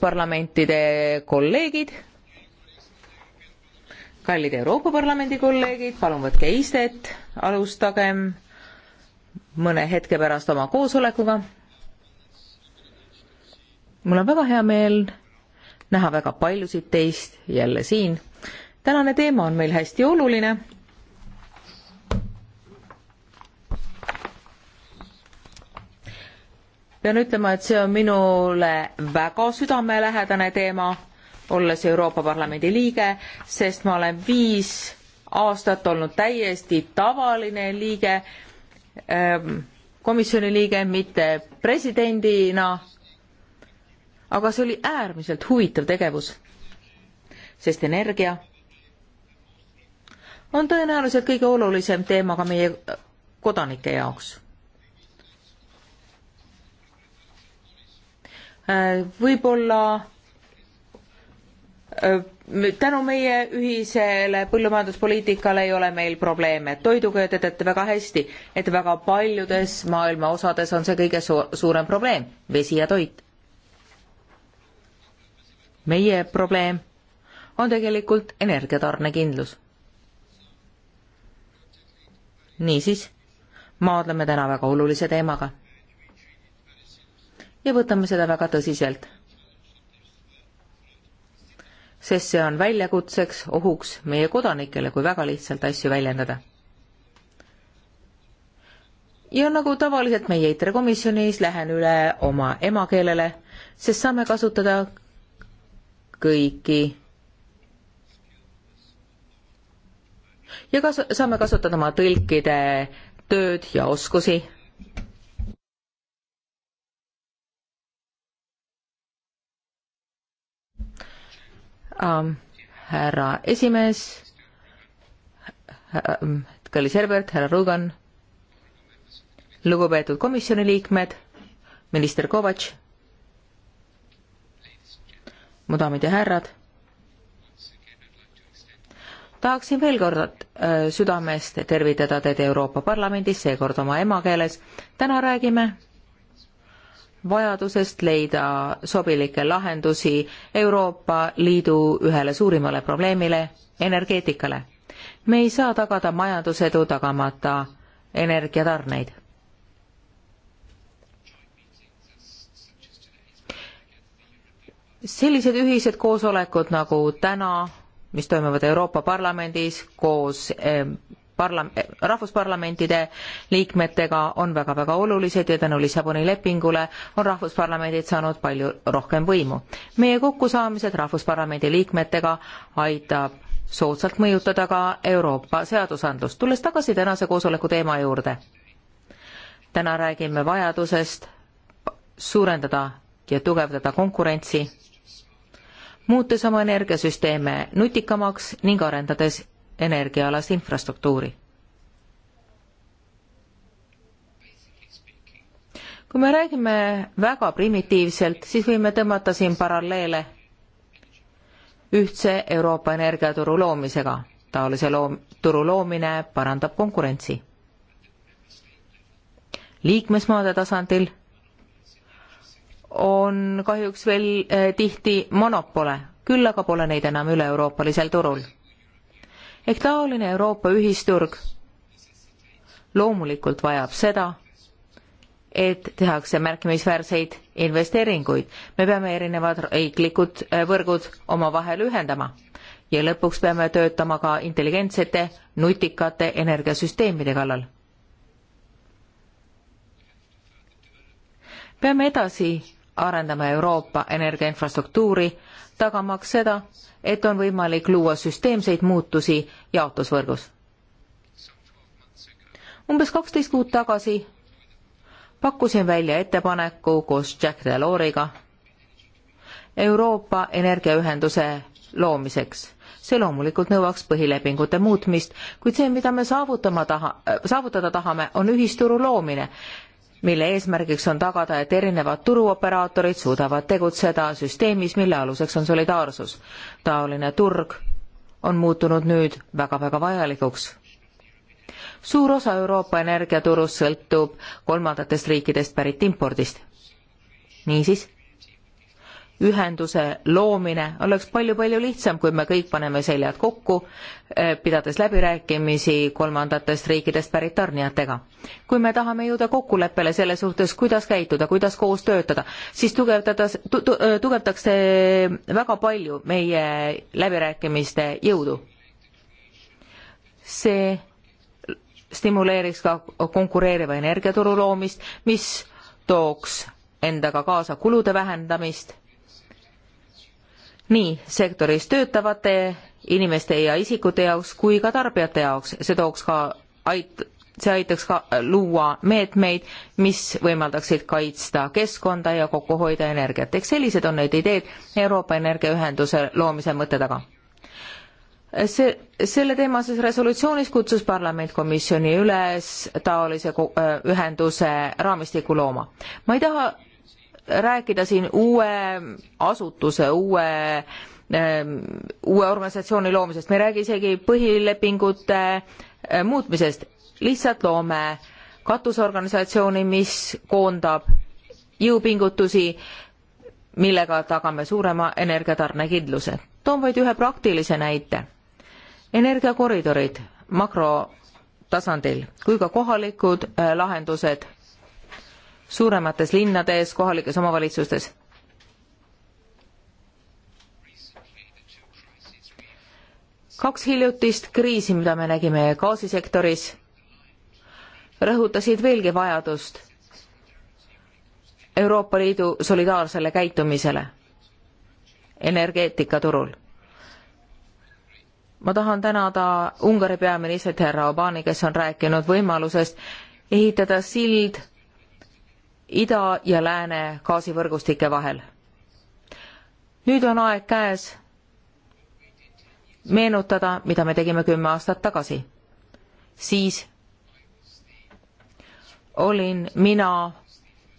parlamentide kolleegid, kallid Euroopa Parlamendi kolleegid, palun võtke istet, alustagem mõne hetke pärast oma koosolekuga. mul on väga hea meel näha väga paljusid teist jälle siin. tänane teema on meil hästi oluline pean ütlema, et see on minule väga südamelähedane teema, olles Euroopa Parlamendi liige, sest ma olen viis aastat olnud täiesti tavaline liige, ähm, komisjoni liige, mitte presidendina. aga see oli äärmiselt huvitav tegevus, sest energia on tõenäoliselt kõige olulisem teema ka meie kodanike jaoks Äh, võib-olla äh, tänu meie ühisele põllumajanduspoliitikale ei ole meil probleeme. toiduga te teate väga hästi, et väga paljudes maailma osades on see kõige su suurem probleem, vesi ja toit. meie probleem on tegelikult energiatarnekindlus. niisiis, maadleme täna väga olulise teemaga ja võtame seda väga tõsiselt. sest see on väljakutseks, ohuks meie kodanikele, kui väga lihtsalt asju väljendada. ja nagu tavaliselt meie ITRE komisjonis lähen üle oma emakeelele, sest saame kasutada kõiki ja kas saame kasutada oma tõlkide tööd ja oskusi ähm,, härra esimees ähm,, kallis Herbert, härra Rugan, lugupeetud komisjoni liikmed, minister Kovatš, mu daamid ja härrad, tahaksin veel kord äh, südamest tervitada teid Euroopa Parlamendis, seekord oma emakeeles. täna räägime vajadusest leida sobilikke lahendusi Euroopa Liidu ühele suurimale probleemile, energeetikale. me ei saa tagada majandusedu tagamata energiatarneid. sellised ühised koosolekud nagu täna, mis toimuvad Euroopa Parlamendis koos eh, parla-, rahvusparlamentide liikmetega on väga-väga olulised ja tänu Lissaboni lepingule on rahvusparlamendid saanud palju rohkem võimu. meie kokkusaamised rahvusparlamendi liikmetega aitab soodsalt mõjutada ka Euroopa seadusandlust. tulles tagasi tänase koosoleku teema juurde. täna räägime vajadusest suurendada ja tugevdada konkurentsi, muutes oma energiasüsteeme nutikamaks ning arendades energiaalast infrastruktuuri. kui me räägime väga primitiivselt, siis võime tõmmata siin paralleele ühtse Euroopa energiaturu loomisega. taolise loom-, turu loomine parandab konkurentsi. liikmesmaade tasandil on kahjuks veel eh, tihti monopole, küll aga pole neid enam üle-euroopalisel turul ehk taoline Euroopa ühisturg loomulikult vajab seda, et tehakse märkimisväärseid investeeringuid. me peame erinevad riiklikud äh, võrgud omavahel ühendama ja lõpuks peame töötama ka intelligentsete, nutikate energiasüsteemide kallal. peame edasi arendama Euroopa energiainfrastruktuuri tagamaks seda, et on võimalik luua süsteemseid muutusi jaotusvõrgus. umbes kaksteist kuud tagasi pakkusin välja ettepaneku koos Jack Deloriga Euroopa energiaühenduse loomiseks. see loomulikult nõuaks põhilepingute muutmist, kuid see, mida me saavutama taha, saavutada tahame, on ühisturu loomine mille eesmärgiks on tagada, et erinevad turuoperaatorid suudavad tegutseda süsteemis, mille aluseks on solidaarsus. taoline turg on muutunud nüüd väga-väga vajalikuks. suur osa Euroopa energiaturust sõltub kolmandatest riikidest pärit impordist. niisiis ühenduse loomine oleks palju-palju lihtsam, kui me kõik paneme seljad kokku, eh, pidades läbirääkimisi kolmandatest riikidest pärit tarnijatega. kui me tahame jõuda kokkuleppele selle suhtes, kuidas käituda, kuidas koos töötada, siis tugevdada tu,, tu, eh, tugevdaks see väga palju meie läbirääkimiste jõudu. see stimuleeriks ka konkureeriva energiaturu loomist, mis tooks endaga kaasa kulude vähendamist nii sektoris töötavate inimeste ja isikute jaoks kui ka tarbijate jaoks. see tooks ka ait-, see aitaks ka luua meetmeid, mis võimaldaksid kaitsta keskkonda ja kokku hoida energiat. eks sellised on need ideed Euroopa Energiaühenduse loomise mõtte taga. see, selle teemases resolutsioonis kutsus parlament komisjoni üles taolise ühenduse raamistiku looma. ma ei taha rääkida siin uue asutuse, uue ähm, uue organisatsiooni loomisest, me ei räägi isegi põhilepingute äh, muutmisest, lihtsalt loome katusorganisatsiooni, mis koondab jõupingutusi, millega tagame suurema energiatarnekindluse. toon vaid ühe praktilise näite. energiakoridorid makrotasandil kui ka kohalikud äh, lahendused suuremates linnades, kohalikes omavalitsustes. kaks hiljutist kriisi, mida me nägime gaasisektoris, rõhutasid veelgi vajadust Euroopa Liidu solidaarsele käitumisele energeetikaturul. ma tahan tänada Ungari peaministrit härra Orbani, kes on rääkinud võimalusest ehitada sild ida ja lääne gaasivõrgustike vahel. nüüd on aeg käes meenutada, mida me tegime kümme aastat tagasi. siis olin mina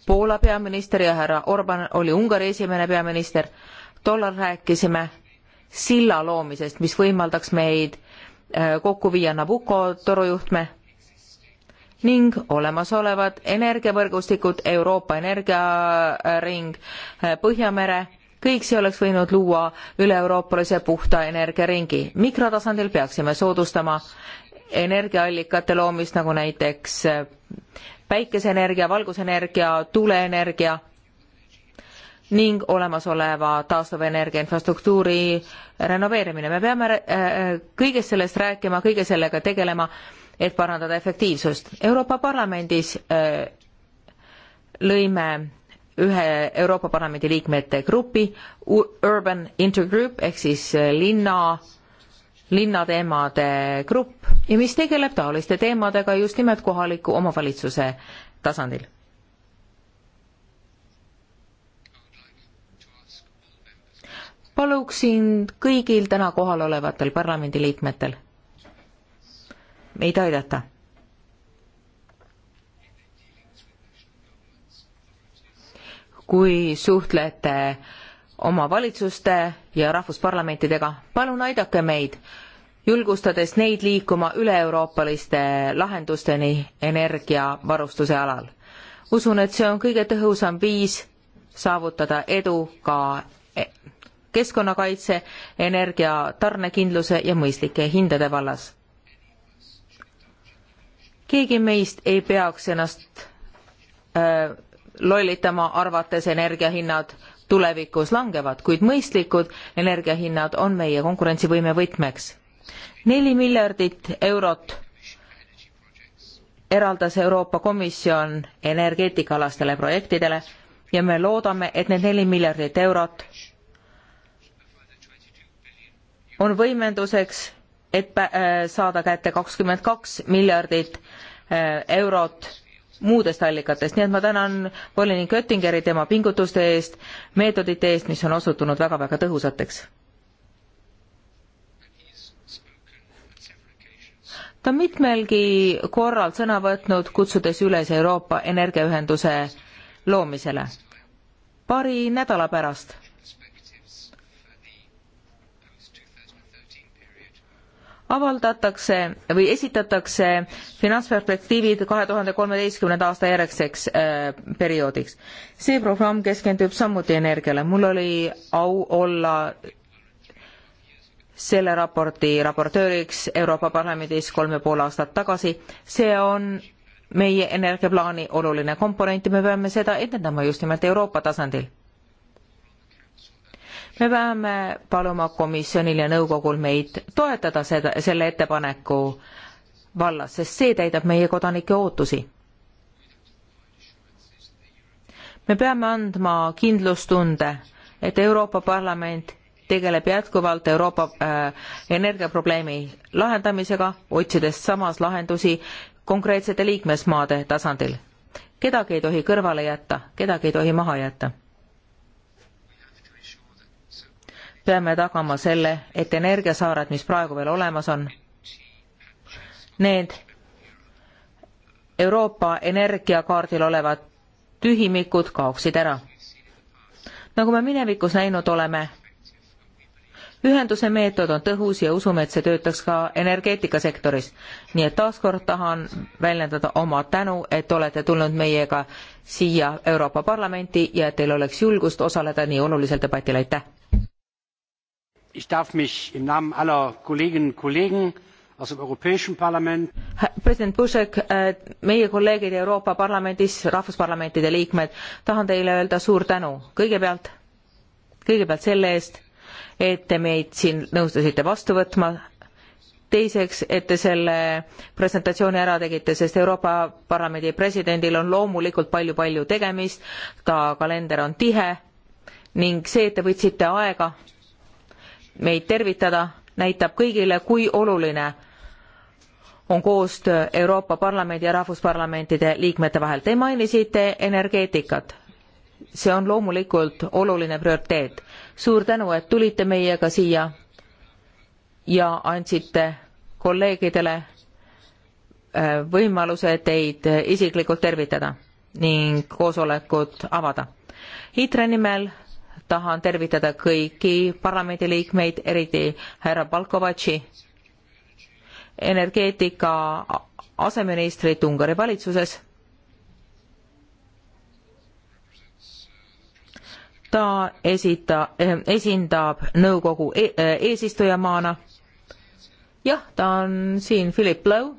Poola peaminister ja härra Orban oli Ungari esimene peaminister. tollal rääkisime silla loomisest, mis võimaldaks meid äh, kokku viia Nabucco torujuhtme ning olemasolevad energiavõrgustikud, Euroopa energiaring, eh, Põhjamere, kõik see oleks võinud luua üle-euroopalise puhta energiaringi. mikrotasandil peaksime soodustama energiaallikate loomist, nagu näiteks eh, päikeseenergia, valgusenergia, tuuleenergia ning olemasoleva taastuvenergia infrastruktuuri renoveerimine. me peame eh, kõigest sellest rääkima, kõige sellega tegelema et parandada efektiivsust. Euroopa Parlamendis äh, lõime ühe Euroopa Parlamendi liikmete grupi, Urban Intergroup ehk siis äh, linna, linnateemade grupp ja mis tegeleb taoliste teemadega just nimelt kohaliku omavalitsuse tasandil. paluksin kõigil täna kohal olevatel parlamendiliikmetel meid aidata. kui suhtlete oma valitsuste ja rahvusparlamentidega, palun aidake meid, julgustades neid liikuma üle-euroopaliste lahendusteni energiavarustuse alal. usun, et see on kõige tõhusam viis saavutada edu ka e-, keskkonnakaitse, energia tarnekindluse ja mõistlike hindade vallas keegi meist ei peaks ennast äh, lollitama, arvates energiahinnad tulevikus langevad, kuid mõistlikud energiahinnad on meie konkurentsivõime võtmeks. neli miljardit eurot eraldas Euroopa Komisjon energeetikaalastele projektidele ja me loodame, et need neli miljardit eurot on võimenduseks et äh, saada kätte kakskümmend kaks miljardit äh, eurot muudest allikatest, nii et ma tänan volinik Oettingeri tema pingutuste eest, meetodite eest, mis on osutunud väga-väga tõhusateks. ta on mitmelgi korral sõna võtnud, kutsudes üles Euroopa energiaühenduse loomisele. paari nädala pärast avaldatakse või esitatakse finantsperspektiivid kahe tuhande kolmeteistkümnenda aasta järgseks äh, perioodiks. see programm keskendub samuti energiale. mul oli au olla selle raporti raportööriks Euroopa Parlamendis kolm ja pool aastat tagasi. see on meie energiaplaani oluline komponent ja me peame seda edendama just nimelt Euroopa tasandil me peame paluma komisjonil ja nõukogul meid toetada seda, selle ettepaneku vallas, sest see täidab meie kodanike ootusi. me peame andma kindlustunde, et Euroopa Parlament tegeleb jätkuvalt Euroopa äh, energiaprobleemi lahendamisega, otsides samas lahendusi konkreetsete liikmesmaade tasandil. kedagi ei tohi kõrvale jätta, kedagi ei tohi maha jätta peame tagama selle, et energiasaared, mis praegu veel olemas on, need Euroopa energiakaardil olevad tühimikud kaoksid ära. nagu me minevikus näinud oleme, ühenduse meetod on tõhus ja usume, et see töötaks ka energeetikasektoris. nii et taaskord tahan väljendada oma tänu, et olete tulnud meiega siia Euroopa Parlamenti ja et teil oleks julgust osaleda nii olulisel debatil, aitäh! ich darf mich im namen aller kolleginnen und kollegen aus dem europäischen parlament president buzek äh, meie kolleegid euroopa parlamendis rahvusparlamentide liikmed tahan teile öelda suur tänu kõigepealt kõigepealt selle eest et te meid siin nõustusite vastu võtma teiseks et te selle presentatsiooni ära tegite sest euroopa parlamendi presidendil on loomulikult palju palju tegemist ka kalender on tihe ning see et te võtsite aega meid tervitada, näitab kõigile, kui oluline on koostöö Euroopa Parlamendi ja Rahvusparlamentide liikmete vahel. Te mainisite energeetikat. see on loomulikult oluline prioriteet. suur tänu, et tulite meiega siia ja andsite kolleegidele äh, võimaluse teid isiklikult tervitada ning koosolekut avada. ITRE nimel tahan tervitada kõiki parlamendiliikmeid, eriti härra Palkovatši, energeetika aseministrit Ungari valitsuses. ta esita- eh,, esindab nõukogu e eesistujamaana. jah, ta on siin Philip Lowe,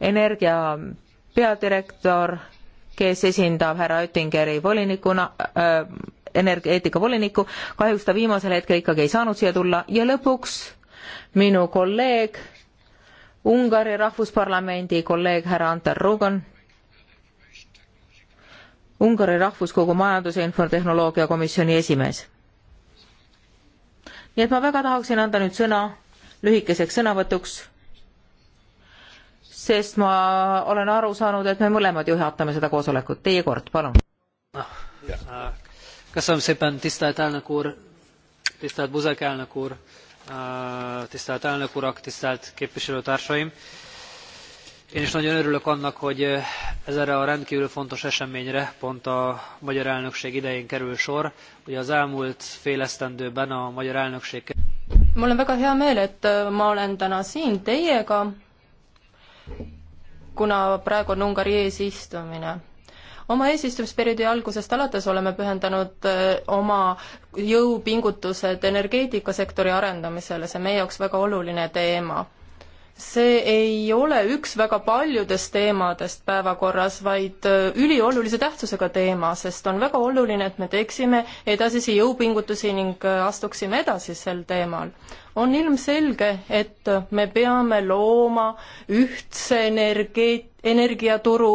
energia peadirektor kes esindab härra Oettingeri volinikuna äh,, energeetikavolinikku, kahjuks ta viimasel hetkel ikkagi ei saanud siia tulla ja lõpuks minu kolleeg, Ungari Rahvusparlamendi kolleeg härra Antar Rugan, Ungari Rahvuskogu Majandus- ja Infotehnoloogia Komisjoni esimees. nii et ma väga tahaksin anda nüüd sõna lühikeseks sõnavõtuks sest ma olen aru saanud, et me mõlemad juhatame seda koosolekut. Teie kord, palun. Ah, ah. köszönöm szépen, tisztelt elnök úr, tisztelt Buzek elnök úr, ah, tisztelt elnök urak, tisztelt képviselőtársaim. Én is nagyon örülök annak, hogy eh, ez erre a rendkívül fontos eseményre pont a magyar elnökség idején kerül sor. Ugye az elmúlt fél esztendőben a magyar elnökség... Mul on väga hea meel, et eh, ma olen täna siin teiega kuna praegu on Ungari eesistumine oma eesistumisperioodi algusest alates oleme pühendanud eh, oma jõupingutused energeetikasektori arendamisele, see on meie jaoks väga oluline teema. see ei ole üks väga paljudest teemadest päevakorras, vaid eh, üliolulise tähtsusega teema, sest on väga oluline, et me teeksime edasisi jõupingutusi ning eh, astuksime edasi sel teemal on ilmselge, et me peame looma ühtse energeet-, energiaturu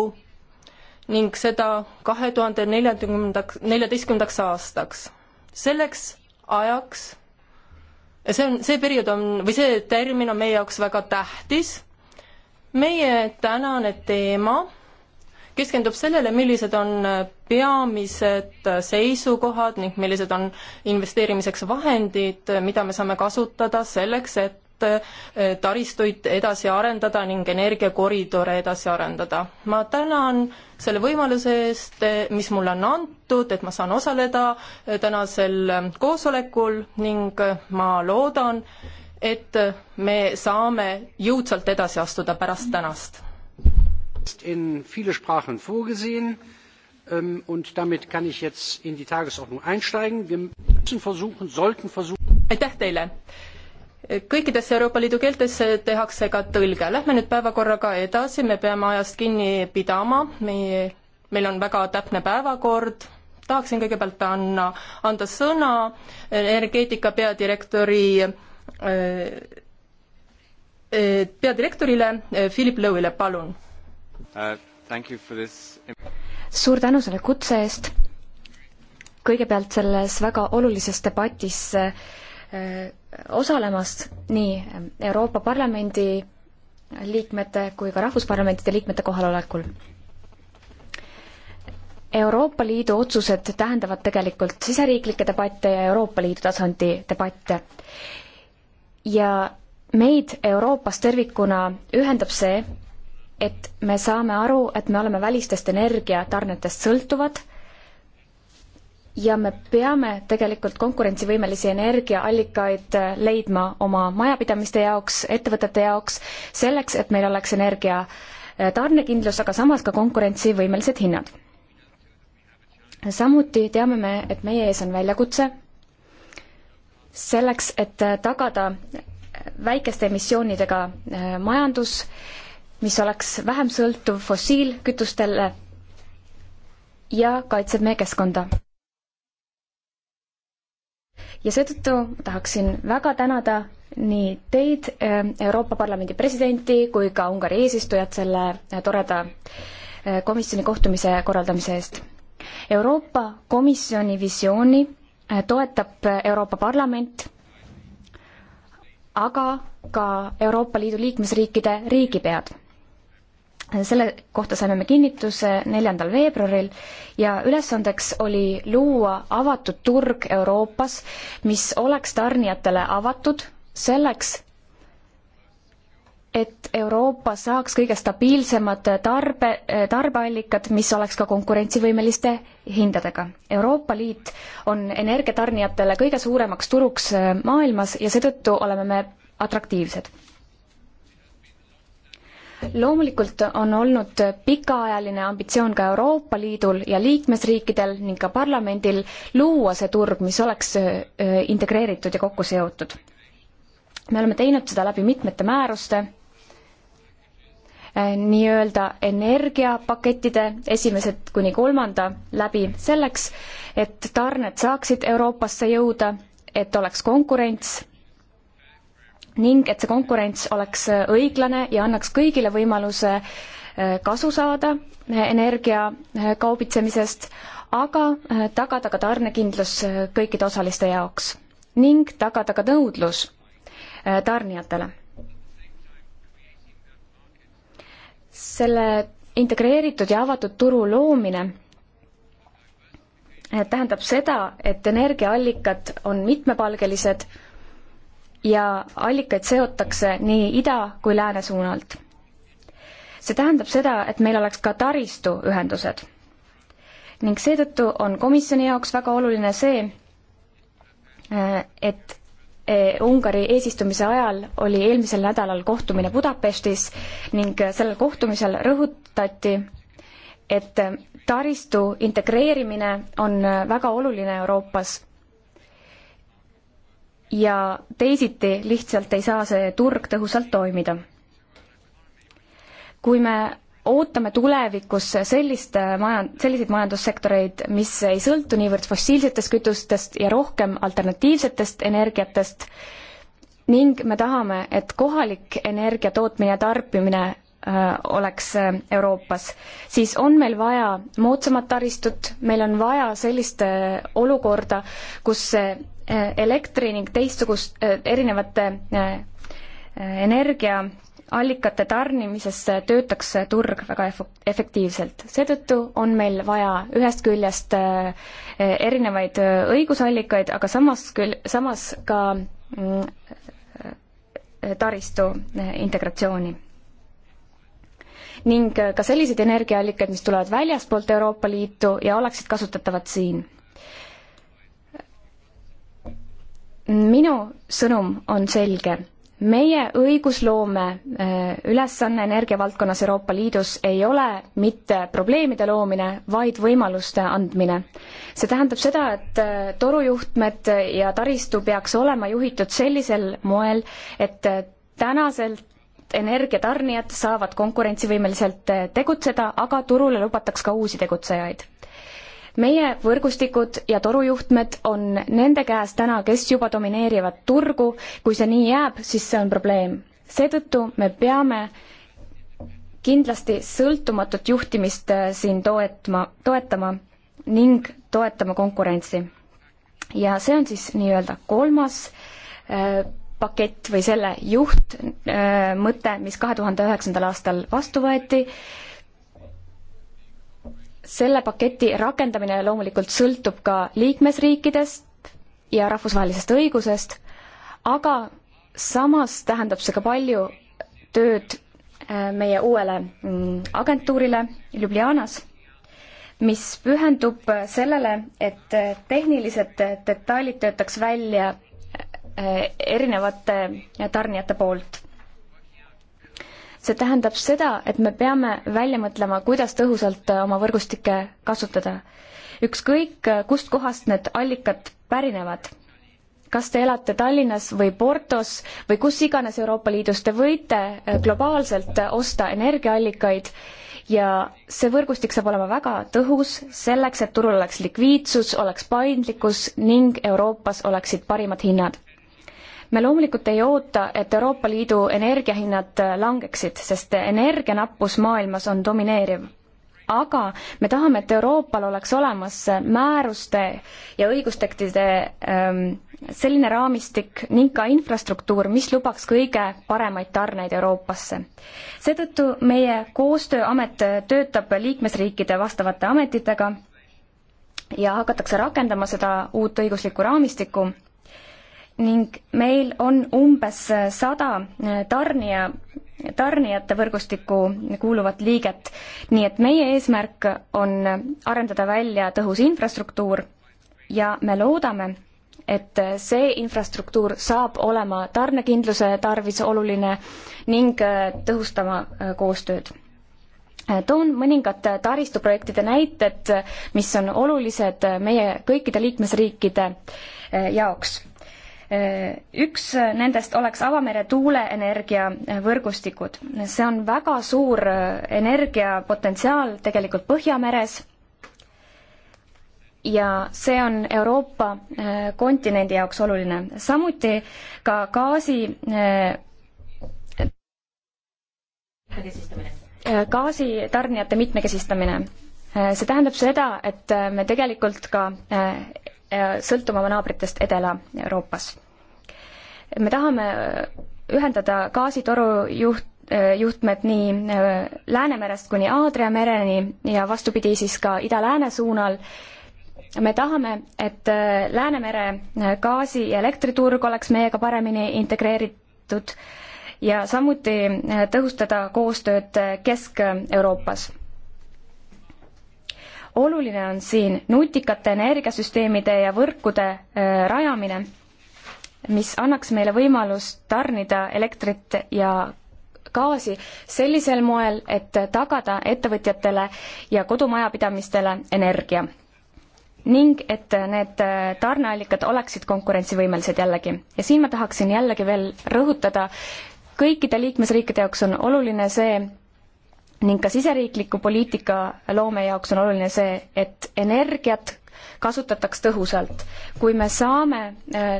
ning seda kahe tuhande neljakümnendaks, neljateistkümnendaks aastaks. selleks ajaks, see on, see periood on, või see termin on meie jaoks väga tähtis, meie tänane teema keskendub sellele, millised on äh, peamised äh, seisukohad ning millised on investeerimiseks vahendid, äh, mida me saame kasutada selleks, et taristuid edasi arendada ning energiakoridore edasi arendada. ma tänan selle võimaluse eest, mis mulle on antud, et ma saan osaleda tänasel koosolekul ning ma loodan, et me saame jõudsalt edasi astuda pärast tänast ist in viele Sprachen vorgesehen. Ähm, und damit kann ich jetzt in die Tagesordnung einsteigen. Wir müssen versuchen, sollten versuchen. Aitäh teile! kõikidesse Euroopa Liidu keeltesse tehakse ka tõlge. Lähme nüüd päevakorraga edasi, me peame ajast kinni pidama, meie, meil on väga täpne päevakord, tahaksin kõigepealt anna, anda sõna energeetika peadirektori äh, äh, peadirektorile äh, Philip Lõuile, palun suur tänu selle kutse eest. kõigepealt selles väga olulises debatis äh, osalemast nii Euroopa Parlamendi liikmete kui ka rahvusparlamentide liikmete kohalolekul. Euroopa Liidu otsused tähendavad tegelikult siseriiklikke debatte ja Euroopa Liidu tasandi debatte. ja meid Euroopas tervikuna ühendab see, et me saame aru, et me oleme välistest energiatarnetest sõltuvad ja me peame tegelikult konkurentsivõimelisi energiaallikaid äh, leidma oma majapidamiste jaoks, ettevõtete jaoks, selleks, et meil oleks energia äh, tarnekindlus, aga samas ka konkurentsivõimelised hinnad. samuti teame me, et meie ees on väljakutse selleks, et äh, tagada väikeste emissioonidega majandus äh, mis oleks vähem sõltuv fossiilkütustele ja kaitseb meie keskkonda. ja seetõttu tahaksin väga tänada nii teid, äh, Euroopa Parlamendi presidenti kui ka Ungari eesistujat selle äh, toreda äh, komisjoni kohtumise korraldamise eest. Euroopa Komisjoni visiooni toetab Euroopa Parlament, aga ka Euroopa Liidu liikmesriikide riigipead selle kohta saime me kinnituse neljandal veebruaril ja ülesandeks oli luua avatud turg Euroopas, mis oleks tarnijatele avatud selleks, et Euroopa saaks kõige stabiilsemad tarbe, tarbeallikad, mis oleks ka konkurentsivõimeliste hindadega. Euroopa Liit on energiatarnijatele kõige suuremaks turuks maailmas ja seetõttu oleme me atraktiivsed loomulikult on olnud pikaajaline ambitsioon ka Euroopa Liidul ja liikmesriikidel ning ka parlamendil luua see turg, mis oleks integreeritud ja kokku seotud. me oleme teinud seda läbi mitmete määruste, äh, nii-öelda energiapakettide esimesed kuni kolmanda läbi selleks, et tarned saaksid Euroopasse jõuda, et oleks konkurents ning et see konkurents oleks õiglane ja annaks kõigile võimaluse äh, kasu saada äh, energia äh, kaubitsemisest, aga tagada ka tarnekindlus kõikide osaliste jaoks ning tagada ka nõudlus tarnijatele. selle integreeritud ja avatud turu loomine tähendab seda, et energiaallikad on mitmepalgelised ja allikaid seotakse nii ida kui lääne suunalt. see tähendab seda, et meil oleks ka taristuühendused. ning seetõttu on komisjoni jaoks väga oluline see, eh, et eh, Ungari eesistumise ajal oli eelmisel nädalal kohtumine Budapestis ning sellel kohtumisel rõhutati, et taristu integreerimine on väga oluline Euroopas ja teisiti lihtsalt ei saa see turg tõhusalt toimida. kui me ootame tulevikus sellist maja, selliseid majandussektoreid, mis ei sõltu niivõrd fossiilsetest kütustest ja rohkem alternatiivsetest energiatest, ning me tahame, et kohalik energia tootmine ja tarbimine Äh, oleks äh, Euroopas, siis on meil vaja moodsamat taristut, meil on vaja sellist äh, olukorda, kus elektri ning teistsugust, erinevate energiaallikate tarnimises töötaks turg väga efektiivselt. seetõttu on meil vaja ühest küljest erinevaid õigusallikaid, aga samas küll, samas ka mm, taristu integratsiooni ning ka selliseid energiaallikaid, mis tulevad väljaspoolt Euroopa Liitu ja oleksid kasutatavad siin. minu sõnum on selge. meie õigusloome äh, ülesanne energiavaldkonnas Euroopa Liidus ei ole mitte probleemide loomine, vaid võimaluste andmine. see tähendab seda, et äh, torujuhtmed ja taristu peaks olema juhitud sellisel moel, et äh, tänaselt et energiatarnijad saavad konkurentsivõimeliselt eh, tegutseda, aga turule lubataks ka uusi tegutsejaid. meie võrgustikud ja torujuhtmed on nende käes täna, kes juba domineerivad turgu, kui see nii jääb, siis see on probleem. seetõttu me peame kindlasti sõltumatut juhtimist eh, siin toetma, toetama ning toetama konkurentsi. ja see on siis nii-öelda kolmas äh, pakett või selle juhtmõte, äh, mis kahe tuhande üheksandal aastal vastu võeti, selle paketi rakendamine loomulikult sõltub ka liikmesriikidest ja rahvusvahelisest õigusest, aga samas tähendab see ka palju tööd äh, meie uuele mm, agentuurile Ljubljanas, mis pühendub sellele, et tehnilised detailid töötaks välja Äh, erinevate tarnijate poolt. see tähendab seda, et me peame välja mõtlema, kuidas tõhusalt äh, oma võrgustikke kasutada. ükskõik, äh, kust kohast need allikad pärinevad kas te elate Tallinnas või Portos või kus iganes Euroopa Liidus, te võite globaalselt osta energiaallikaid ja see võrgustik saab olema väga tõhus selleks, et turul oleks likviidsus, oleks paindlikkus ning Euroopas oleksid parimad hinnad me loomulikult ei oota, et Euroopa Liidu energiahinnad äh, langeksid, sest energianappus maailmas on domineeriv. aga me tahame, et Euroopal oleks olemas äh, määruste ja õigustektide ähm, selline raamistik ning ka infrastruktuur, mis lubaks kõige paremaid tarneid Euroopasse. seetõttu meie koostööamet äh, töötab liikmesriikide vastavate ametitega ja hakatakse rakendama seda uut õiguslikku raamistikku ning meil on umbes sada eh, tarnija, tarnijate võrgustikku kuuluvat liiget. nii et meie eesmärk on arendada välja tõhus infrastruktuur ja me loodame, et see infrastruktuur saab olema tarnekindluse tarvis oluline ning eh, tõhustama eh, koostööd toon mõningad taristuprojektide näited, mis on olulised meie kõikide liikmesriikide jaoks Äh, üks nendest oleks avamere tuuleenergia äh, võrgustikud. see on väga suur äh, energiapotentsiaal tegelikult Põhjameres ja see on Euroopa kontinendi jaoks oluline. samuti ka gaasi gaasitarnijate mitmekesistamine. see tähendab seda, et me tegelikult ka Äh, sõltuma oma naabritest Edela-Euroopas. me tahame ühendada gaasitoru juht, äh, juhtmed nii äh, Läänemerest kuni Aadria mereni ja vastupidi siis ka ida-lääne suunal me tahame, et Läänemere gaasi ja elektriturg oleks meiega paremini integreeritud ja samuti tõhustada koostööd Kesk-Euroopas oluline on siin nutikate energiasüsteemide ja võrkude rajamine, mis annaks meile võimalust tarnida elektrit ja gaasi sellisel moel, et tagada ettevõtjatele ja kodumajapidamistele energia. ning et need tarneallikad oleksid konkurentsivõimelised jällegi. ja siin ma tahaksin jällegi veel rõhutada, kõikide liikmesriikide jaoks on oluline see, ning ka siseriikliku poliitika loome jaoks on oluline see, et energiat kasutataks tõhusalt. kui me saame äh,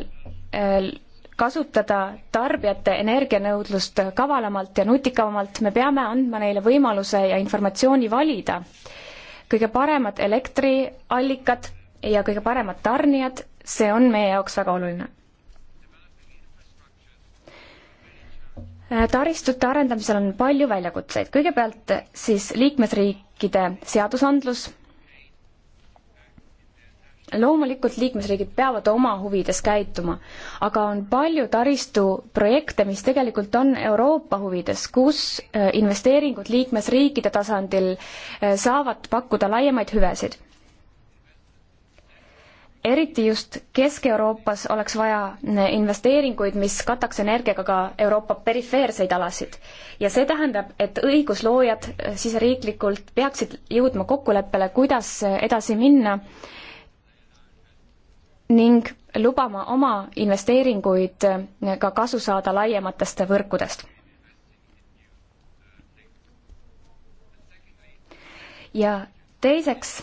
äh, kasutada tarbijate energianõudlust kavalamalt ja nutikamalt, me peame andma neile võimaluse ja informatsiooni valida kõige paremad elektriallikad ja kõige paremad tarnijad, see on meie jaoks väga oluline Äh, taristute arendamisel on palju väljakutseid, kõigepealt siis liikmesriikide seadusandlus. loomulikult liikmesriigid peavad oma huvides käituma, aga on palju taristuprojekte, mis tegelikult on Euroopa huvides, kus äh, investeeringud liikmesriikide tasandil äh, saavad pakkuda laiemaid hüvesid eriti just Kesk-Euroopas oleks vaja investeeringuid, mis kataks energiaga ka Euroopa perifeerseid alasid. ja see tähendab, et õigusloojad äh, siseriiklikult peaksid jõudma kokkuleppele, kuidas äh, edasi minna ning lubama oma investeeringuid äh, ka kasu saada laiematest võrkudest. ja teiseks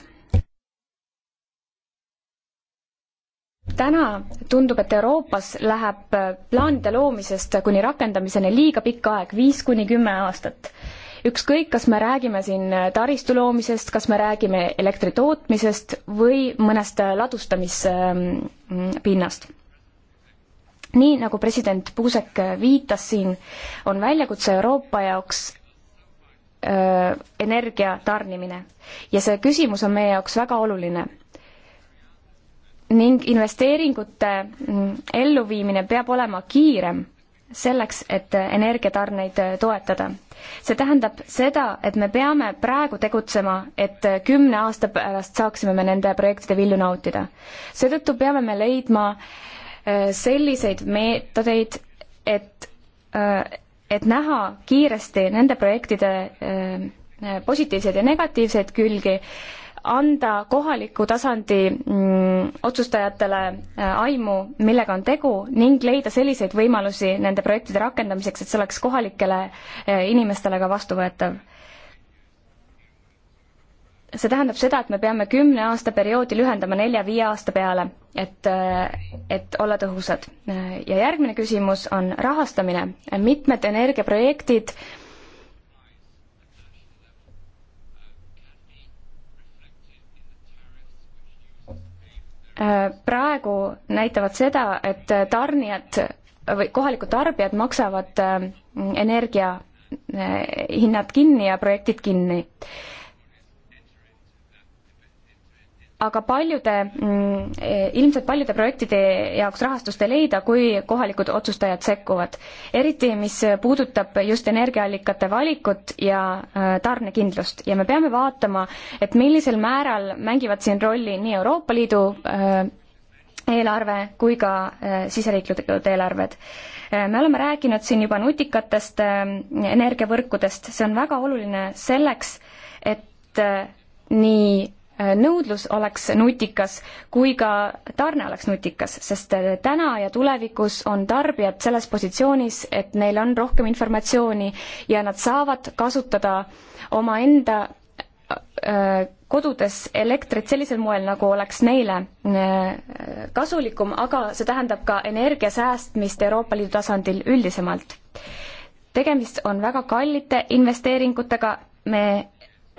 täna tundub, et Euroopas läheb plaanide loomisest kuni rakendamiseni liiga pikk aeg, viis kuni kümme aastat. ükskõik, kas me räägime siin taristu loomisest, kas me räägime elektri tootmisest või mõnest ladustamispinnast nii nagu president Puusek viitas siin, on väljakutse Euroopa jaoks öö, energia tarnimine ja see küsimus on meie jaoks väga oluline ning investeeringute mm, elluviimine peab olema kiirem selleks, et energiatarneid äh, toetada. see tähendab seda, et me peame praegu tegutsema, et äh, kümne aasta pärast saaksime me nende projektide vilju nautida. seetõttu peame me leidma äh, selliseid meetodeid, et, et näha kiiresti nende projektide positiivseid ja negatiivseid külgi anda kohaliku tasandi mm, otsustajatele äh, aimu, millega on tegu ning leida selliseid võimalusi nende projektide rakendamiseks, et see oleks kohalikele äh, inimestele ka vastuvõetav. see tähendab seda, et me peame kümne aasta perioodi lühendama nelja-viie aasta peale, et, äh, et olla tõhusad. ja järgmine küsimus on rahastamine. mitmed energiaprojektid äh, Äh, praegu näitavad seda, et äh, tarnijad või kohalikud tarbijad maksavad äh, energia hinnad kinni ja projektid kinni aga paljude, mm, ilmselt paljude projektide jaoks rahastust ei leida, kui kohalikud otsustajad sekkuvad. eriti, mis puudutab just energiaallikate valikut ja äh, tarnekindlust ja me peame vaatama, et millisel määral mängivad siin rolli nii Euroopa Liidu äh, eelarve kui ka äh, siseriiklikud eelarved me oleme rääkinud siin juba nutikatest energiavõrkudest, see on väga oluline selleks, et nii Äh, nõudlus oleks nutikas kui ka tarne oleks nutikas, sest äh, täna ja tulevikus on tarbijad selles positsioonis, et neil on rohkem informatsiooni ja nad saavad kasutada omaenda äh, kodudes elektrit sellisel moel, nagu oleks neile kasulikum, aga see tähendab ka energia säästmist Euroopa Liidu tasandil üldisemalt. tegemist on väga kallite investeeringutega, me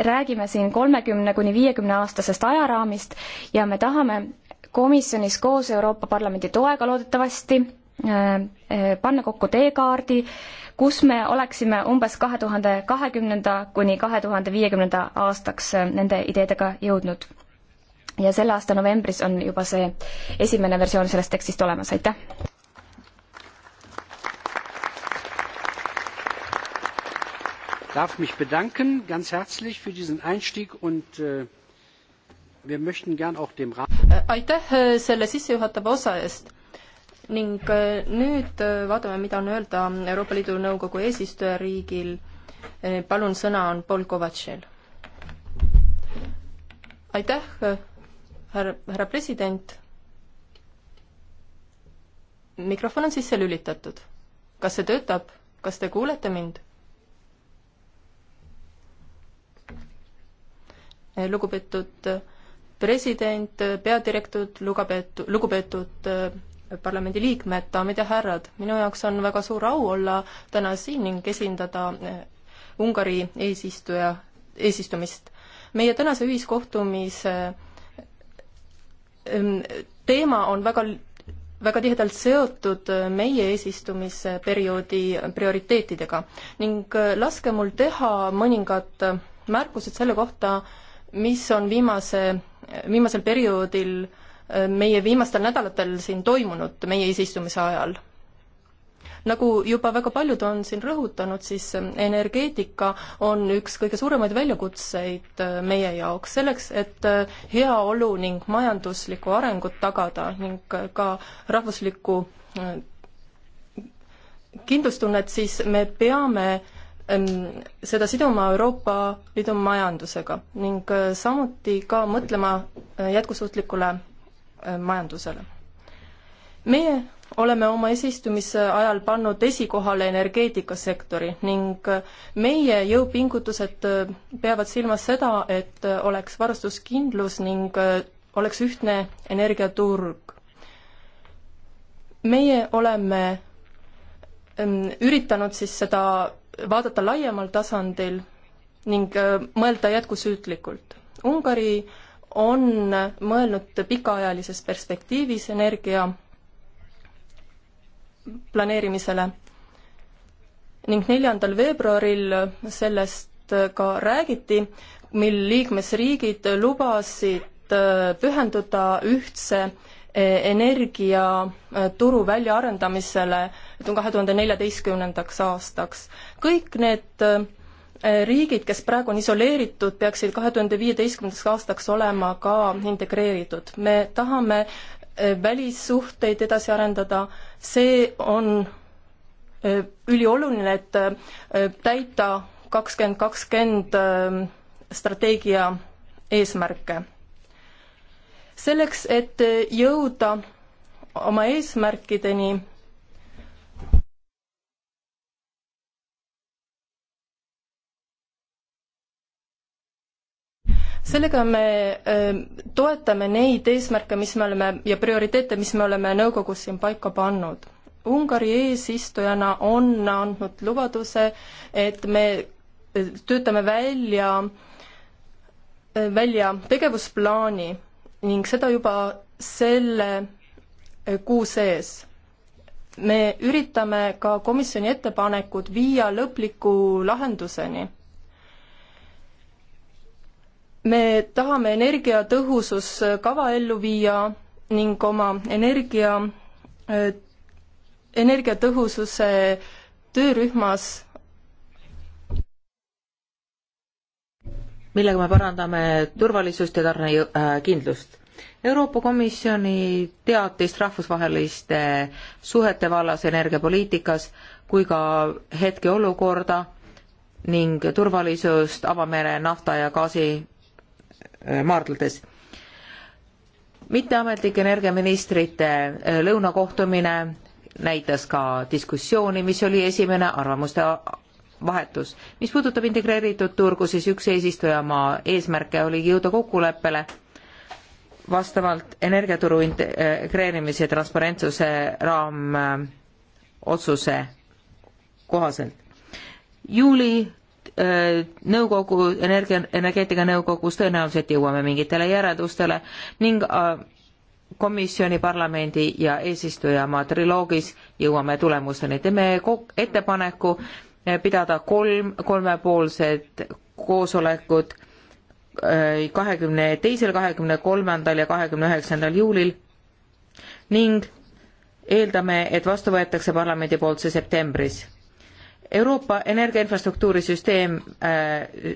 räägime siin kolmekümne kuni viiekümne aastasest ajaraamist ja me tahame komisjonis koos Euroopa Parlamendi toega loodetavasti äh, äh, panna kokku teekaardi, kus me oleksime umbes kahe tuhande kahekümnenda kuni kahe tuhande viiekümnenda aastaks äh, nende ideedega jõudnud. ja selle aasta novembris on juba see esimene versioon sellest tekstist olemas, aitäh! darf mich bedanken ganz herzlich für diesen Einstieg und äh, wir möchten gern auch dem Rat. Äh, aitäh äh, selle sissejuhatava osa eest ning äh, nüüd vaatame, mida on öelda Euroopa Liidu Nõukogu eesistujariigil. palun, sõna on Paul Kovatšil. aitäh, härra, härra president. mikrofon on sisse lülitatud. kas see töötab, kas te kuulete mind? lugupeetud president, peadirektor, lugupeetud, lugupeetud äh, parlamendiliikmed, daamid ja härrad, minu jaoks on väga suur au olla täna siin ning esindada äh, Ungari eesistuja, eesistumist. meie tänase ühiskohtumise äh, teema on väga, väga tihedalt seotud meie eesistumisperioodi prioriteetidega ning laske mul teha mõningad märkused selle kohta, mis on viimase, viimasel perioodil äh, meie viimastel nädalatel siin toimunud meie eesistumise ajal. nagu juba väga paljud on siin rõhutanud, siis äh, energeetika on üks kõige suuremaid väljakutseid äh, meie jaoks, selleks et heaolu ning majanduslikku arengut tagada ning ka rahvuslikku kindlustunnet, siis me peame Ähm, seda siduma Euroopa Liidu majandusega ning äh, samuti ka mõtlema äh, jätkusuutlikule äh, majandusele. meie oleme oma eesistumise ajal pannud esikohale energeetikasektori ning meie jõupingutused peavad silmas seda, et oleks varustuskindlus ning oleks ühtne energiaturg. meie oleme ähm, üritanud siis seda vaadata laiemal tasandil ning äh, mõelda jätkusüütlikult. Ungari on mõelnud pikaajalises perspektiivis energia planeerimisele ning neljandal veebruaril sellest äh, ka räägiti, mil liikmesriigid lubasid äh, pühenduda ühtse energiaturu äh, väljaarendamisele, et on kahe tuhande neljateistkümnendaks aastaks. kõik need äh, riigid, kes praegu on isoleeritud, peaksid kahe tuhande viieteistkümnendaks aastaks olema ka integreeritud. me tahame äh, välissuhteid edasi arendada, see on ülioluline, et täita kakskümmend kakskümmend strateegia eesmärke selleks, et jõuda oma eesmärkideni, sellega me ähm, toetame neid eesmärke, mis me oleme ja prioriteete, mis me oleme nõukogus siin paika pannud. Ungari eesistujana on andnud lubaduse, et me äh, töötame välja, äh, välja tegevusplaani ning seda juba selle eh, kuu sees. me üritame ka komisjoni ettepanekud viia lõpliku lahenduseni. me tahame energiatõhususkava eh, ellu viia ning oma energia, eh, energiatõhususe töörühmas millega me parandame turvalisust ja tarnekindlust. Euroopa Komisjoni teatist rahvusvaheliste suhete vallas energiapoliitikas kui ka hetkeolukorda ning turvalisust avamere nafta ja gaasi äh, maardlates. mitteametlik energiaministrite äh, lõunakohtumine näitas ka diskussiooni, mis oli esimene arvamuste vahetus. mis puudutab integreeritud turgu, siis üks eesistujamaa eesmärke oli jõuda kokkuleppele vastavalt energiaturu integreerimise transparentsuse raamotsuse kohaselt. juuli äh, nõukogu, energia, energeetikanõukogus tõenäoliselt jõuame mingitele järeldustele ning äh, komisjoni, parlamendi ja eesistujamaa triloogis jõuame tulemusteni. teeme ettepaneku pidada kolm kolmepoolset koosolekut äh, kahekümne teisel, kahekümne kolmandal ja kahekümne üheksandal juulil ning eeldame, et vastu võetakse parlamendi poolt see septembris. Euroopa energiainfrastruktuuri süsteem, äh,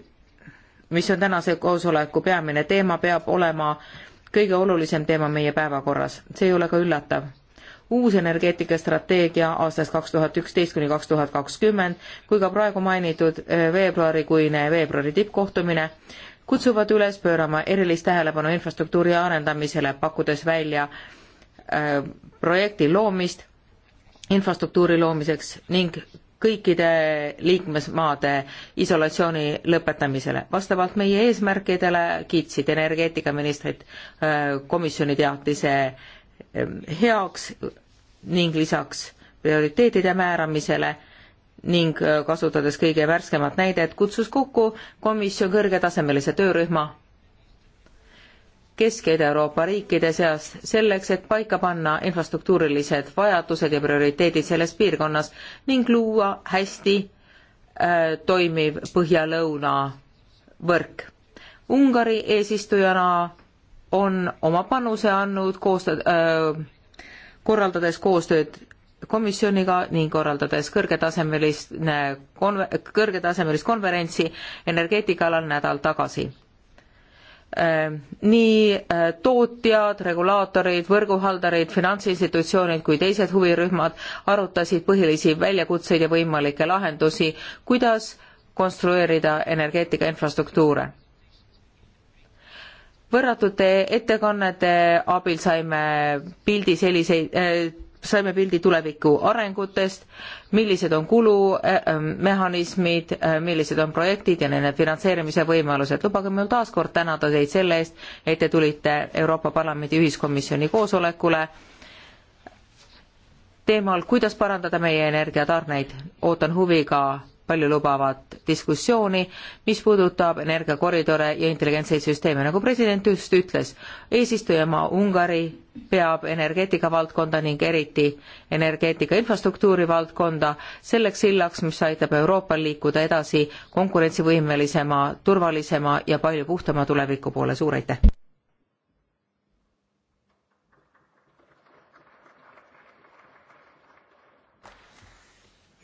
mis on tänase koosoleku peamine teema, peab olema kõige olulisem teema meie päevakorras, see ei ole ka üllatav uus energeetikastrateegia aastast kaks tuhat üksteist kuni kaks tuhat kakskümmend kui ka praegu mainitud eh, veebruarikuine veebruari tippkohtumine kutsuvad üles pöörama erilist tähelepanu infrastruktuuri arendamisele, pakkudes välja äh, projekti loomist infrastruktuuri loomiseks ning kõikide liikmesmaade isolatsiooni lõpetamisele. vastavalt meie eesmärkidele kiitsid energeetikaministrid äh, komisjoni teatise äh, heaks ning lisaks prioriteetide määramisele ning äh, kasutades kõige värskemat näidet, kutsus kokku komisjon kõrgetasemelise töörühma Kesk-Ida-Euroopa riikide seast selleks, et paika panna infrastruktuurilised vajadused ja prioriteedid selles piirkonnas ning luua hästi äh, toimiv põhja-lõuna võrk. Ungari eesistujana on oma panuse andnud koostööd äh,, korraldades koostööd komisjoniga ning korraldades kõrgetasemelist konver-, kõrgetasemelist konverentsi energeetikaalal nädal tagasi äh,. Nii äh, tootjad, regulaatorid, võrguhaldarid, finantsinstitutsioonid kui teised huvirühmad arutasid põhilisi väljakutseid ja võimalikke lahendusi, kuidas konstrueerida energeetika infrastruktuure võrratute ettekannete abil saime pildi selliseid äh, saime pildi tuleviku arengutest, millised on kulumehhanismid, äh, ähm, äh, millised on projektid ja nende finantseerimise võimalused. lubage mul taas kord tänada teid selle eest, et te tulite Euroopa Parlamendi ühiskomisjoni koosolekule teemal, kuidas parandada meie energiatarneid. ootan huviga paljulubavat diskussiooni, mis puudutab energiakoridore ja intelligentseid süsteeme, nagu president just ütles. eesistujamaa Ungari peab energeetika valdkonda ning eriti energeetika infrastruktuuri valdkonda selleks sillaks, mis aitab Euroopal liikuda edasi konkurentsivõimelisema, turvalisema ja palju puhtama tuleviku poole, suur aitäh!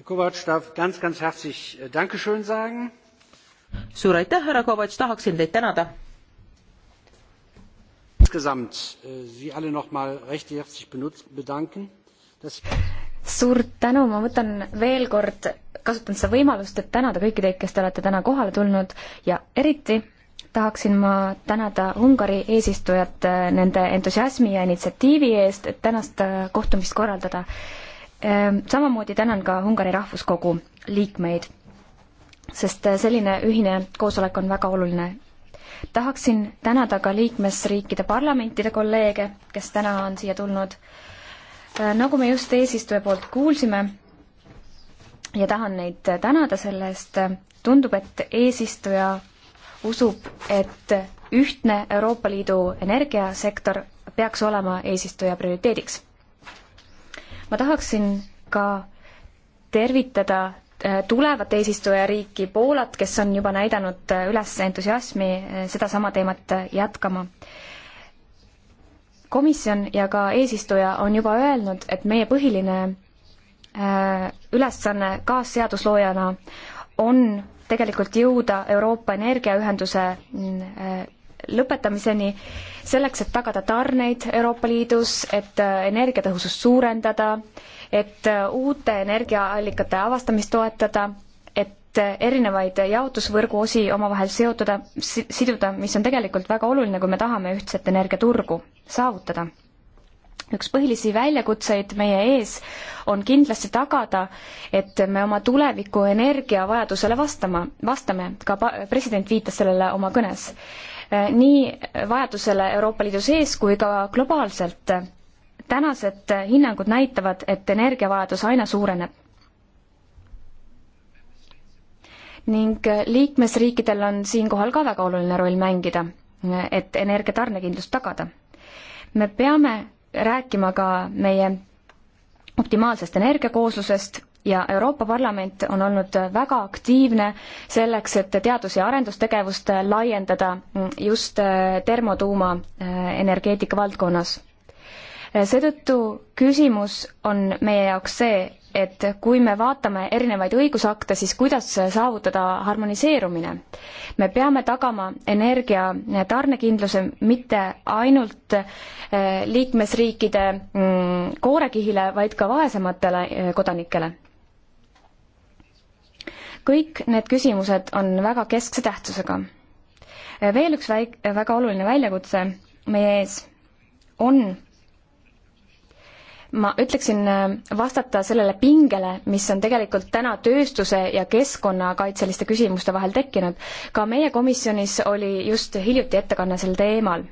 Kovacs darf ganz, ganz herzlich äh, Dankeschön sagen. suur aitäh, härra Kovacs, tahaksin teid tänada. Insgesamt äh, Sie alle nochmal recht herzlich bedanken. suur tänu, ma võtan veel kord, kasutan seda võimalust, et tänada kõiki teid, kes te olete täna kohale tulnud ja eriti tahaksin ma tänada Ungari eesistujat äh, nende entusiasmi ja initsiatiivi eest, et tänast kohtumist korraldada Ehm, samamoodi tänan ka Ungari Rahvuskogu liikmeid, sest eh, selline ühine koosolek on väga oluline. tahaksin tänada ka liikmesriikide parlamentide kolleege, kes täna on siia tulnud. Eh, nagu me just eesistuja poolt kuulsime ja tahan neid tänada selle eest, eh, tundub, et eesistuja usub, et ühtne Euroopa Liidu energiasektor peaks olema eesistuja prioriteediks ma tahaksin ka tervitada äh, tulevat eesistujariiki Poolat, kes on juba näidanud äh, üles entusiasmi äh, sedasama teemat jätkama. komisjon ja ka eesistuja on juba öelnud, et meie põhiline ülesanne kaasseadusloojana on tegelikult jõuda Euroopa energiaühenduse mm, lõpetamiseni selleks, et tagada tarneid Euroopa Liidus, et äh, energiatõhusust suurendada, et äh, uute energiaallikate avastamist toetada, et äh, erinevaid jaotusvõrgu osi omavahel seotuda, siduda, mis on tegelikult väga oluline, kui me tahame ühtset energiaturgu saavutada üks põhilisi väljakutseid meie ees on kindlasti tagada, et me oma tuleviku energiavajadusele vastama, vastame, ka president viitas sellele oma kõnes. Eh, nii vajadusele Euroopa Liidu sees kui ka globaalselt. tänased hinnangud näitavad, et energiavajadus aina suureneb. ning liikmesriikidel on siinkohal ka väga oluline roll mängida, eh, et energia tarnekindlust tagada. me peame rääkima ka meie optimaalsest energiakooslusest ja Euroopa Parlament on olnud väga aktiivne selleks, et teadus- ja arendustegevust laiendada just äh, termotuuma äh, energeetika valdkonnas. Äh, seetõttu küsimus on meie jaoks see, et kui me vaatame erinevaid õigusakte, siis kuidas saavutada harmoniseerumine? me peame tagama energia tarnekindluse mitte ainult liikmesriikide mm, koorekihile, vaid ka vaesematele kodanikele kõik need küsimused on väga keskse tähtsusega. veel üks väik-, väga oluline väljakutse meie ees on ma ütleksin vastata sellele pingele, mis on tegelikult täna tööstuse ja keskkonnakaitseliste küsimuste vahel tekkinud. ka meie komisjonis oli just hiljuti ettekanne sel teemal.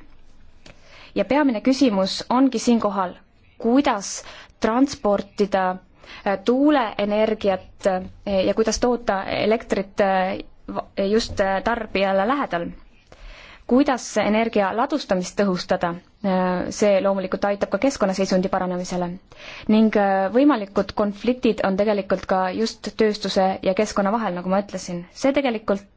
ja peamine küsimus ongi siinkohal, kuidas transportida tuuleenergiat eh, ja kuidas toota elektrit eh, just eh, tarbijale lähedal. kuidas energia ladustamist tõhustada, see loomulikult aitab ka keskkonnaseisundi paranemisele. ning võimalikud konfliktid on tegelikult ka just tööstuse ja keskkonna vahel, nagu ma ütlesin. see tegelikult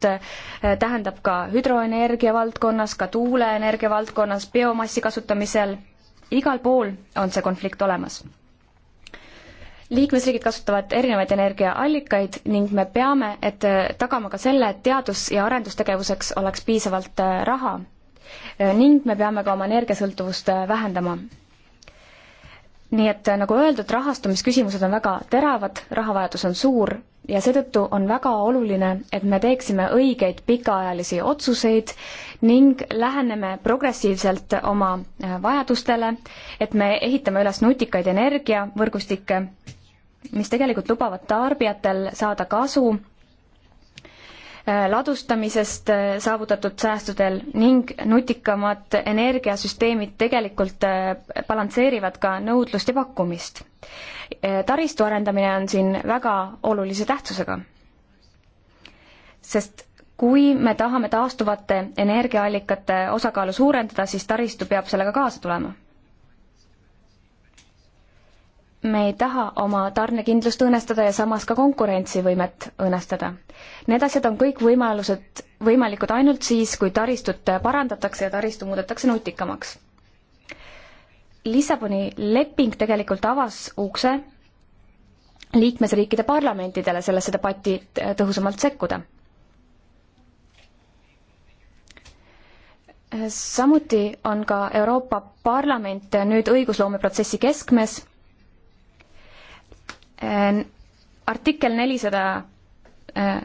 tähendab ka hüdroenergia valdkonnas, ka tuuleenergia valdkonnas, biomassi kasutamisel, igal pool on see konflikt olemas liikmesriigid kasutavad erinevaid energiaallikaid ning me peame, et äh, tagama ka selle, et teadus- ja arendustegevuseks oleks piisavalt äh, raha. Äh, ning me peame ka oma energiasõltuvust vähendama. nii et nagu öeldud, rahastumisküsimused on väga teravad, rahavajadus on suur ja seetõttu on väga oluline, et me teeksime õigeid pikaajalisi otsuseid ning läheneme progressiivselt oma vajadustele, et me ehitame üles nutikaid energiavõrgustikke mis tegelikult lubavad tarbijatel saada kasu äh, ladustamisest äh, saavutatud säästudel ning nutikamad energiasüsteemid tegelikult äh, balansseerivad ka nõudlust ja pakkumist. taristu arendamine on siin väga olulise tähtsusega, sest kui me tahame taastuvate energiaallikate osakaalu suurendada, siis taristu peab sellega kaasa tulema me ei taha oma tarnekindlust õõnestada ja samas ka konkurentsivõimet õõnestada. Need asjad on kõik võimalused võimalikud ainult siis, kui taristut parandatakse ja taristu muudetakse nutikamaks. Lissaboni leping tegelikult avas ukse liikmesriikide parlamentidele sellesse debatti tõhusamalt sekkuda. samuti on ka Euroopa Parlament nüüd õigusloomeprotsessi keskmes Äh, artikkel nelisada äh,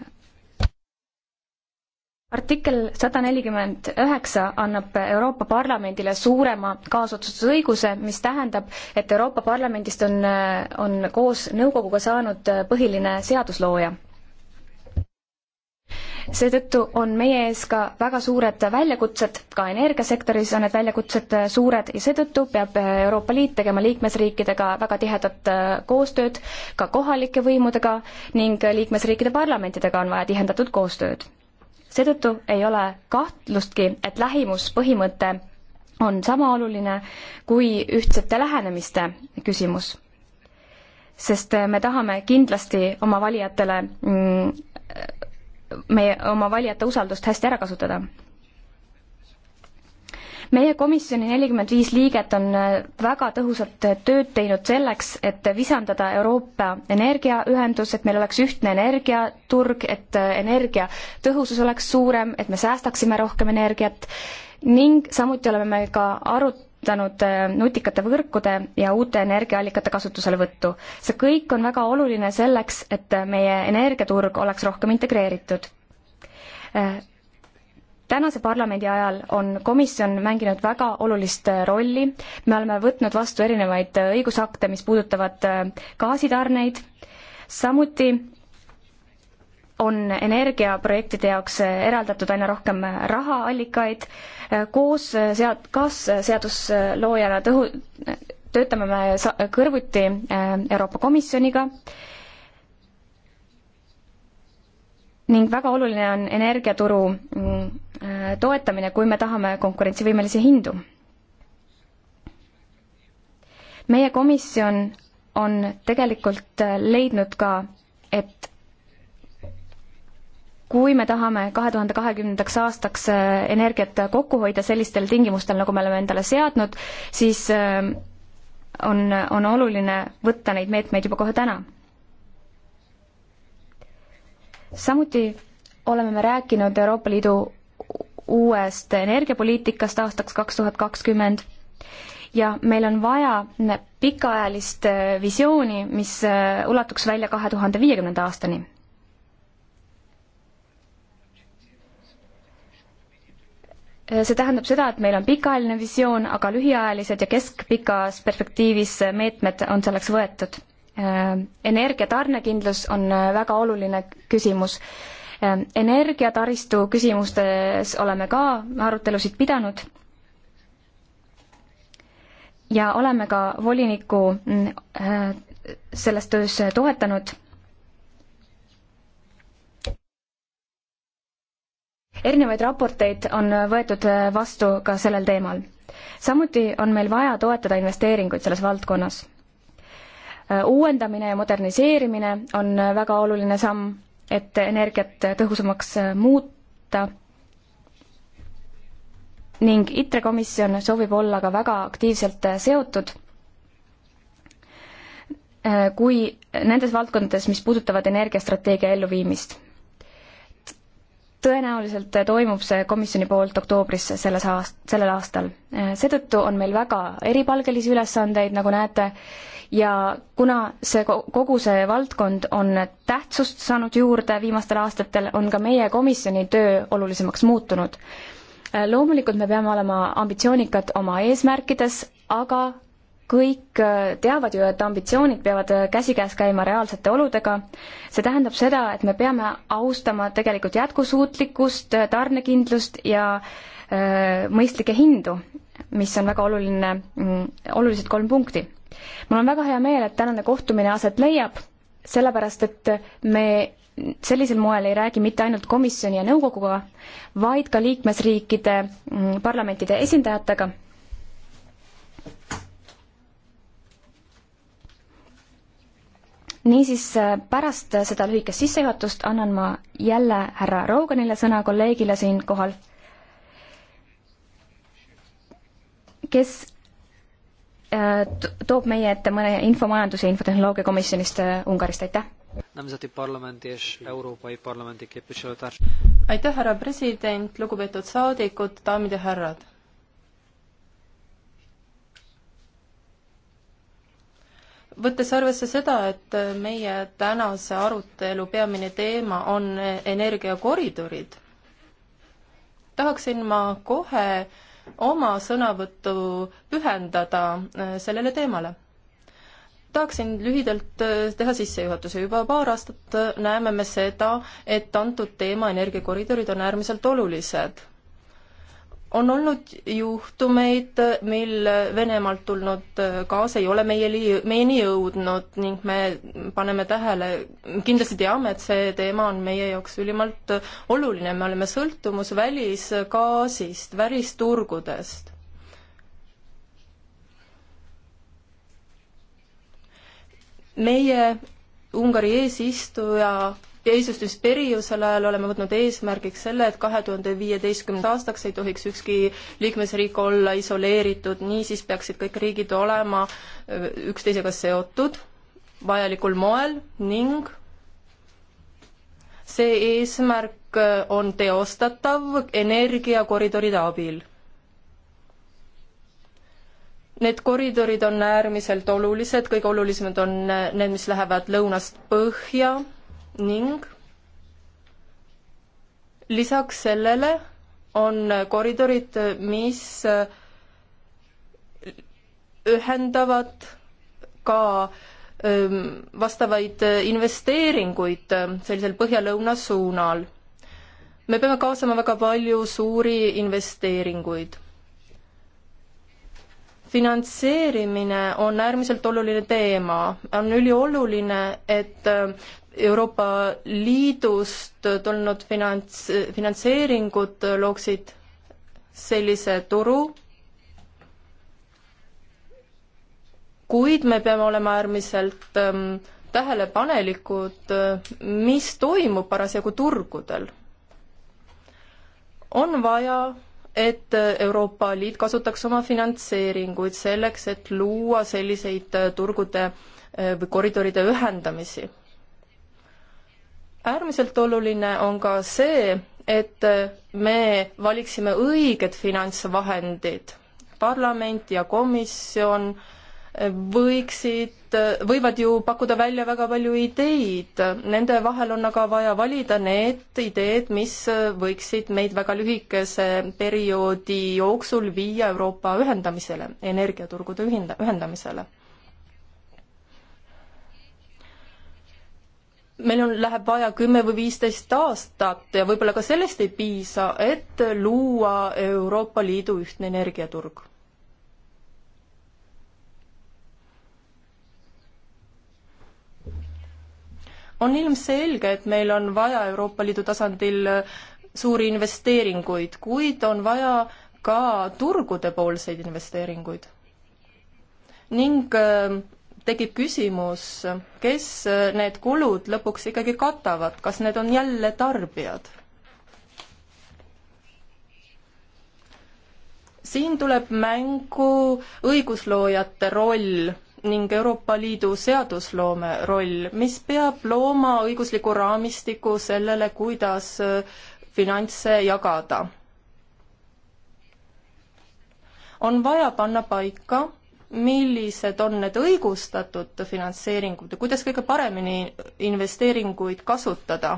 artikkel sada nelikümmend üheksa annab Euroopa Parlamendile suurema kaasotsustusõiguse, mis tähendab, et Euroopa Parlamendist on, äh, on koos nõukoguga saanud põhiline seaduslooja seetõttu on meie ees ka väga suured väljakutsed, ka energiasektoris on need väljakutsed äh, suured ja seetõttu peab äh, Euroopa Liit tegema liikmesriikidega väga tihedat äh, koostööd, ka kohalike võimudega ning liikmesriikide parlamentidega on vaja tihendatud koostööd. seetõttu ei ole kahtlustki, et lähimuspõhimõte on sama oluline kui ühtsete lähenemiste küsimus sest me tahame kindlasti oma valijatele mm, meie oma valijate usaldust hästi ära kasutada. meie komisjoni nelikümmend viis liiget on äh, väga tõhusalt äh, tööd teinud selleks, et visandada Euroopa energiaühendus, et meil oleks ühtne energiaturg, et äh, energia tõhusus oleks suurem, et me säästaksime rohkem energiat ning samuti oleme me ka arut-, mõjutanud äh, nutikate võrkude ja uute energiaallikate kasutuselevõttu. see kõik on väga oluline selleks, et meie energiaturg oleks rohkem integreeritud. Äh, tänase parlamendi ajal on komisjon mänginud väga olulist äh, rolli, me oleme võtnud vastu erinevaid õigusakte, mis puudutavad gaasitarneid, samuti on energiaprojektide jaoks eraldatud aina rohkem rahaallikaid, koos sead-, kaasseadusloojana tõhu-, töötame me sa-, kõrvuti äh, Euroopa Komisjoniga ning väga oluline on energiaturu äh, toetamine, kui me tahame konkurentsivõimelisi hindu. meie komisjon on tegelikult äh, leidnud ka, et kui me tahame kahe tuhande kahekümnendaks aastaks äh, energiat kokku hoida sellistel tingimustel, nagu me oleme endale seadnud, siis äh, on, on oluline võtta neid meetmeid juba kohe täna. samuti oleme me rääkinud Euroopa Liidu uuest energiapoliitikast aastaks kaks tuhat kakskümmend ja meil on vaja pikaajalist äh, visiooni, mis ulatuks välja kahe tuhande viiekümnenda aastani Äh, see tähendab seda, et meil on pikaajaline visioon, aga lühiajalised ja keskpikas perspektiivis meetmed on selleks võetud. Äh, energia tarnekindlus on äh, väga oluline küsimus. energiataristu küsimustes oleme ka arutelusid pidanud ja oleme ka voliniku mm, selles töös toetanud erinevaid raporteid on võetud äh, vastu ka sellel teemal. samuti on meil vaja toetada investeeringuid selles valdkonnas. Äh, uuendamine ja moderniseerimine on äh, väga oluline samm, et energiat tõhusamaks muuta ning ITRE komisjon soovib olla ka väga aktiivselt seotud kui nendes valdkondades, mis puudutavad energiastrateegia elluviimist tõenäoliselt toimub see komisjoni poolt oktoobris selles aast-, sellel aastal. seetõttu on meil väga eripalgelisi ülesandeid, nagu näete, ja kuna see, kogu see valdkond on tähtsust saanud juurde viimastel aastatel, on ka meie komisjoni töö olulisemaks muutunud. loomulikult me peame olema ambitsioonikad oma eesmärkides, aga kõik äh, teavad ju, et ambitsioonid peavad äh, käsikäes käima reaalsete oludega. see tähendab seda, et me peame austama tegelikult jätkusuutlikkust, äh, tarnekindlust ja öö, mõistlikke hindu, mis on väga oluline, mm, olulised kolm punkti. mul on väga hea meel, et tänane kohtumine aset leiab, sellepärast et me sellisel moel ei räägi mitte ainult komisjoni ja nõukoguga, vaid ka liikmesriikide mm, parlamentide esindajatega niisiis, äh, pärast seda lühikest sissejuhatust annan ma jälle härra Roganile sõna kolleegile siinkohal, kes äh, toob meie ette mõne infomajanduse ja infotehnoloogia komisjonist äh, Ungarist, aitäh! aitäh, härra president, lugupeetud saadikud, daamid ja härrad! võttes arvesse seda, et meie tänase arutelu peamine teema on energiakoridorid, tahaksin ma kohe oma sõnavõttu pühendada äh, sellele teemale. tahaksin lühidalt äh, teha sissejuhatuse, juba paar aastat äh, näeme me seda, et antud teema, energiakoridorid, on äärmiselt olulised on olnud juhtumeid, mil Venemaalt tulnud gaas ei ole meieni, meieni jõudnud ning me paneme tähele, kindlasti teame, et see teema on meie jaoks ülimalt oluline, me oleme sõltumus välisgaasist, välisturgudest. meie Ungari eesistuja eesistumisperioodil ajal oleme võtnud eesmärgiks selle, et kahe tuhande viieteistkümnendaks aastaks ei tohiks ükski liikmesriik olla isoleeritud, niisiis peaksid kõik riigid olema üksteisega seotud vajalikul moel ning see eesmärk on teostatav energiakoridoride abil. Need koridorid on äärmiselt olulised, kõige olulisemad on need, mis lähevad lõunast põhja ning lisaks sellele on koridorid, mis ühendavad ka ähm, vastavaid investeeringuid ähm, sellisel põhja-lõuna suunal. me peame kaasama väga palju suuri investeeringuid finantseerimine on äärmiselt oluline teema, on ülioluline, et äh, Euroopa Liidust tulnud finants, finantseeringud looksid sellise turu, kuid me peame olema äärmiselt ähm, tähelepanelikud, äh, mis toimub parasjagu turgudel. on vaja et Euroopa Liit kasutaks oma finantseeringuid selleks, et luua selliseid turgude eh, või koridoride ühendamisi. äärmiselt oluline on ka see, et me valiksime õiged finantsvahendid. parlament ja komisjon võiksid et äh, võivad ju pakkuda välja väga palju ideid, nende vahel on aga vaja valida need ideed, mis äh, võiksid meid väga lühikese perioodi jooksul viia Euroopa ühendamisele, energiaturgude ühinda-, ühendamisele. meil on, läheb vaja kümme või viisteist aastat ja võib-olla ka sellest ei piisa, et luua Euroopa Liidu ühtne energiaturg on ilmselge, et meil on vaja Euroopa Liidu tasandil äh, suuri investeeringuid, kuid on vaja ka turgudepoolseid investeeringuid. ning äh, tekib küsimus, kes äh, need kulud lõpuks ikkagi katavad, kas need on jälle tarbijad? siin tuleb mängu õigusloojate roll ning Euroopa Liidu seadusloome roll, mis peab looma õigusliku raamistiku sellele, kuidas äh, finantse jagada. on vaja panna paika, millised on need õigustatud finantseeringud ja kuidas kõige paremini investeeringuid kasutada.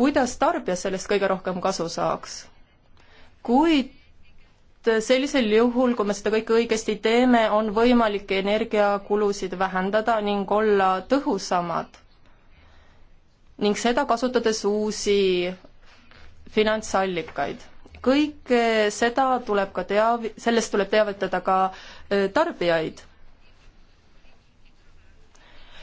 kuidas tarbija sellest kõige rohkem kasu saaks? kuid et sellisel juhul, kui me seda kõike õigesti teeme, on võimalik energiakulusid vähendada ning olla tõhusamad. ning seda kasutades uusi finantsallikaid. kõike seda tuleb ka teav-, sellest tuleb teavitada ka tarbijaid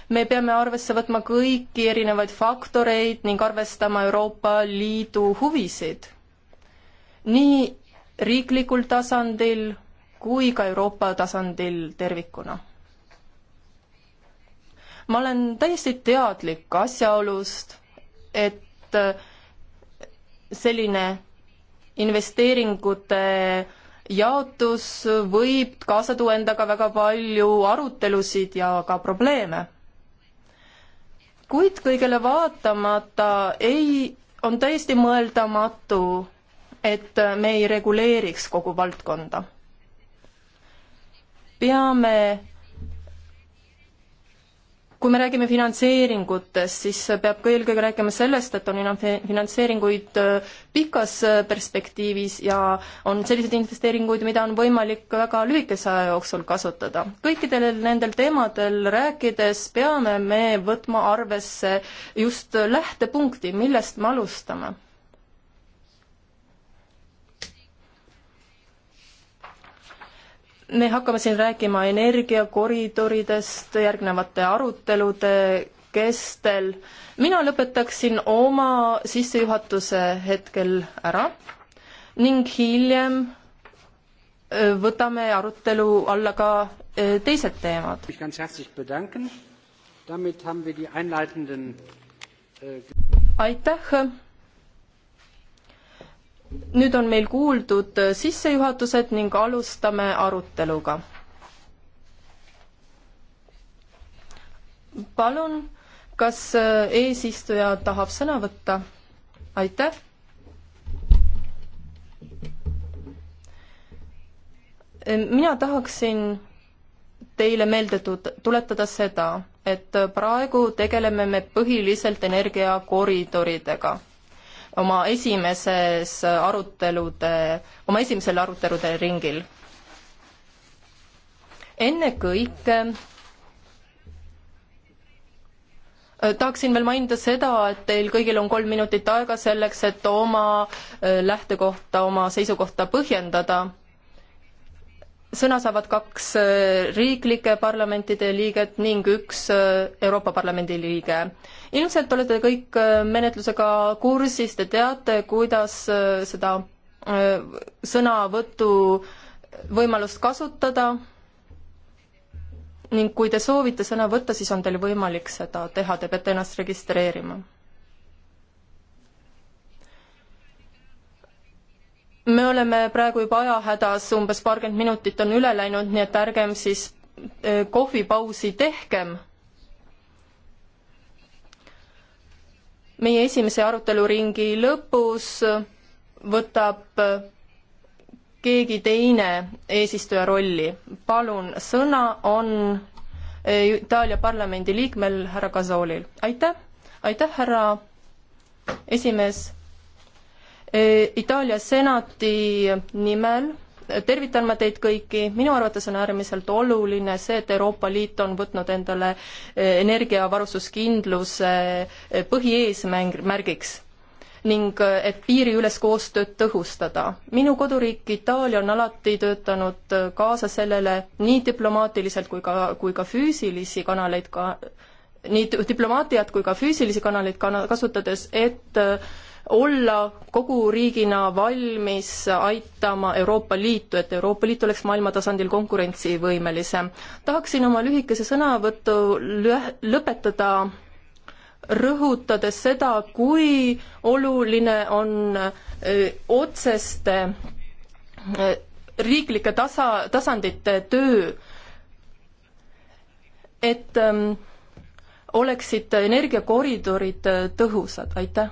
me peame arvesse võtma kõiki erinevaid faktoreid ning arvestama Euroopa Liidu huvisid. nii riiklikul tasandil kui ka Euroopa tasandil tervikuna. ma olen täiesti teadlik asjaolust, et selline investeeringute jaotus võib kaasa tuua endaga väga palju arutelusid ja ka probleeme. kuid kõigele vaatamata ei, on täiesti mõeldamatu et me ei reguleeriks kogu valdkonda. peame kui me räägime finantseeringutest, siis peab ka eelkõige rääkima sellest, et on finantseeringuid äh, pikas äh, perspektiivis ja on selliseid investeeringuid, mida on võimalik väga lühikese aja jooksul kasutada. kõikidel nendel teemadel rääkides peame me võtma arvesse just lähtepunkti, millest me alustame me hakkame siin rääkima energiakoridoridest järgnevate arutelude kestel. mina lõpetaksin oma sissejuhatuse hetkel ära ning hiljem võtame arutelu alla ka teised teemad. Äh, aitäh nüüd on meil kuuldud sissejuhatused ning alustame aruteluga. palun, kas eesistuja tahab sõna võtta? aitäh. mina tahaksin teile meelde tuletada seda, et praegu tegeleme me põhiliselt energiakoridoridega oma esimeses arutelude, oma esimesel arutelude ringil. ennekõike äh, tahaksin veel mainida seda, et teil kõigil on kolm minutit aega selleks, et oma äh, lähtekohta, oma seisukohta põhjendada sõna saavad kaks äh, riiklike parlamentide liiget ning üks äh, Euroopa Parlamendi liige. ilmselt olete kõik äh, menetlusega kursis, te teate, kuidas seda sõnavõtu võimalust kasutada ning kui te soovite sõna võtta, siis on teil võimalik seda teha, te peate ennast registreerima me oleme praegu juba ajahädas, umbes paarkümmend minutit on üle läinud, nii et ärgem siis äh, kohvipausi tehkem. meie esimese aruteluringi lõpus võtab äh, keegi teine eesistuja rolli. palun, sõna on äh, Itaalia parlamendi liikmel härra Gasolil. aitäh, aitäh, härra esimees Eh, Itaalia senati nimel tervitan ma teid kõiki, minu arvates on äärmiselt oluline see, et Euroopa Liit on võtnud endale eh, energiavarustuskindluse eh, põhieesmärgiks ning et piiriüles koostööd tõhustada. minu koduriik Itaalia on alati töötanud kaasa sellele nii diplomaatiliselt kui ka, kui ka füüsilisi kanaleid ka, nii diplomaatiat kui ka füüsilisi kanaleid kana-, kasutades, et äh, olla kogu riigina valmis aitama Euroopa Liitu, et Euroopa Liit oleks maailma tasandil konkurentsivõimelisem. tahaksin oma lühikese sõnavõtu lõpetada rõhutades seda, kui oluline on otseste riiklike tasa, tasandite töö, et oleksid energiakoridorid tõhusad, aitäh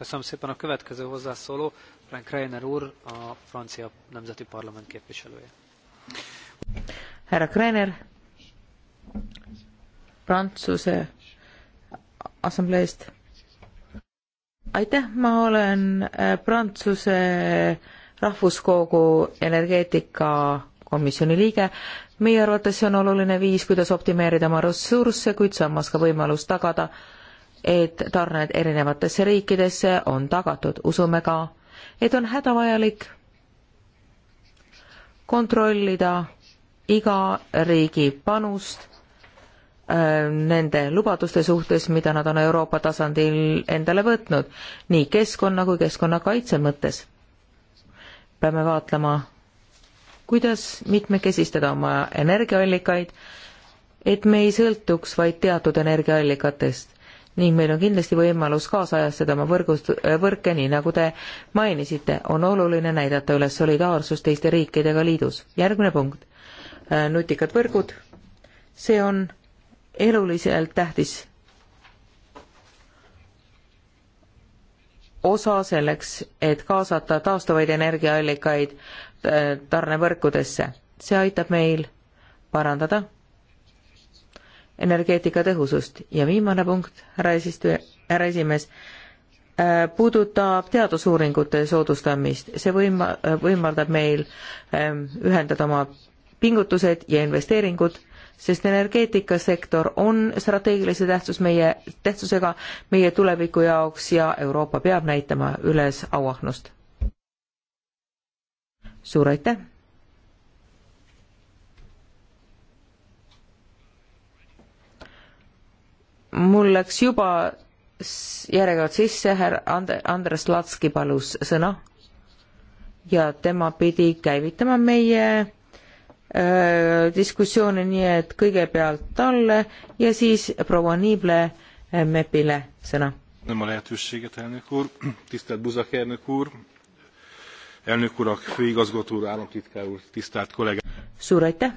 Köszönöm szépen a következő hozzászóló, Frank Reiner úr, a francia nemzeti parlament képviselője. Härra Kreiner, Prantsuse eh, assambleest. aitäh, ma olen Prantsuse eh, eh, Rahvuskogu energeetikakomisjoni liige. meie arvates see on oluline viis, kuidas optimeerida oma ressursse, kuid samas ka võimalus tagada äh, et tarned erinevatesse riikidesse on tagatud. usume ka, et on hädavajalik kontrollida iga riigi panust äh, nende lubaduste suhtes, mida nad on Euroopa tasandil endale võtnud, nii keskkonna kui keskkonnakaitse mõttes. peame vaatlema, kuidas mitmekesistada oma energiaallikaid, et me ei sõltuks vaid teatud energiaallikatest ning meil on kindlasti võimalus kaasajastada oma võrgust, äh, võrke, nii nagu te mainisite, on oluline näidata üles solidaarsust teiste riikidega liidus. järgmine punkt, äh, nutikad võrgud, see on eluliselt tähtis osa selleks, et kaasata taastuvaid energiaallikaid äh, tarnevõrkudesse. see aitab meil parandada energeetikatõhusust ja viimane punkt, härra eesistuja, härra esimees, äh, puudutab teadusuuringute soodustamist, see võima-, võimaldab meil ähm, ühendada oma pingutused ja investeeringud, sest energeetikasektor on strateegilise tähtsus meie, tähtsusega meie tuleviku jaoks ja Euroopa peab näitama üles auahnust. suur aitäh! mul läks juba järjekord sisse, härra And-, Andres Latski palus sõna ja tema pidi käivitama meie öö, diskussiooni, nii et kõigepealt talle ja siis proua Niible MEP-ile sõna. Nem a lehetőséget, elnök úr, tisztelt Buzak elnök úr, elnök urak, főigazgató úr, államtitkár úr, tisztelt kollégák. suur aitäh,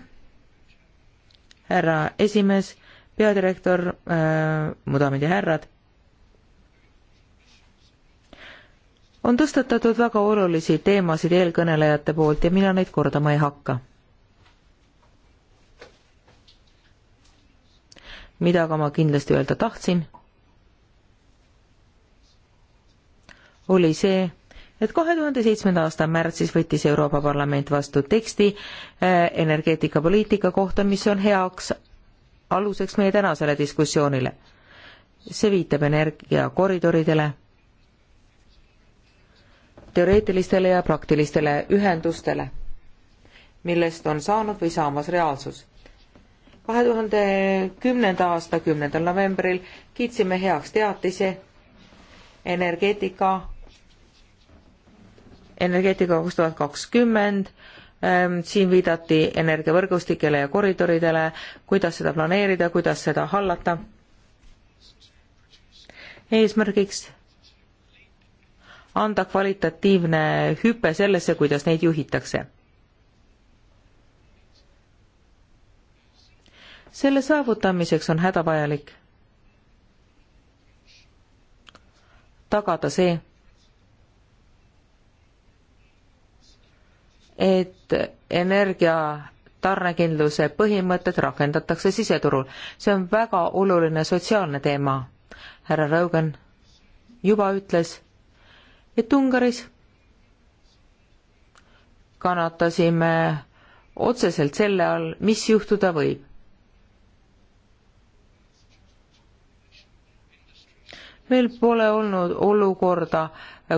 härra esimees peadirektor äh,, mu daamid ja härrad, on tõstatatud väga olulisi teemasid eelkõnelejate poolt ja mina neid kordama ei hakka. mida aga ma kindlasti öelda tahtsin, oli see, et kahe tuhande seitsmenda aasta märtsis võttis Euroopa Parlament vastu teksti äh, energeetikapoliitika kohta, mis on heaks aluseks meie tänasele diskussioonile. see viitab energiakoridoridele, teoreetilistele ja praktilistele ühendustele, millest on saanud või saamas reaalsus. kahe tuhande kümnenda aasta kümnendal novembril kiitsime heaks teatise energeetika energeetika kaks tuhat kakskümmend Ehm, siin viidati energiavõrgustikele ja koridoridele, kuidas seda planeerida, kuidas seda hallata. eesmärgiks anda kvalitatiivne hüpe sellesse, kuidas neid juhitakse. selle saavutamiseks on hädavajalik tagada see, et energia tarnekindluse põhimõtted rakendatakse siseturul. see on väga oluline sotsiaalne teema. härra Rõugen juba ütles, et Ungaris kannatasime otseselt selle all, mis juhtuda võib meil pole olnud olukorda,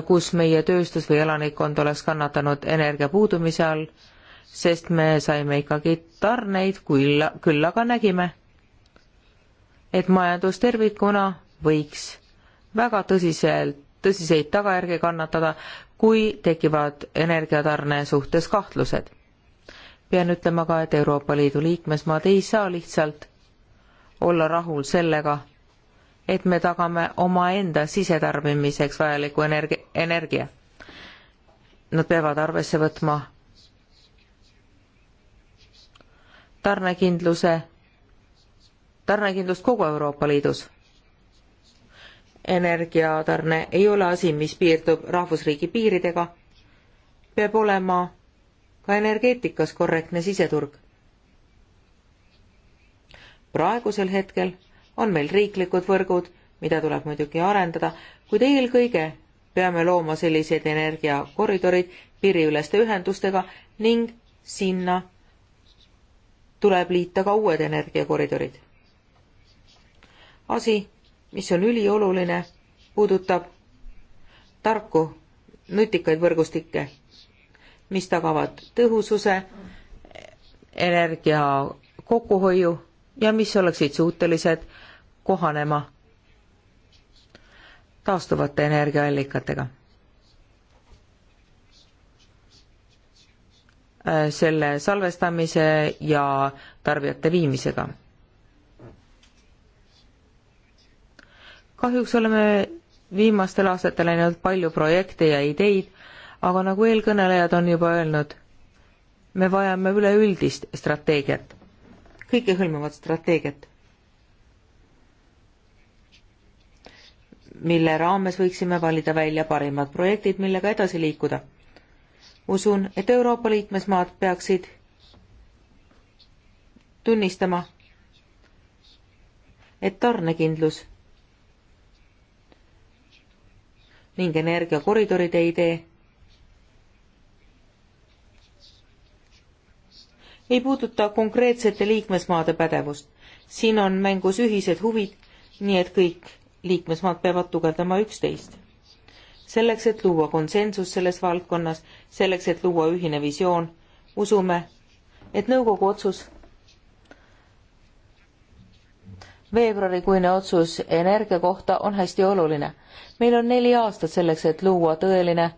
kus meie tööstus või elanikkond oleks kannatanud energia puudumise all, sest me saime ikkagi tarneid, küll, küll aga nägime, et majandus tervikuna võiks väga tõsiselt, tõsiseid tagajärgi kannatada, kui tekivad energiatarne suhtes kahtlused. pean ütlema ka, et Euroopa Liidu liikmesmaad ei saa lihtsalt olla rahul sellega, et me tagame omaenda sisetarbimiseks vajaliku energi-, energia. Nad peavad arvesse võtma tarnekindluse, tarnekindlust kogu Euroopa Liidus. energiatarne ei ole asi, mis piirdub rahvusriigi piiridega, peab olema ka energeetikas korrektne siseturg. praegusel hetkel on meil riiklikud võrgud, mida tuleb muidugi arendada, kuid eelkõige peame looma sellised energiakoridorid piiriüleste ühendustega ning sinna tuleb liita ka uued energiakoridorid. asi, mis on ülioluline, puudutab tarku nutikaid võrgustikke, mis tagavad tõhususe, energia kokkuhoiu ja mis oleksid suutelised kohanema taastuvate energiaallikatega. selle salvestamise ja tarbijate viimisega. kahjuks oleme viimastel aastatel näinud palju projekte ja ideid, aga nagu eelkõnelejad on juba öelnud, me vajame üleüldist strateegiat, kõikehõlmavat strateegiat mille raames võiksime valida välja parimad projektid, millega edasi liikuda. usun, et Euroopa liikmesmaad peaksid tunnistama, et tarnekindlus ning energiakoridoride idee ei puuduta konkreetsete liikmesmaade pädevust. siin on mängus ühised huvid, nii et kõik liikmesmaad peavad tugevdama üksteist. selleks, et luua konsensus selles valdkonnas, selleks, et luua ühine visioon, usume, et nõukogu otsus veebruarikuine otsus energia kohta on hästi oluline. meil on neli aastat selleks, et luua tõeline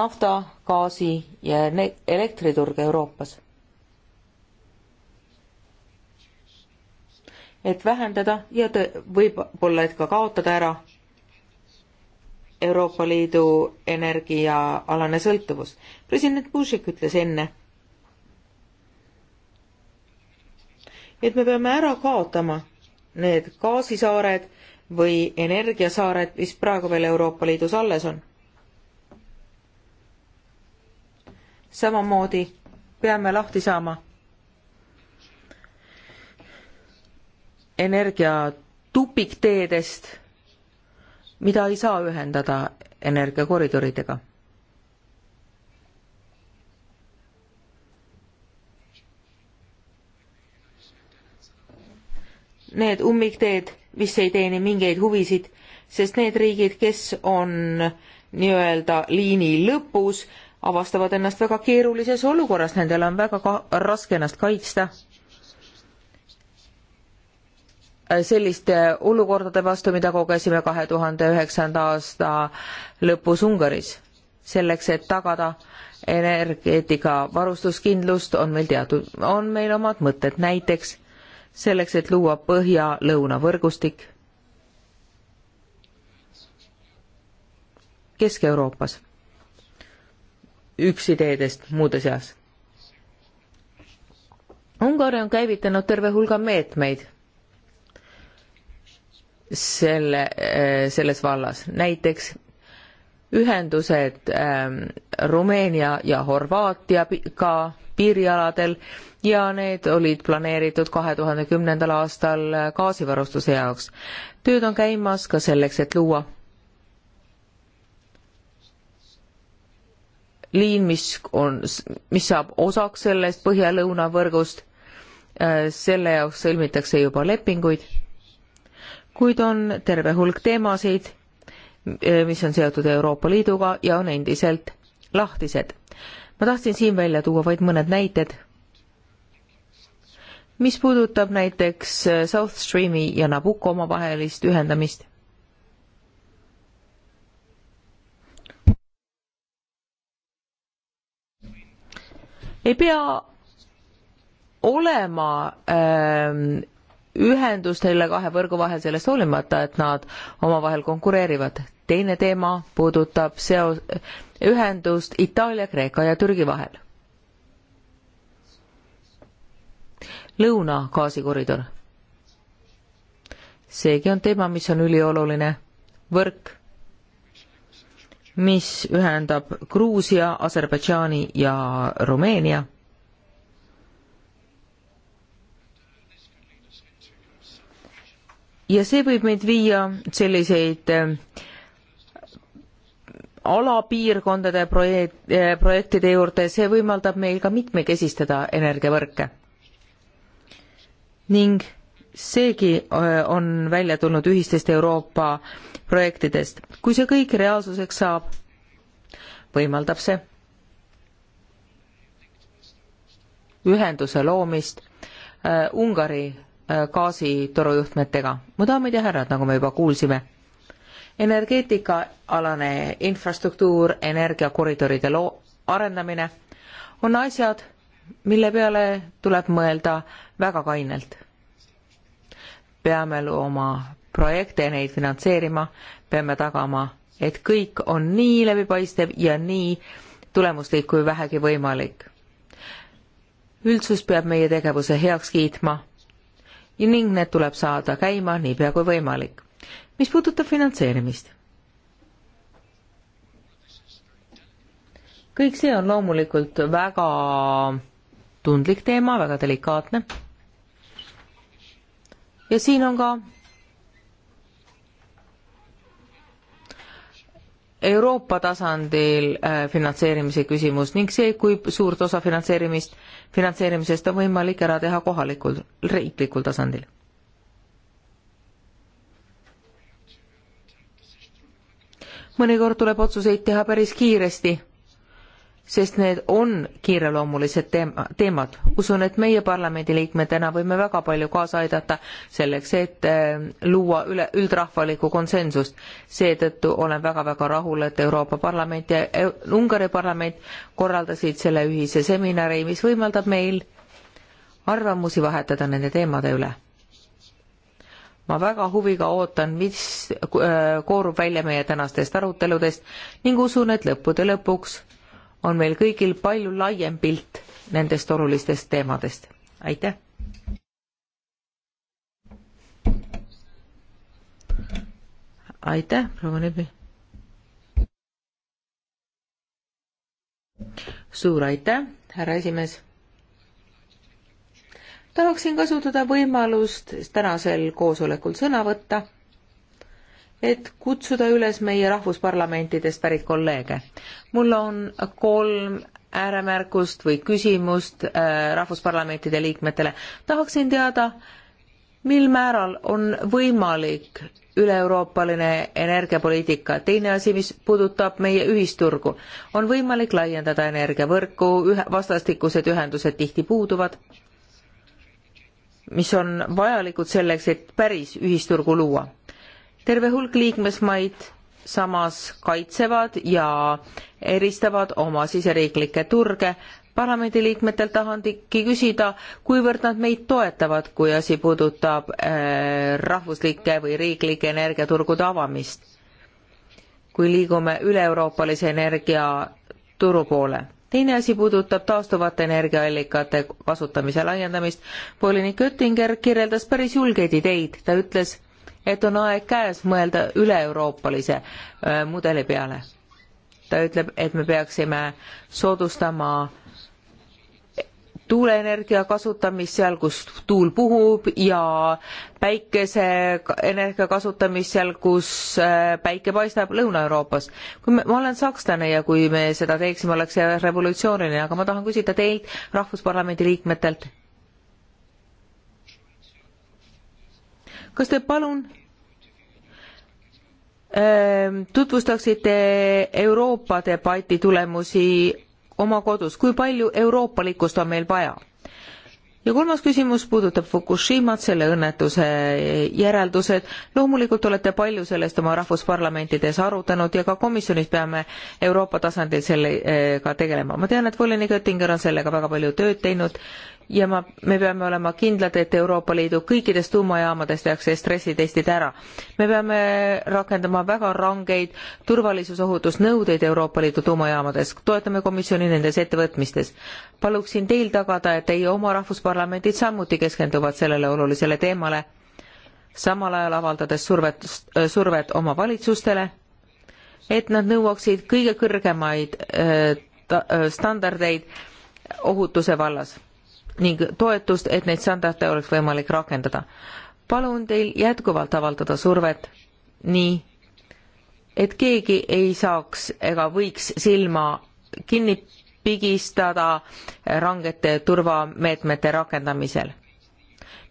nafta, gaasi ja elektriturg Euroopas et vähendada ja võib-olla, et ka kaotada ära Euroopa Liidu energiaalane sõltuvus. president Bushik ütles enne, et me peame ära kaotama need gaasisaared või energiasaared, mis praegu veel Euroopa Liidus alles on. samamoodi peame lahti saama energia tupikteedest, mida ei saa ühendada energiakoridoridega. Need ummikteed, mis ei teeni mingeid huvisid, sest need riigid, kes on nii-öelda liini lõpus, avastavad ennast väga keerulises olukorras, nendel on väga ka-, raske ennast kaitsta selliste olukordade vastu, mida kogesime kahe tuhande üheksanda aasta lõpus Ungaris. selleks, et tagada energeetika varustuskindlust, on meil teatud, on meil omad mõtted, näiteks selleks, et luua põhja-lõuna võrgustik Kesk-Euroopas. üks ideedest muude seas. Ungari on käivitanud terve hulga meetmeid selle, äh, selles vallas, näiteks ühendused ähm, Rumeenia ja Horvaatiaga piirialadel ja need olid planeeritud kahe tuhande kümnendal aastal äh, gaasivarustuse jaoks. tööd on käimas ka selleks, et luua liin, mis on, mis saab osaks sellest põhja-lõuna võrgust, äh, selle jaoks sõlmitakse juba lepinguid kuid on terve hulk teemasid, eh, mis on seotud Euroopa Liiduga ja on endiselt lahtised. ma tahtsin siin välja tuua vaid mõned näited, mis puudutab näiteks eh, South Streami ja Nabucco omavahelist ühendamist. ei pea olema äh, ühendus selle kahe võrgu vahel sellest hoolimata, et nad omavahel konkureerivad. teine teema puudutab seos, ühendust Itaalia, Kreeka ja Türgi vahel. lõuna gaasikoridor. seegi on teema, mis on ülioluline. võrk, mis ühendab Gruusia, Aserbaidžaani ja Rumeenia ja see võib meid viia selliseid eh, alapiirkondade projekt, eh, projektide juurde, see võimaldab meil ka mitmekesistada energiavõrke. ning seegi eh, on välja tulnud ühistest Euroopa projektidest. kui see kõik reaalsuseks saab, võimaldab see ühenduse loomist Ungari Äh, gaasitorujuhtmetega. mu daamid ja härrad, nagu me juba kuulsime, energeetikaalane infrastruktuur, energiakoridoride loo-, arendamine on asjad, mille peale tuleb mõelda väga kainelt. peame looma projekte ja neid finantseerima, peame tagama, et kõik on nii läbipaistev ja nii tulemuslik kui vähegi võimalik. üldsus peab meie tegevuse heaks kiitma ning need tuleb saada käima niipea kui võimalik. mis puudutab finantseerimist, kõik see on loomulikult väga tundlik teema, väga delikaatne. ja siin on ka Euroopa tasandil äh, finantseerimise küsimus ning see, kui suurt osa finantseerimist, finantseerimisest on võimalik ära teha kohalikul, riiklikul tasandil. mõnikord tuleb otsuseid teha päris kiiresti sest need on kiireloomulised teema, teemad. usun, et meie parlamendiliikmetena võime väga palju kaasa aidata selleks, et äh, luua üle, üldrahvalikku konsensust. seetõttu olen väga-väga rahul, et Euroopa Parlament ja e Ungari parlament korraldasid selle ühise seminari, mis võimaldab meil arvamusi vahetada nende teemade üle ma väga huviga ootan, mis eh, koorub välja meie tänastest aruteludest ning usun, et lõppude lõpuks on meil kõigil palju laiem pilt nendest olulistest teemadest. aitäh! aitäh, proua Nebi! suur aitäh, härra esimees! tahaksin kasutada võimalust tänasel koosolekul sõna võtta et kutsuda üles meie rahvusparlamentidest pärit kolleege. mul on kolm ääremärkust või küsimust äh, rahvusparlamentide liikmetele. tahaksin teada, mil määral on võimalik üle-euroopaline energiapoliitika. teine asi, mis puudutab meie ühisturgu, on võimalik laiendada energiavõrku, ühe, vastastikused ühendused tihti puuduvad, mis on vajalikud selleks, et päris ühisturgu luua terve hulk liikmesmaid samas kaitsevad ja eristavad oma siseriiklikke turge. parlamendiliikmetelt tahangi küsida, kuivõrd nad meid toetavad, kui asi puudutab äh, rahvuslike või riiklike energiaturgude avamist, kui liigume üle-euroopalise energiaturu poole teine asi puudutab taastuvate energiaallikate kasutamise laiendamist. volinik Oettinger kirjeldas päris julgeid ideid, ta ütles, et on aeg käes mõelda üle-euroopalise äh, mudeli peale. ta ütleb, et me peaksime soodustama tuuleenergia kasutamist seal, kus tuul puhub ja päikeseenergia kasutamist seal, kus äh, päike paistab Lõuna-Euroopas. kui me, ma olen sakslane ja kui me seda teeksime, oleks see revolutsiooniline, aga ma tahan küsida teilt, Rahvusparlamendi liikmetelt, kas te palun ähm, tutvustaksite Euroopa debati tulemusi oma kodus, kui palju euroopalikkust on meil vaja? ja kolmas küsimus puudutab Fukushimat, selle õnnetuse järeldused. loomulikult olete palju sellest oma rahvusparlamentides arutanud ja ka komisjonis peame Euroopa tasandil sellega äh, tegelema. ma tean, et volinik Oettinger on sellega väga palju tööd teinud ja ma, me peame olema kindlad, et Euroopa Liidu kõikides tuumajaamades tehakse stressitestid ära. me peame rakendama väga rangeid turvalisusohutusnõudeid Euroopa Liidu tuumajaamades, toetame komisjoni nendes ettevõtmistes. paluksin teil tagada, et teie oma rahvusparlamendid samuti keskenduvad sellele olulisele teemale, samal ajal avaldades survet, survet oma valitsustele, et nad nõuaksid kõige kõrgemaid öö, äh, äh, standardeid ohutuse vallas ning toetust, et neid standarde oleks võimalik rakendada. palun teil jätkuvalt avaldada survet nii, et keegi ei saaks ega võiks silma kinni pigistada rangete turvameetmete rakendamisel.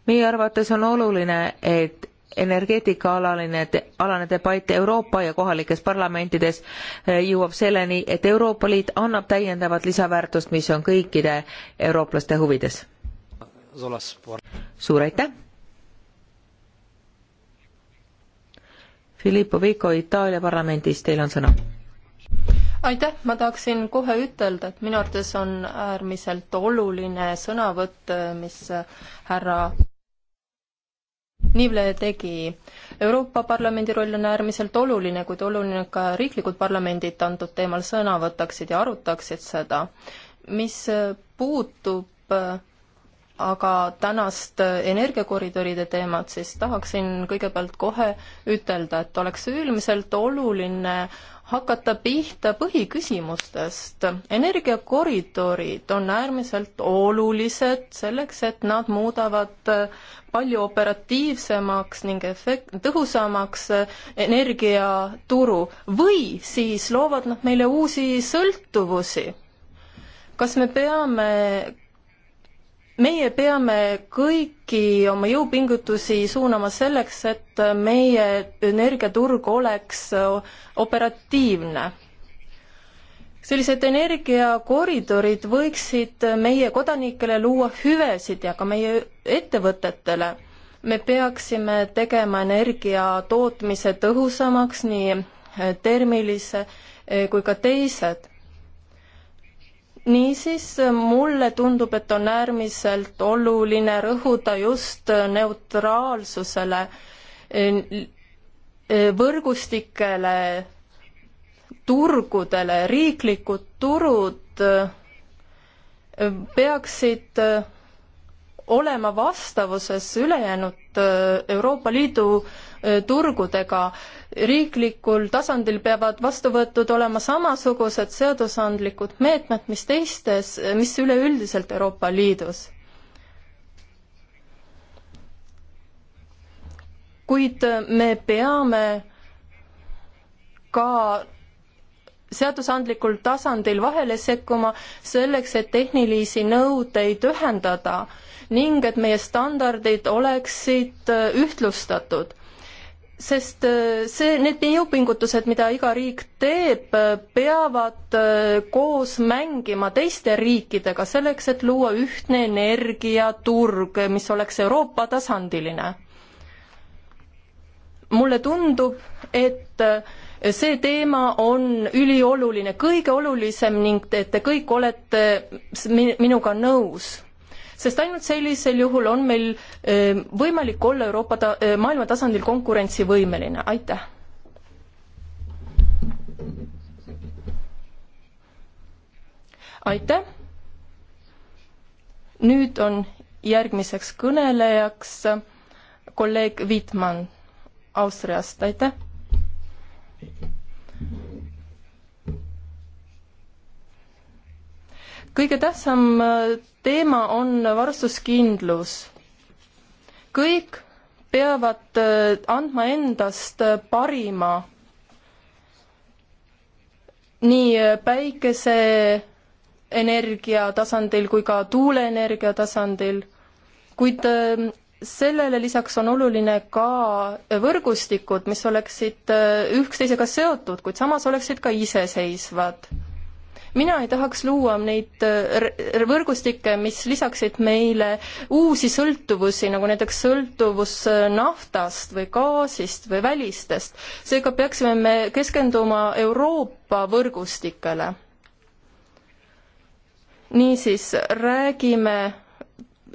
meie arvates on oluline, et energeetikaalaline, alane debatt Euroopa ja kohalikes parlamentides eh, jõuab selleni, et Euroopa Liit annab täiendavat lisaväärtust, mis on kõikide eurooplaste huvides. suur aitäh! Filippo Vico Itaalia parlamendist, teil on sõna aitäh, ma tahaksin kohe ütelda, et minu arvates on äärmiselt oluline sõnavõtt, mis härra Nivle tegi. Euroopa Parlamendi roll on äärmiselt oluline, kuid oluline ka riiklikud parlamendid antud teemal sõna võtaksid ja arutaksid seda. mis äh, puutub äh, aga tänast äh, energiakoridoride teemat, siis tahaksin kõigepealt kohe ütelda, et oleks äärmiselt oluline hakata pihta põhiküsimustest. energiakoridorid on äärmiselt olulised selleks, et nad muudavad palju operatiivsemaks ning efekt-, tõhusamaks energiaturu või siis loovad nad meile uusi sõltuvusi. kas me peame meie peame kõiki oma jõupingutusi suunama selleks, et meie energiaturg oleks operatiivne. sellised energiakoridorid võiksid meie kodanikele luua hüvesid ja ka meie ettevõtetele. me peaksime tegema energia tootmise tõhusamaks nii termilise kui ka teised niisiis, mulle tundub, et on äärmiselt oluline rõhuda just neutraalsusele, võrgustikele, turgudele, riiklikud turud äh, peaksid äh, olema vastavuses ülejäänud äh, Euroopa Liidu äh, turgudega. riiklikul tasandil peavad vastu võetud olema samasugused seadusandlikud meetmed, mis teistes, äh, mis üleüldiselt Euroopa Liidus. kuid me peame ka seadusandlikul tasandil vahele sekkuma selleks, et tehnilisi nõudeid ühendada ning et meie standardid oleksid äh, ühtlustatud sest äh, see, need jõupingutused, mida iga riik teeb, äh, peavad koos mängima teiste riikidega selleks, et luua ühtne energiaturg, mis oleks Euroopa tasandiline. mulle tundub, et see teema on ülioluline, kõige olulisem ning et te kõik olete minuga nõus sest ainult sellisel juhul on meil eh, võimalik olla Euroopa ta-, eh, maailma tasandil konkurentsivõimeline, aitäh! aitäh! nüüd on järgmiseks kõnelejaks kolleeg Wittmann Austriast, aitäh! kõige tähtsam äh, teema on varustuskindlus. kõik peavad äh, andma endast äh, parima nii päikeseenergia tasandil kui ka tuuleenergia tasandil, kuid sellele lisaks on oluline ka võrgustikud, mis oleksid üksteisega seotud, kuid samas oleksid ka iseseisvad mina ei tahaks luua neid äh, võrgustikke, mis lisaksid meile uusi sõltuvusi, nagu näiteks sõltuvus äh, naftast või gaasist või välistest. seega peaksime me keskenduma Euroopa võrgustikele. niisiis, räägime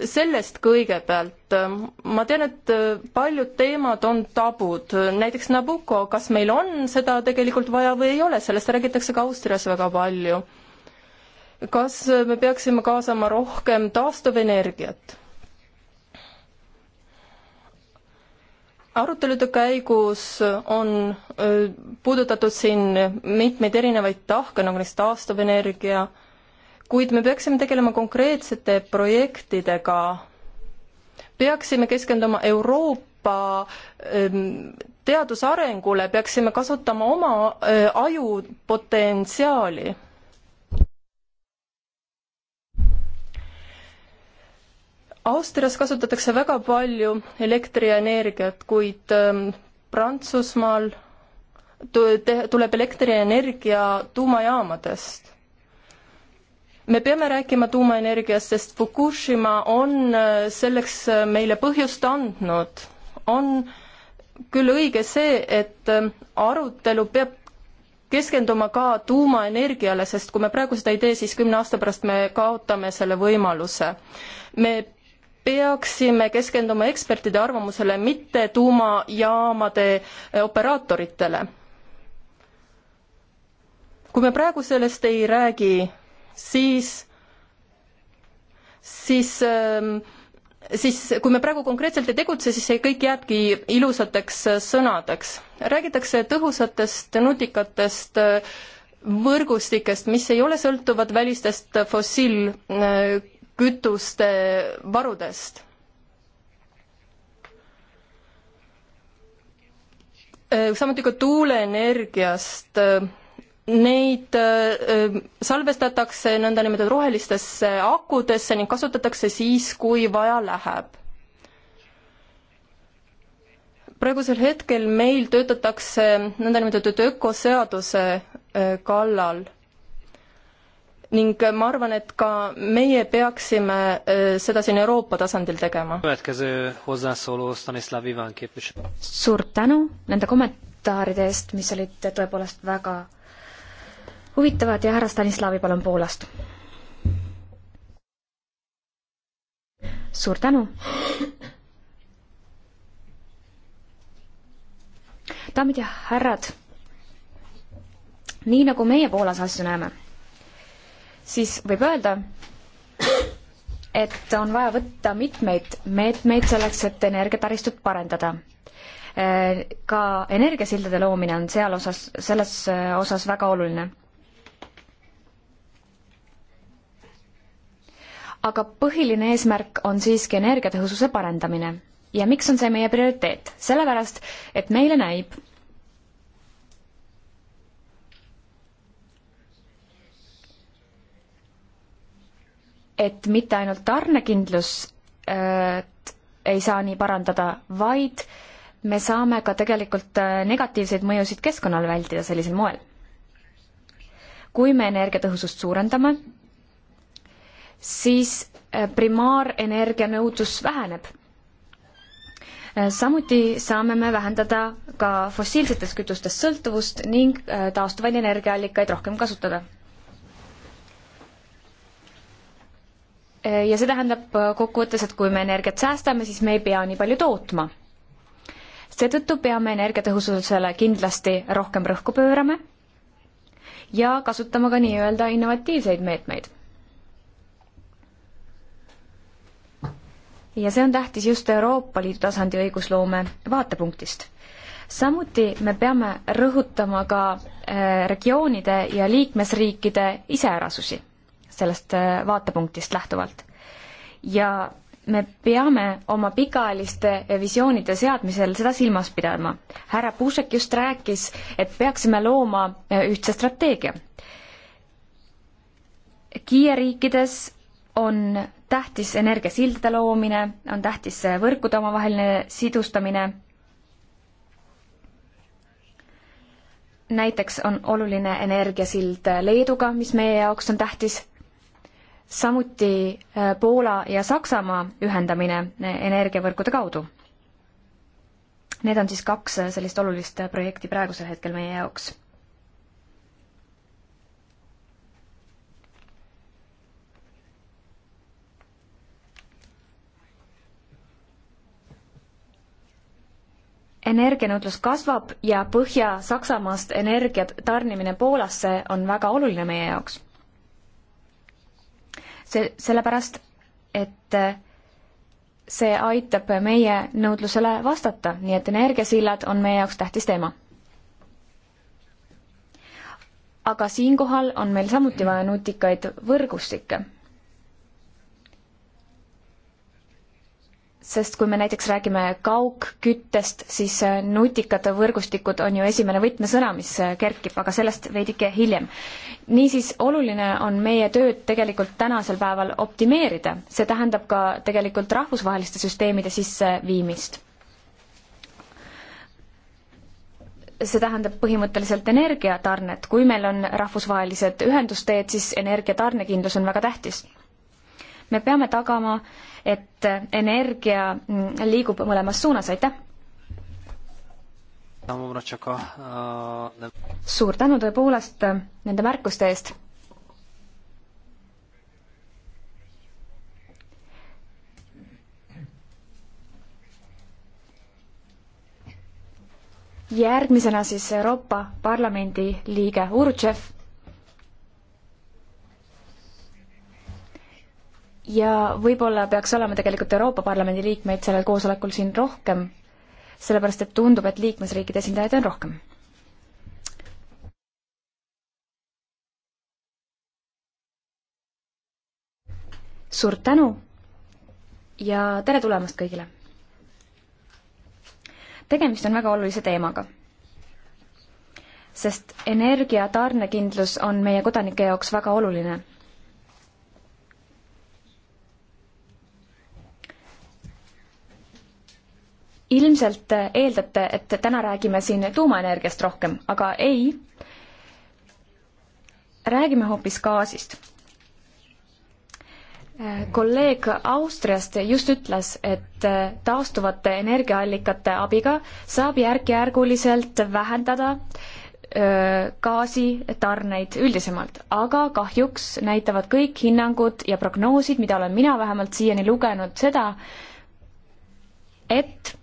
sellest kõigepealt, ähm, ma tean, et äh, paljud teemad on tabud, näiteks Nabucco, kas meil on seda tegelikult vaja või ei ole, sellest räägitakse ka Austrias väga palju. kas äh, me peaksime kaasama rohkem taastuvenergiat? arutelude käigus on äh, puudutatud siin mitmeid erinevaid tahke, nagu näiteks taastuvenergia äh,, kuid me peaksime tegelema konkreetsete projektidega. peaksime keskenduma Euroopa ehm, teadusarengule, peaksime kasutama oma eh, aju potentsiaali. Austrias kasutatakse väga palju elektrienergiat, kuid ehm, Prantsusmaal tuleb elektrienergia tuumajaamadest me peame rääkima tuumaenergiast, sest Fukushima on äh, selleks äh, meile põhjust andnud. on küll õige see, et äh, arutelu peab keskenduma ka tuumaenergiale, sest kui me praegu seda ei tee, siis kümne aasta pärast me kaotame selle võimaluse. me peaksime keskenduma ekspertide arvamusele, mitte tuumajaamade operaatoritele. kui me praegu sellest ei räägi, siis, siis ähm, siis kui me praegu konkreetselt ei tegutse, siis see kõik jääbki ilusateks sõnadeks. räägitakse tõhusatest nutikatest äh, võrgustikest, mis ei ole sõltuvad välistest fossiilkütuste varudest. Äh, samuti ka tuuleenergiast äh, Neid äh, salvestatakse nõndanimetatud rohelistesse akudesse ning kasutatakse siis, kui vaja läheb praegusel hetkel meil töötatakse nõndanimetatud ökoseaduse äh, kallal ning ma arvan, et ka meie peaksime äh, seda siin Euroopa tasandil tegema. suur tänu nende kommentaaride eest, mis olid tõepoolest väga huvitavad ja härra Stanislavi, palun Poolast. suur tänu. daamid ja härrad, nii nagu meie Poolas asju näeme, siis võib öelda, et on vaja võtta mitmeid meetmeid selleks, et energiataristut parendada ka energiasildade loomine on seal osas, selles osas väga oluline. aga põhiline eesmärk on siiski energiatõhususe parendamine. ja miks on see meie prioriteet? sellepärast, et meile näib, et mitte ainult tarnekindlus äh, ei saa nii parandada, vaid me saame ka tegelikult äh, negatiivseid mõjusid keskkonnale vältida sellisel moel. kui me energiatõhusust suurendame, siis eh, primaarenergia nõudlus väheneb. Eh, samuti saame me vähendada ka fossiilsetest kütustest sõltuvust ning eh, taastuvaid energiaallikaid rohkem kasutada. ja see tähendab kokkuvõttes, et kui me energiat säästame, siis me ei pea nii palju tootma. seetõttu peame energiatõhususele kindlasti rohkem rõhku pöörama ja kasutama ka nii-öelda innovatiivseid meetmeid ja see on tähtis just Euroopa Liidu tasandi õigusloome vaatepunktist. samuti me peame rõhutama ka äh, regioonide ja liikmesriikide iseärasusi sellest äh, vaatepunktist lähtuvalt. ja me peame oma pikaajaliste visioonide seadmisel seda silmas pidama. härra Puusek just rääkis, et peaksime looma äh, ühtse strateegia. Kiie riikides on tähtis energiasildade loomine, on tähtis võrkude omavaheline sidustamine. näiteks on oluline energiasild Leeduga, mis meie jaoks on tähtis, samuti äh, Poola ja Saksamaa ühendamine äh, energiavõrkude kaudu. Need on siis kaks äh, sellist olulist projekti praegusel hetkel meie jaoks energianõudlus kasvab ja Põhja-Saksamaast energia tarnimine Poolasse on väga oluline meie jaoks. see, sellepärast, et äh, see aitab meie nõudlusele vastata, nii et energiasillad on meie jaoks tähtis teema. aga siinkohal on meil samuti vaja nutikaid võrgustikke sest kui me näiteks räägime kaugküttest, siis äh, nutikad võrgustikud on ju esimene võtmesõna, mis äh, kerkib, aga sellest veidike hiljem. niisiis, oluline on meie tööd tegelikult tänasel päeval optimeerida, see tähendab ka tegelikult rahvusvaheliste süsteemide sisseviimist. see tähendab põhimõtteliselt energiatarnet, kui meil on rahvusvahelised ühendusteed, siis energiatarnekindlus on väga tähtis. me peame tagama, et energia liigub mõlemas suunas, aitäh! suur tänu tõepoolest nende märkuste eest. järgmisena siis Euroopa Parlamendi liige Urtšev ja võib-olla peaks olema tegelikult Euroopa Parlamendi liikmeid sellel koosolekul siin rohkem, sellepärast et tundub, et liikmesriikide esindajaid on rohkem. suur tänu ja tere tulemast kõigile! tegemist on väga olulise teemaga, sest energia tarnekindlus on meie kodanike jaoks väga oluline ilmselt eeldate, et täna räägime siin tuumaenergiast rohkem, aga ei. räägime hoopis gaasist. kolleeg Austriast just ütles, et taastuvate energiaallikate abiga saab järk-järguliselt vähendada gaasitarneid üldisemalt, aga kahjuks näitavad kõik hinnangud ja prognoosid, mida olen mina vähemalt siiani lugenud, seda, et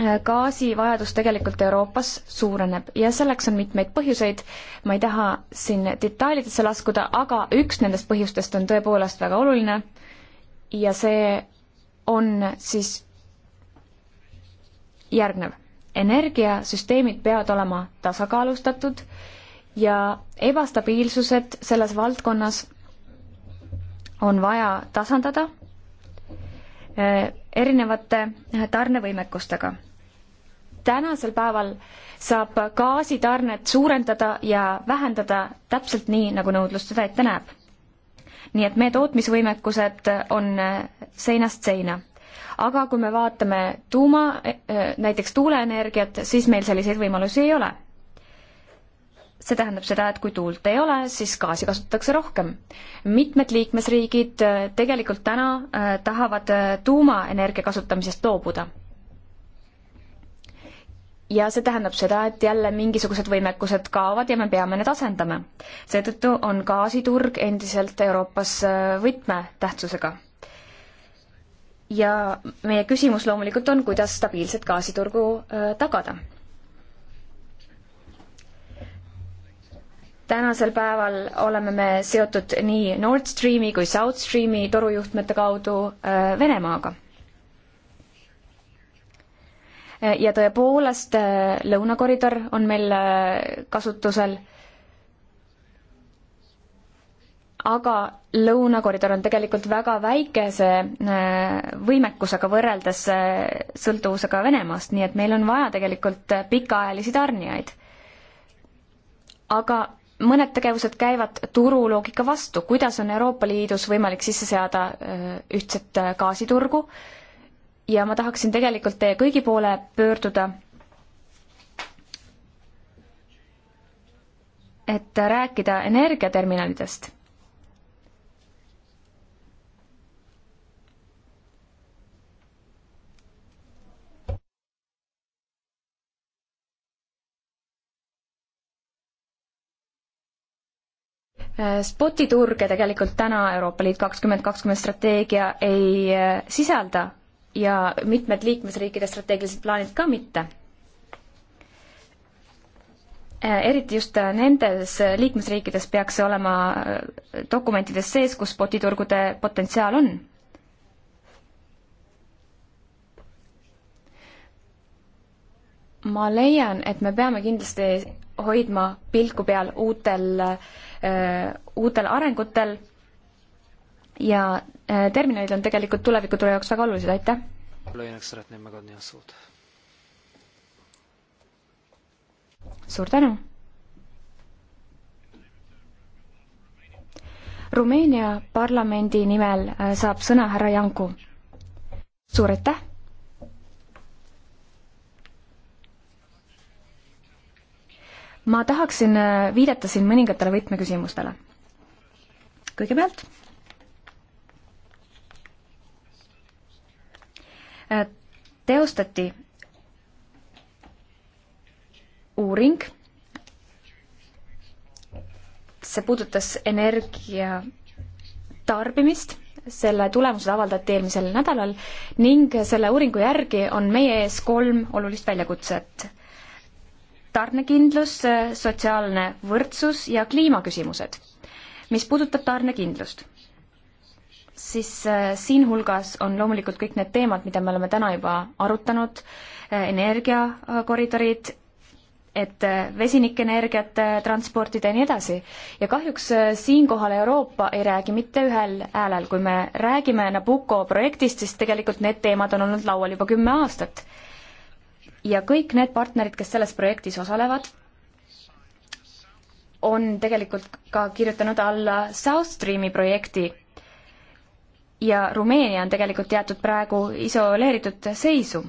Äh, gaasivajadus tegelikult Euroopas suureneb ja selleks on mitmeid põhjuseid. ma ei taha siin detailidesse laskuda, aga üks nendest põhjustest on tõepoolest väga oluline ja see on siis järgnev. energiasüsteemid peavad olema tasakaalustatud ja ebastabiilsused selles valdkonnas on vaja tasandada äh, erinevate tarnevõimekustega tänasel päeval saab gaasitarnet suurendada ja vähendada täpselt nii, nagu nõudlus seda ette näeb. nii et meie tootmisvõimekused on seinast seina. aga kui me vaatame tuuma, eh, näiteks tuuleenergiat, siis meil selliseid võimalusi ei ole. see tähendab seda, et kui tuult ei ole, siis gaasi kasutatakse rohkem. mitmed liikmesriigid eh, tegelikult täna eh, tahavad tuumaenergia kasutamisest loobuda ja see tähendab seda, et jälle mingisugused võimekused kaovad ja me peame need asendama. seetõttu on gaasiturg endiselt Euroopas äh, võtmetähtsusega. ja meie küsimus loomulikult on, kuidas stabiilset gaasiturgu äh, tagada. tänasel päeval oleme me seotud nii Nord Streami kui South Streami torujuhtmete kaudu äh, Venemaaga ja tõepoolest, eh, lõunakoridor on meil eh, kasutusel. aga lõunakoridor on tegelikult väga väikese eh, võimekusega võrreldes sõltuvusega Venemaast, nii et meil on vaja tegelikult pikaajalisi tarnijaid. aga mõned tegevused käivad turuloogika vastu, kuidas on Euroopa Liidus võimalik sisse seada ühtset gaasiturgu äh, ja ma tahaksin tegelikult teie kõigi poole pöörduda. et rääkida energiaterminalidest. spotiturge tegelikult täna Euroopa Liit kakskümmend kakskümmend strateegia ei eh, sisalda ja mitmed liikmesriikide strateegilised plaanid ka mitte. Äh, eriti just nendes liikmesriikides peaks see olema äh, dokumentides sees, kus spotiturgude potentsiaal on. ma leian, et me peame kindlasti hoidma pilku peal uutel, äh, uutel arengutel ja äh, terminalid on tegelikult tulevikuturu jaoks väga olulised, aitäh! suur tänu! Rumeenia parlamendi nimel äh, saab sõna härra Janku. suur aitäh! ma tahaksin äh, viidata siin mõningatele võtmeküsimustele. kõigepealt Äh, teostati uuring, see puudutas energia tarbimist, selle tulemused avaldati eelmisel nädalal ning selle uuringu järgi on meie ees kolm olulist väljakutset. tarnekindlus, sotsiaalne võrdsus ja kliimaküsimused. mis puudutab tarnekindlust siis äh, siinhulgas on loomulikult kõik need teemad, mida me oleme täna juba arutanud, äh, energiakoridorid, et äh, vesinikenergiat transportida ja nii edasi. ja kahjuks siinkohal Euroopa ei räägi mitte ühel häälel, kui me räägime Nabucco projektist, siis tegelikult need teemad on olnud laual juba kümme aastat. ja kõik need partnerid, kes selles projektis osalevad, on tegelikult ka kirjutanud alla South Streami projekti ja Rumeenia on tegelikult jäetud praegu isoleeritud seisu.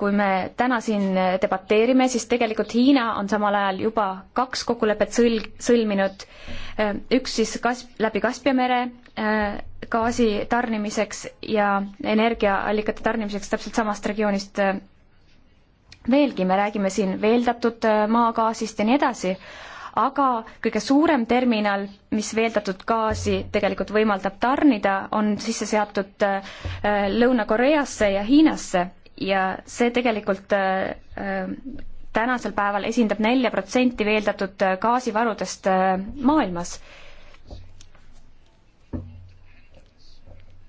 kui me täna siin debateerime, siis tegelikult Hiina on samal ajal juba kaks kokkulepet sõl-, sõlminud, üks siis kas-, läbi Kaspia mere äh, gaasi tarnimiseks ja energiaallikate tarnimiseks täpselt samast regioonist äh, veelgi, me räägime siin veeldatud äh, maagaasist ja nii edasi, aga kõige suurem terminal, mis veeldatud gaasi tegelikult võimaldab tarnida, on sisse seatud äh, Lõuna-Koreasse ja Hiinasse ja see tegelikult äh, äh, tänasel päeval esindab nelja protsenti veeldatud gaasivarudest maailmas.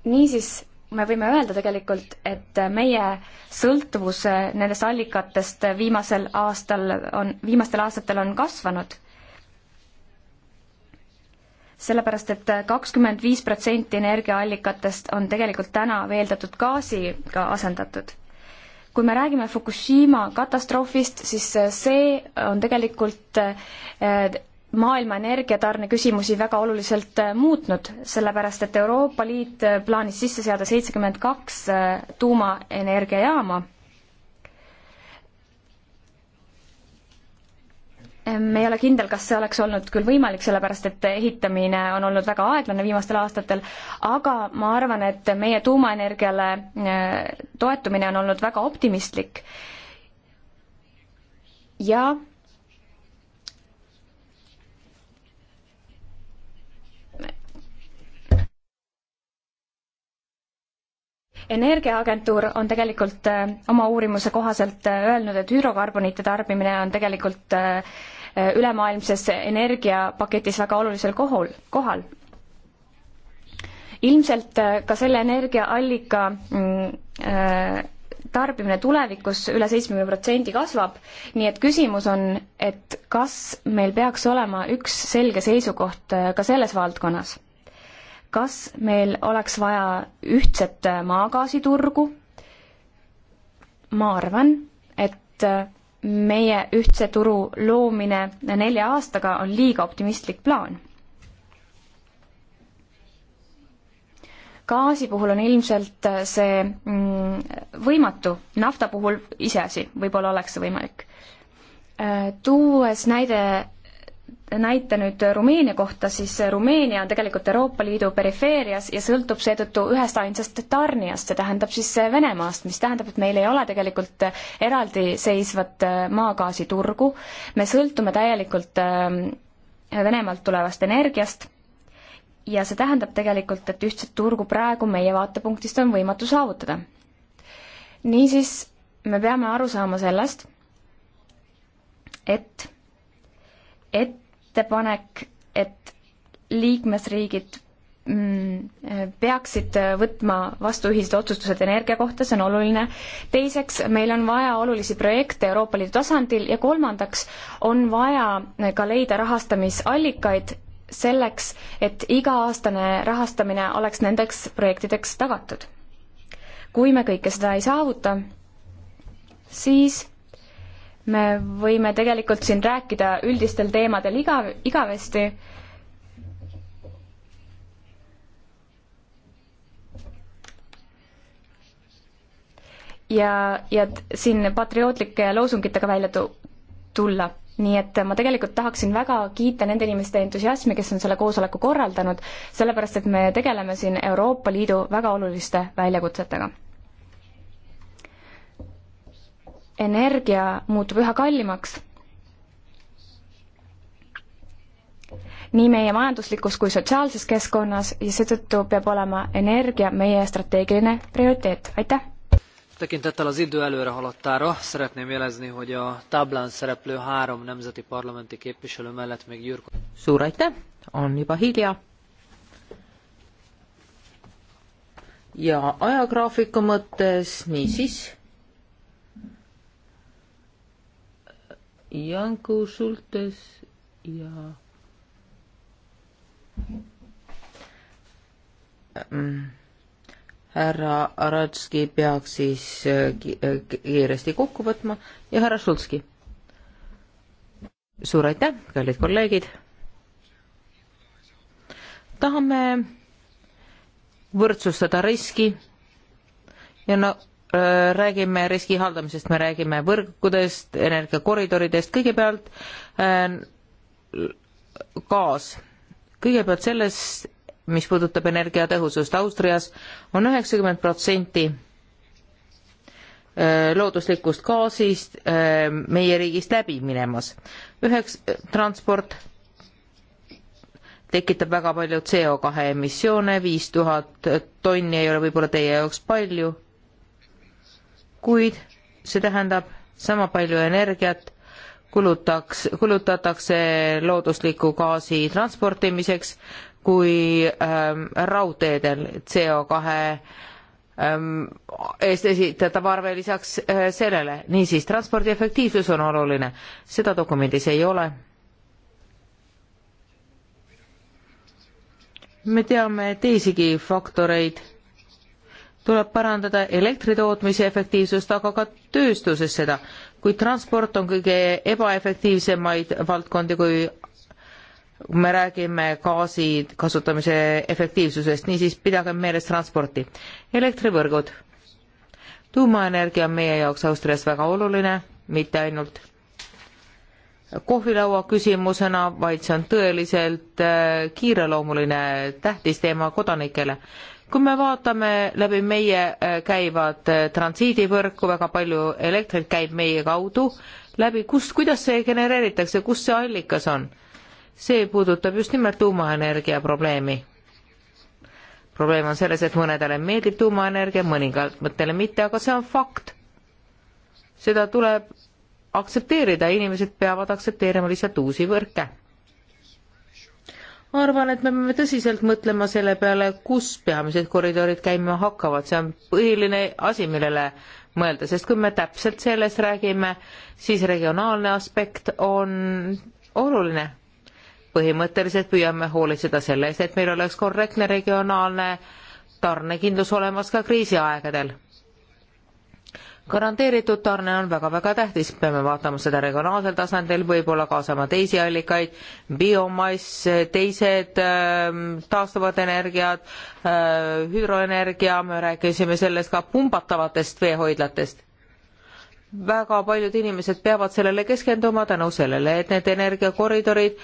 niisiis me võime öelda tegelikult, et meie sõltuvus nendest allikatest viimasel aastal on, viimastel aastatel on kasvanud sellepärast et kakskümmend viis protsenti energiaallikatest on tegelikult täna veeldatud gaasiga asendatud. kui me räägime Fukushima katastroofist, siis see on tegelikult eh, maailma energiatarne küsimusi väga oluliselt eh, muutnud, sellepärast et Euroopa Liit plaanis sisse seada seitsekümmend kaks eh, tuumaenergiajaama me ei ole kindel, kas see oleks olnud küll võimalik, sellepärast et ehitamine on olnud väga aeglane viimastel aastatel, aga ma arvan, et meie tuumaenergiale äh, toetumine on olnud väga optimistlik ja energiaagentuur on tegelikult äh, oma uurimuse kohaselt äh, öelnud, et hüdrokarbonite tarbimine on tegelikult äh, ülemaailmses energiapaketis väga olulisel kohol, kohal. ilmselt ka selle energiaallika mm, tarbimine tulevikus üle seitsmekümne protsendi kasvab, nii et küsimus on, et kas meil peaks olema üks selge seisukoht ka selles valdkonnas kas meil oleks vaja ühtset maagaasiturgu? ma arvan, et meie ühtse turu loomine nelja aastaga on liiga optimistlik plaan. gaasi puhul on ilmselt see mm, võimatu, nafta puhul iseasi, võib-olla oleks see võimalik. Äh, tuues näide näite nüüd Rumeenia kohta, siis Rumeenia on tegelikult Euroopa Liidu perifeerias ja sõltub seetõttu ühest ainsast tarnijast, see tähendab siis Venemaast, mis tähendab, et meil ei ole tegelikult eraldiseisvat äh, maagaasiturgu, me sõltume täielikult äh, Venemaalt tulevast energiast ja see tähendab tegelikult, et ühtset turgu praegu meie vaatepunktist on võimatu saavutada. niisiis, me peame aru saama sellest, et et ettepanek, et liikmesriigid mm, peaksid võtma vastu ühised otsustused energia kohta, see on oluline. teiseks, meil on vaja olulisi projekte Euroopa Liidu tasandil ja kolmandaks on vaja ka leida rahastamisallikaid selleks, et iga-aastane rahastamine oleks nendeks projektideks tagatud. kui me kõike seda ei saavuta, siis me võime tegelikult siin rääkida üldistel teemadel iga, igavesti. ja, ja siin patriootlike loosungitega välja tu-, tulla. nii et ma tegelikult tahaksin väga kiita nende inimeste entusiasmi, kes on selle koosoleku korraldanud, sellepärast et me tegeleme siin Euroopa Liidu väga oluliste väljakutsetega energia muutub üha kallimaks. nii meie majanduslikus kui sotsiaalses keskkonnas ja seetõttu peab olema energia meie strateegiline prioriteet, aitäh! Tekintettel az idő előre haladtára szeretném jelezni, hogy a táblán szereplő három nemzeti parlamenti képviselő mellett még Jürko. Suur aitäh, on juba hilja. ja ajagraafiku mõttes niisiis Janku Šultes ja ähm, härra Aratski peaks siis äh, äh, kiiresti kokku võtma ja härra Šulski. suur aitäh, kallid kolleegid. tahame võrdsustada riski ja no Äh, räägime riski haldamisest, me räägime võrkudest, energiakoridoridest, kõigepealt äh, gaas. kõigepealt selles, mis puudutab energiatõhusust Austrias on, on üheksakümmend protsenti äh, looduslikust gaasist meie riigist läbi minemas. üheks, transport tekitab väga palju CO2 emissioone, viis tuhat tonni ei ole võib-olla teie jaoks palju kuid see tähendab sama palju energiat kulutaks, kulutatakse loodusliku gaasi transportimiseks kui ähm, raudteedel CO2 ähm, eest esitatav arve lisaks äh, sellele. niisiis, transpordi efektiivsus on oluline, seda dokumendis ei ole. me teame teisigi faktoreid tuleb parandada elektritootmise efektiivsust, aga ka tööstuses seda, kuid transport on kõige ebaefektiivsemaid valdkondi, kui me räägime gaasi kasutamise efektiivsusest, niisiis pidage meeles transporti. elektrivõrgud. tuumaenergia on meie jaoks Austrias väga oluline, mitte ainult kohvilaua küsimusena, vaid see on tõeliselt äh, kiireloomuline tähtis teema kodanikele kui me vaatame läbi meie äh, käivad äh, transiidivõrku, väga palju elektrit käib meie kaudu läbi, kust, kuidas see genereeritakse, kus see allikas on? see puudutab just nimelt tuumaenergia probleemi. probleem on selles, et mõnedele meeldib tuumaenergia, mõningatele mitte, aga see on fakt. seda tuleb aktsepteerida, inimesed peavad aktsepteerima lihtsalt uusi võrke ma arvan, et me peame tõsiselt mõtlema selle peale, kus peamised koridorid käima hakkavad, see on põhiline asi, millele mõelda, sest kui me täpselt sellest räägime, siis regionaalne aspekt on oluline. põhimõtteliselt püüame hoolitseda selle eest, et meil oleks korrektne regionaalne tarnekindlus olemas ka kriisiaegadel garanteeritud tarne on väga-väga tähtis, peame vaatama seda regionaalsel tasandil, võib-olla kaasama teisi allikaid, biomass, teised äh, taastuvad energiad äh,, hüdroenergia, me rääkisime sellest ka pumbatavatest veehoidlatest. väga paljud inimesed peavad sellele keskenduma tänu sellele, et need energiakoridorid äh,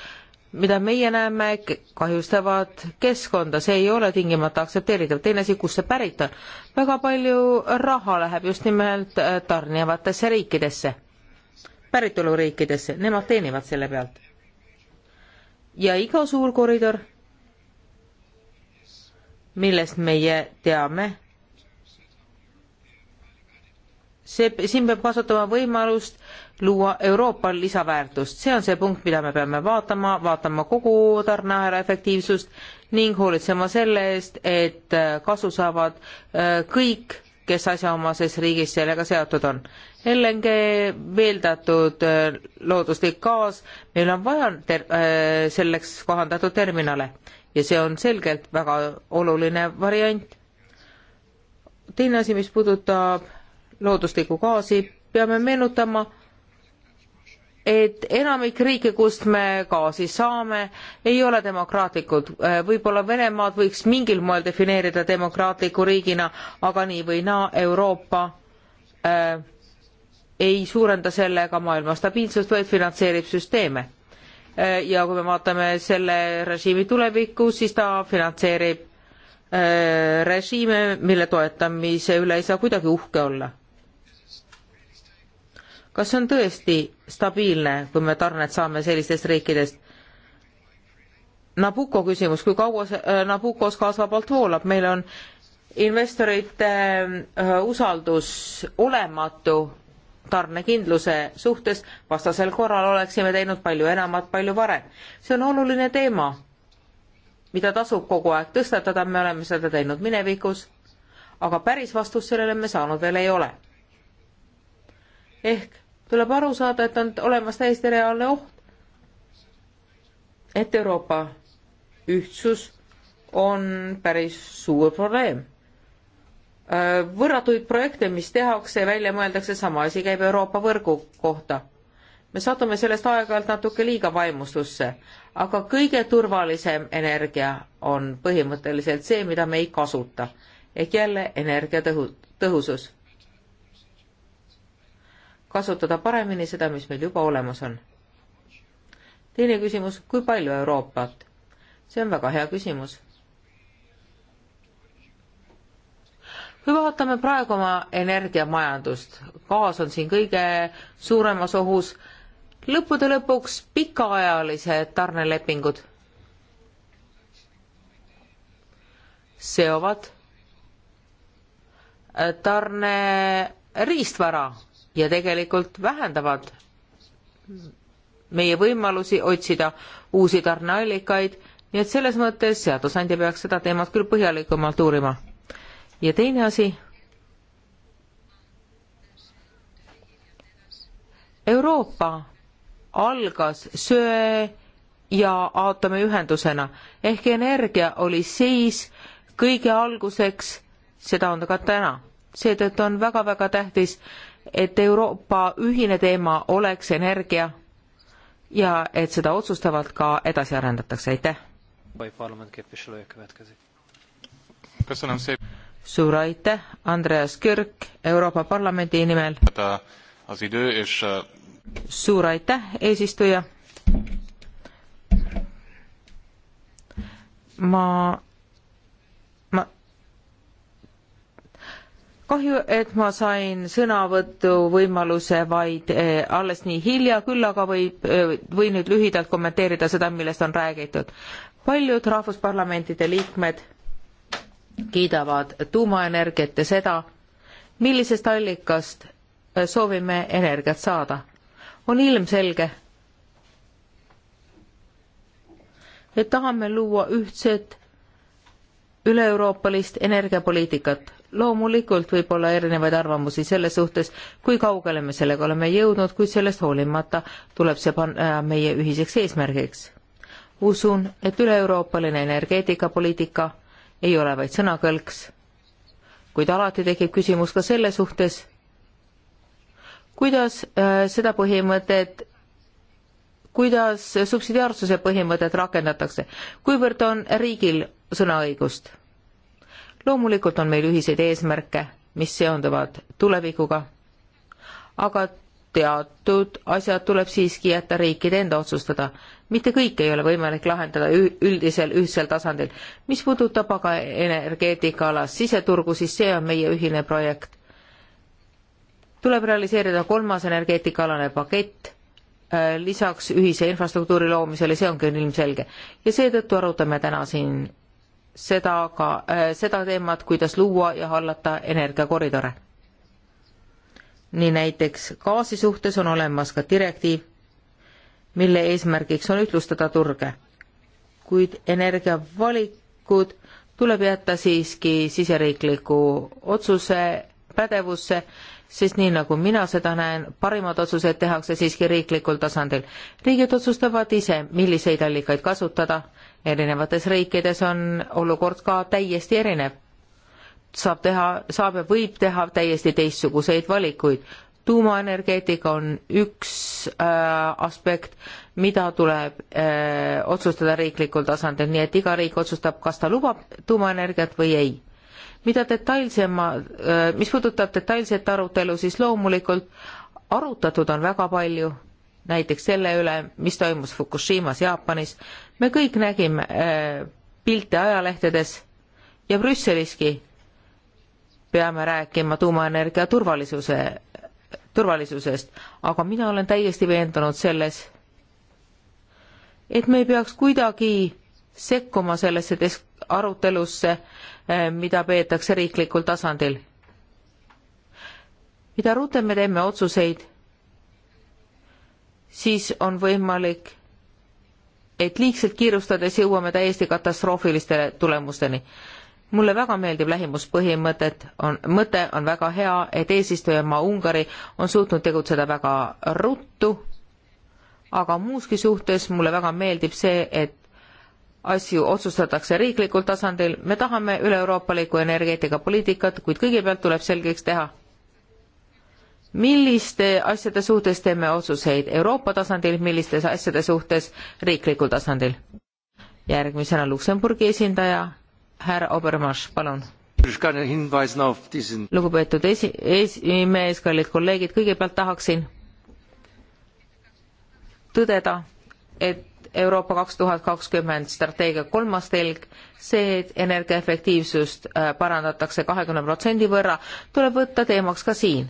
mida meie näeme, kahjustavad keskkonda, see ei ole tingimata aktsepteeritav. teine asi, kust see pärit on. väga palju raha läheb just nimelt äh, tarnivatesse riikidesse, päritoluriikidesse, nemad teenivad selle pealt. ja iga suur koridor, millest meie teame, see, siin peab kasutama võimalust äh, luua Euroopal lisaväärtust. see on see punkt, mida me peame vaatama, vaatama kogu tarneahela efektiivsust ning hoolitsema selle eest, et äh, kasu saavad äh, kõik, kes asjaomases riigis sellega seotud on. LNG veeldatud äh, looduslik gaas, meil on vaja ter-, selleks kohandatud terminale ja see on selgelt väga oluline variant. teine asi, mis puudutab looduslikku gaasi, peame meenutama, et enamik riike, kust me gaasi saame, ei ole demokraatlikud. võib-olla Venemaad võiks mingil moel defineerida demokraatliku riigina, aga nii või naa Euroopa äh, ei suurenda sellega maailma stabiilsust, vaid finantseerib süsteeme äh,. ja kui me vaatame selle režiimi tulevikku, siis ta finantseerib äh, režiime, mille toetamise üle ei saa kuidagi uhke olla kas see on tõesti stabiilne, kui me tarned saame sellistest riikidest? Nabucco küsimus, kui kaua see äh, Nabuccos kasvab alt voolab, meil on investorite äh, usaldus olematu tarnekindluse suhtes, vastasel korral oleksime teinud palju enamat palju varem. see on oluline teema, mida tasub kogu aeg tõstatada, me oleme seda teinud minevikus, aga päris vastust sellele me saanud veel ei ole. ehk tuleb aru saada, et on olemas täiesti reaalne oht, et Euroopa ühtsus on päris suur probleem. Äh, võrratuid projekte, mis tehakse, välja mõeldakse, sama asi käib Euroopa võrgu kohta. me satume sellest aeg-ajalt natuke liiga vaimustusse, aga kõige turvalisem energia on põhimõtteliselt see, mida me ei kasuta. ehk jälle energiatõhu-, tõhusus kasutada paremini seda, mis meil juba olemas on. teine küsimus, kui palju Euroopat? see on väga hea küsimus. kui vaatame praegu oma energiamajandust, gaas on siin kõige suuremas ohus, lõppude lõpuks pikaajalised tarnelepingud seovad tarne riistvara ja tegelikult vähendavad meie võimalusi otsida uusi tarneallikaid, nii et selles mõttes seadusandja peaks seda teemat küll põhjalikumalt uurima. ja teine asi. Euroopa algas söe ja aatomiühendusena ehk energia oli siis kõige alguseks, seda on ta ka täna. seetõttu on väga-väga tähtis, et Euroopa ühine teema oleks energia ja et seda otsustavalt ka edasi arendatakse, aitäh! suur aitäh, Andreas Kürk Euroopa Parlamendi nimel. Eh, eh, suur aitäh, eesistuja. ma kahju, et ma sain sõnavõtuvõimaluse vaid eh, alles nii hilja, küll aga võib, eh, võin nüüd lühidalt kommenteerida seda, millest on räägitud. paljud rahvusparlamentide liikmed kiidavad tuumaenergiat ja seda, millisest allikast eh, soovime energiat saada. on ilmselge, et tahame luua ühtset üle-euroopalist energiapoliitikat loomulikult võib olla erinevaid arvamusi selle suhtes, kui kaugele me sellega oleme jõudnud, kuid sellest hoolimata tuleb see panna äh, meie ühiseks eesmärgiks. usun, et üle-euroopaline energeetikapoliitika ei ole vaid sõnakõlks, kuid alati tekib küsimus ka selle suhtes, kuidas äh, seda põhimõtet kuidas subsidiaarsuse põhimõtet rakendatakse, kuivõrd on riigil sõnaõigust loomulikult on meil ühiseid eesmärke, mis seonduvad tulevikuga, aga teatud asjad tuleb siiski jätta riikide enda otsustada. mitte kõike ei ole võimalik lahendada üldisel ühtsel tasandil. mis puudutab aga energeetikaalast siseturgu, siis see on meie ühine projekt. tuleb realiseerida kolmas energeetikaalane pakett, äh, lisaks ühise infrastruktuuri loomisele, see on küll ilmselge. ja seetõttu arutame täna siin seda ka, äh, seda teemat, kuidas luua ja hallata energiakoridore. nii näiteks gaasi suhtes on olemas ka direktiiv, mille eesmärgiks on ühtlustada turge, kuid energiavalikud tuleb jätta siiski siseriikliku otsuse pädevusse, sest nii nagu mina seda näen, parimad otsused tehakse siiski riiklikul tasandil. riigid otsustavad ise, milliseid allikaid kasutada erinevates riikides on olukord ka täiesti erinev. saab teha, saab ja võib teha täiesti teistsuguseid valikuid. tuumaenergeetika on üks äh, aspekt, mida tuleb äh, otsustada riiklikul tasandil, nii et iga riik otsustab, kas ta lubab tuumaenergiat või ei. mida detailsema äh,, mis puudutab detailset arutelu, siis loomulikult arutatud on väga palju näiteks selle üle, mis toimus Fukushimas Jaapanis. me kõik nägime äh, pilte ajalehtedes ja Brüsseliski peame rääkima tuumaenergia turvalisuse, turvalisusest, aga mina olen täiesti veendunud selles, et me ei peaks kuidagi sekkuma sellesse arutelusse, äh, mida peetakse riiklikul tasandil. mida rutem me teeme otsuseid siis on võimalik, et liigselt kiirustades jõuame täiesti katastroofiliste tulemusteni. mulle väga meeldib lähimuspõhimõtet, on, mõte on väga hea, et eesistujamaa Ungari on suutnud tegutseda väga ruttu, aga muuski suhtes mulle väga meeldib see, et asju otsustatakse riiklikul tasandil, me tahame üle-euroopalikku energeetikapoliitikat, kuid kõigepealt tuleb selgeks teha, milliste asjade suhtes teeme otsuseid Euroopa tasandil, millistes asjade suhtes riiklikul tasandil? järgmisena Luksemburgi esindaja härra Obermarsch, palun. lugupeetud esi-, esimees, kallid kolleegid, kõigepealt tahaksin tõdeda, et Euroopa kaks tuhat kakskümmend strateegia kolmas telg, see, et energiaefektiivsust äh, parandatakse kahekümne protsendi võrra, tuleb võtta teemaks ka siin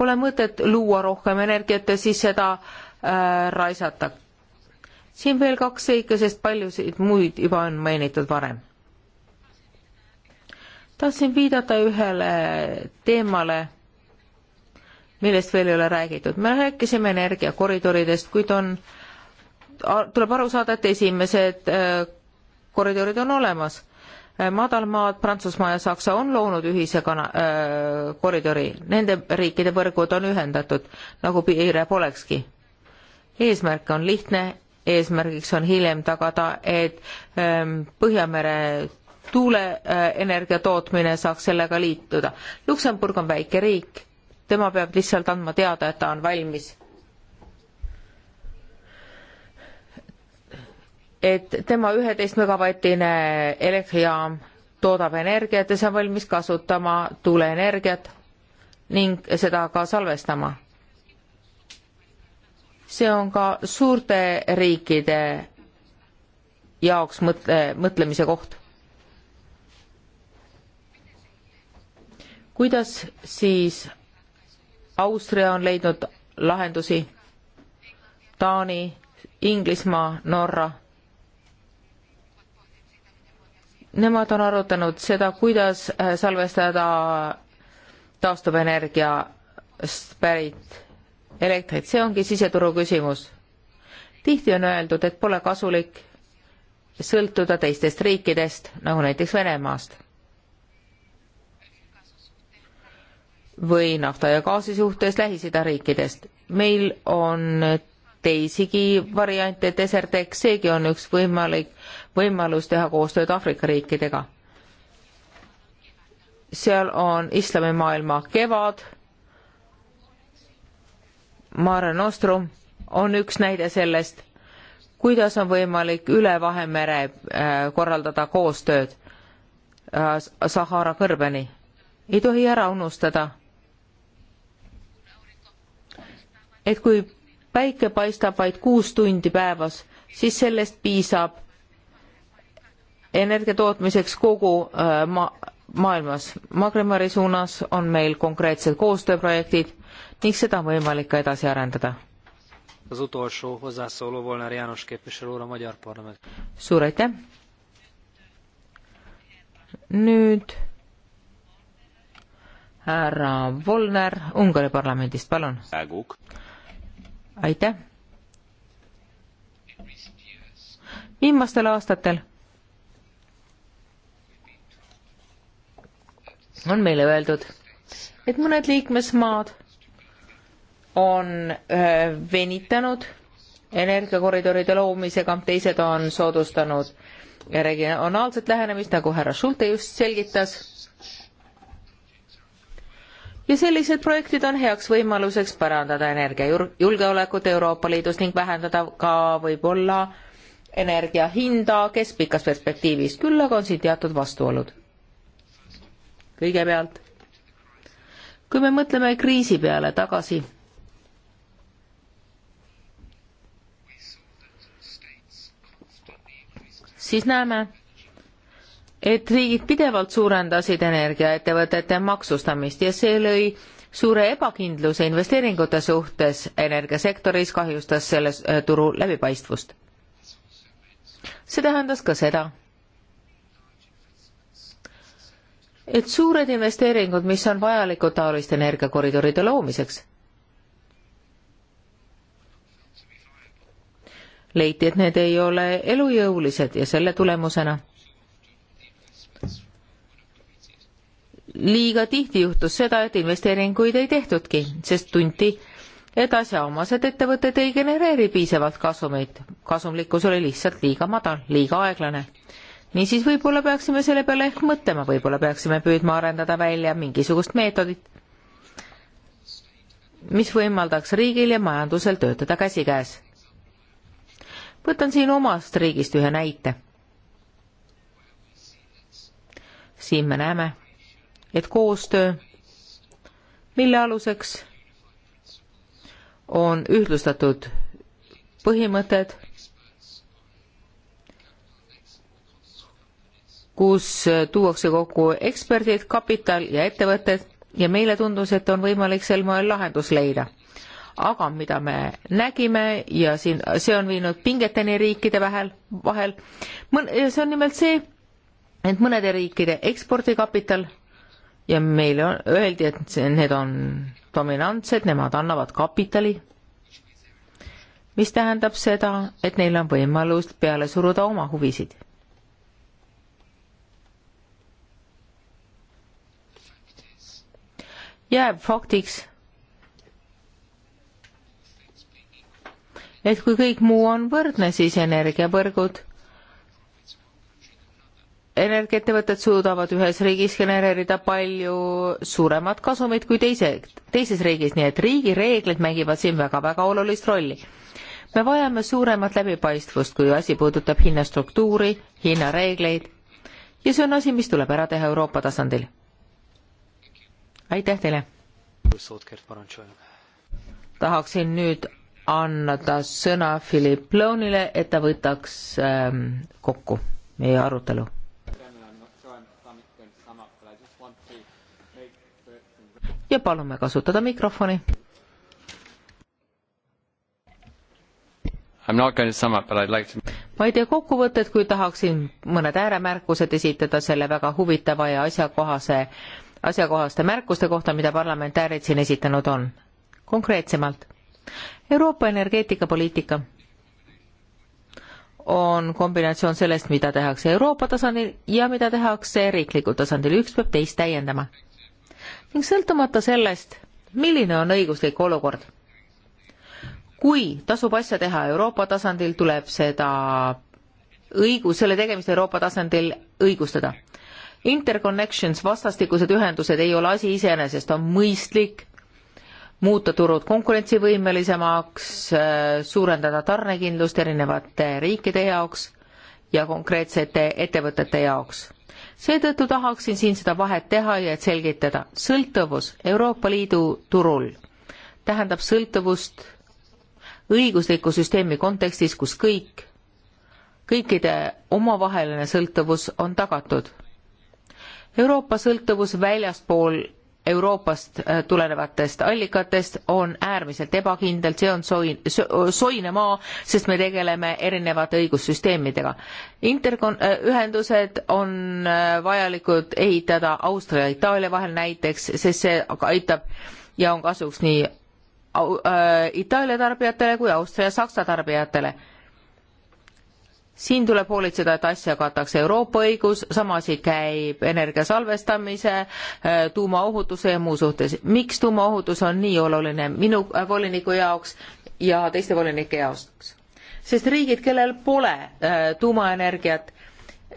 pole mõtet luua rohkem energiat ja siis seda äh, raisata. siin veel kaks seika, sest paljusid muid juba on mainitud varem. tahtsin viidata ühele teemale, millest veel ei ole räägitud. me rääkisime energiakoridoridest, kuid on, tuleb aru saada, et esimesed äh, koridorid on olemas madalmaad, Prantsusmaa ja Saksa on loonud ühise kana- äh,, koridori, nende riikide võrgud on ühendatud, nagu piire polekski. eesmärk on lihtne, eesmärgiks on hiljem tagada, et ähm, Põhjamere tuuleenergia äh, tootmine saaks sellega liituda. Luksemburg on väike riik, tema peab lihtsalt andma teada, et ta on valmis et tema üheteist megavatine elektrijaam toodab energiat ja see on valmis kasutama tuuleenergiat ning seda ka salvestama. see on ka suurte riikide jaoks mõtle, mõtlemise koht. kuidas siis Austria on leidnud lahendusi, Taani, Inglismaa, Norra Nemad on arutanud seda, kuidas äh, salvestada taastuvenergiast pärit elektrit, see ongi siseturu küsimus. tihti on öeldud, et pole kasulik sõltuda teistest riikidest, nagu näiteks Venemaast. või nafta ja gaasi suhtes Lähis-Ida riikidest. meil on teisigi variante, Desertec, seegi on üks võimalik äh, võimalus teha koostööd Aafrika riikidega. seal on islamimaailma kevad, Mare Nostrum on üks näide sellest, kuidas on võimalik üle Vahemere äh, korraldada koostööd äh, Sahara kõrbeni. ei tohi ära unustada, et kui päike paistab vaid kuus tundi päevas, siis sellest piisab energia tootmiseks kogu äh, ma-, maailmas. Magremari suunas on meil konkreetsed koostööprojektid ning seda on võimalik ka edasi arendada. suur aitäh! nüüd härra Volner Ungari parlamendist, palun! aitäh! viimastel aastatel on meile öeldud, et mõned liikmesmaad on venitanud energiakoridoride loomisega, teised on soodustanud regionaalset lähenemist, nagu härra Schulte just selgitas. ja sellised projektid on heaks võimaluseks parandada energiajulgeolekut Euroopa Liidus ning vähendada ka võib-olla energia hinda keskpikas perspektiivis, küll aga on siin teatud vastuolud kõigepealt, kui me mõtleme kriisi peale tagasi, siis näeme, et riigid pidevalt suurendasid energiaettevõtete maksustamist ja see lõi suure ebakindluse investeeringute suhtes energiasektoris, kahjustas selles äh, turu läbipaistvust. see tähendas ka seda, et suured investeeringud, mis on vajalikud taoliste energiakoridoride loomiseks. leiti, et need ei ole elujõulised ja selle tulemusena liiga tihti juhtus seda, et investeeringuid ei tehtudki, sest tunti, et asjaomased ettevõtted ei genereeri piisavalt kasumeid. kasumlikkus oli lihtsalt liiga madal, liiga aeglane niisiis võib-olla peaksime selle peale ehk mõtlema, võib-olla peaksime püüdma arendada välja mingisugust meetodit, mis võimaldaks riigil ja majandusel töötada käsikäes. võtan siin omast riigist ühe näite. siin me näeme, et koostöö, mille aluseks on ühtlustatud põhimõtted kus tuuakse kokku eksperdid, kapital ja ettevõtted ja meile tundus, et on võimalik sel moel lahendus leida. aga mida me nägime ja siin, see on viinud pingeteni riikide vähel, vahel, vahel, see on nimelt see, et mõnede riikide ekspordikapital ja meile on, öeldi, et see, need on dominantsed, nemad annavad kapitali, mis tähendab seda, et neil on võimalus peale suruda oma huvisid jääb faktiks, et kui kõik muu on võrdne, siis energiapõrgud, energiaettevõtted suudavad ühes riigis genereerida palju suuremat kasumit kui teise, teises riigis, nii et riigi reeglid mängivad siin väga-väga olulist rolli. me vajame suuremat läbipaistvust, kui asi puudutab hinnastruktuuri, hinnareegleid ja see on asi, mis tuleb ära teha Euroopa tasandil aitäh teile! tahaksin nüüd annada sõna Philip Lone'ile, et ta võtaks ähm, kokku meie arutelu. ja palume kasutada mikrofoni. Like to... ma ei tee kokkuvõtet, kuid tahaksin mõned ääremärkused esitada selle väga huvitava ja asjakohase äh, asjakohaste märkuste kohta, mida parlamentäärid siin esitanud on. konkreetsemalt, Euroopa energeetikapoliitika on kombinatsioon sellest, mida tehakse Euroopa tasandil ja mida tehakse riiklikul tasandil, üks peab teist täiendama. ning sõltumata sellest, milline on õiguslik olukord, kui tasub asja teha Euroopa tasandil, tuleb seda õigus, selle tegemist Euroopa tasandil õigustada Interconnections, vastastikused ühendused ei ole asi iseenesest, on mõistlik muuta turud konkurentsivõimelisemaks, äh, suurendada tarnekindlust erinevate riikide jaoks ja konkreetsete ettevõtete jaoks. seetõttu tahaksin siin seda vahet teha ja et selgitada, sõltuvus Euroopa Liidu turul tähendab sõltuvust õigusliku süsteemi kontekstis, kus kõik, kõikide omavaheline sõltuvus on tagatud Euroopa sõltuvus väljaspool Euroopast äh, tulenevatest allikatest on äärmiselt ebakindel, see on soin- so,, soine maa, sest me tegeleme erinevate õigussüsteemidega. Interkon-, äh, ühendused on äh, vajalikud ehitada Austria ja Itaalia vahel näiteks, sest see aitab ja on kasuks nii Itaalia tarbijatele kui Austria ja Saksa tarbijatele siin tuleb hoolitseda, et asja katakse Euroopa õigus, samasi käib energia salvestamise, äh, tuumaohutuse ja muu suhtes. miks tuumaohutus on nii oluline minu äh, voliniku jaoks ja teiste volinike jaoks? sest riigid, kellel pole äh, tuumaenergiat,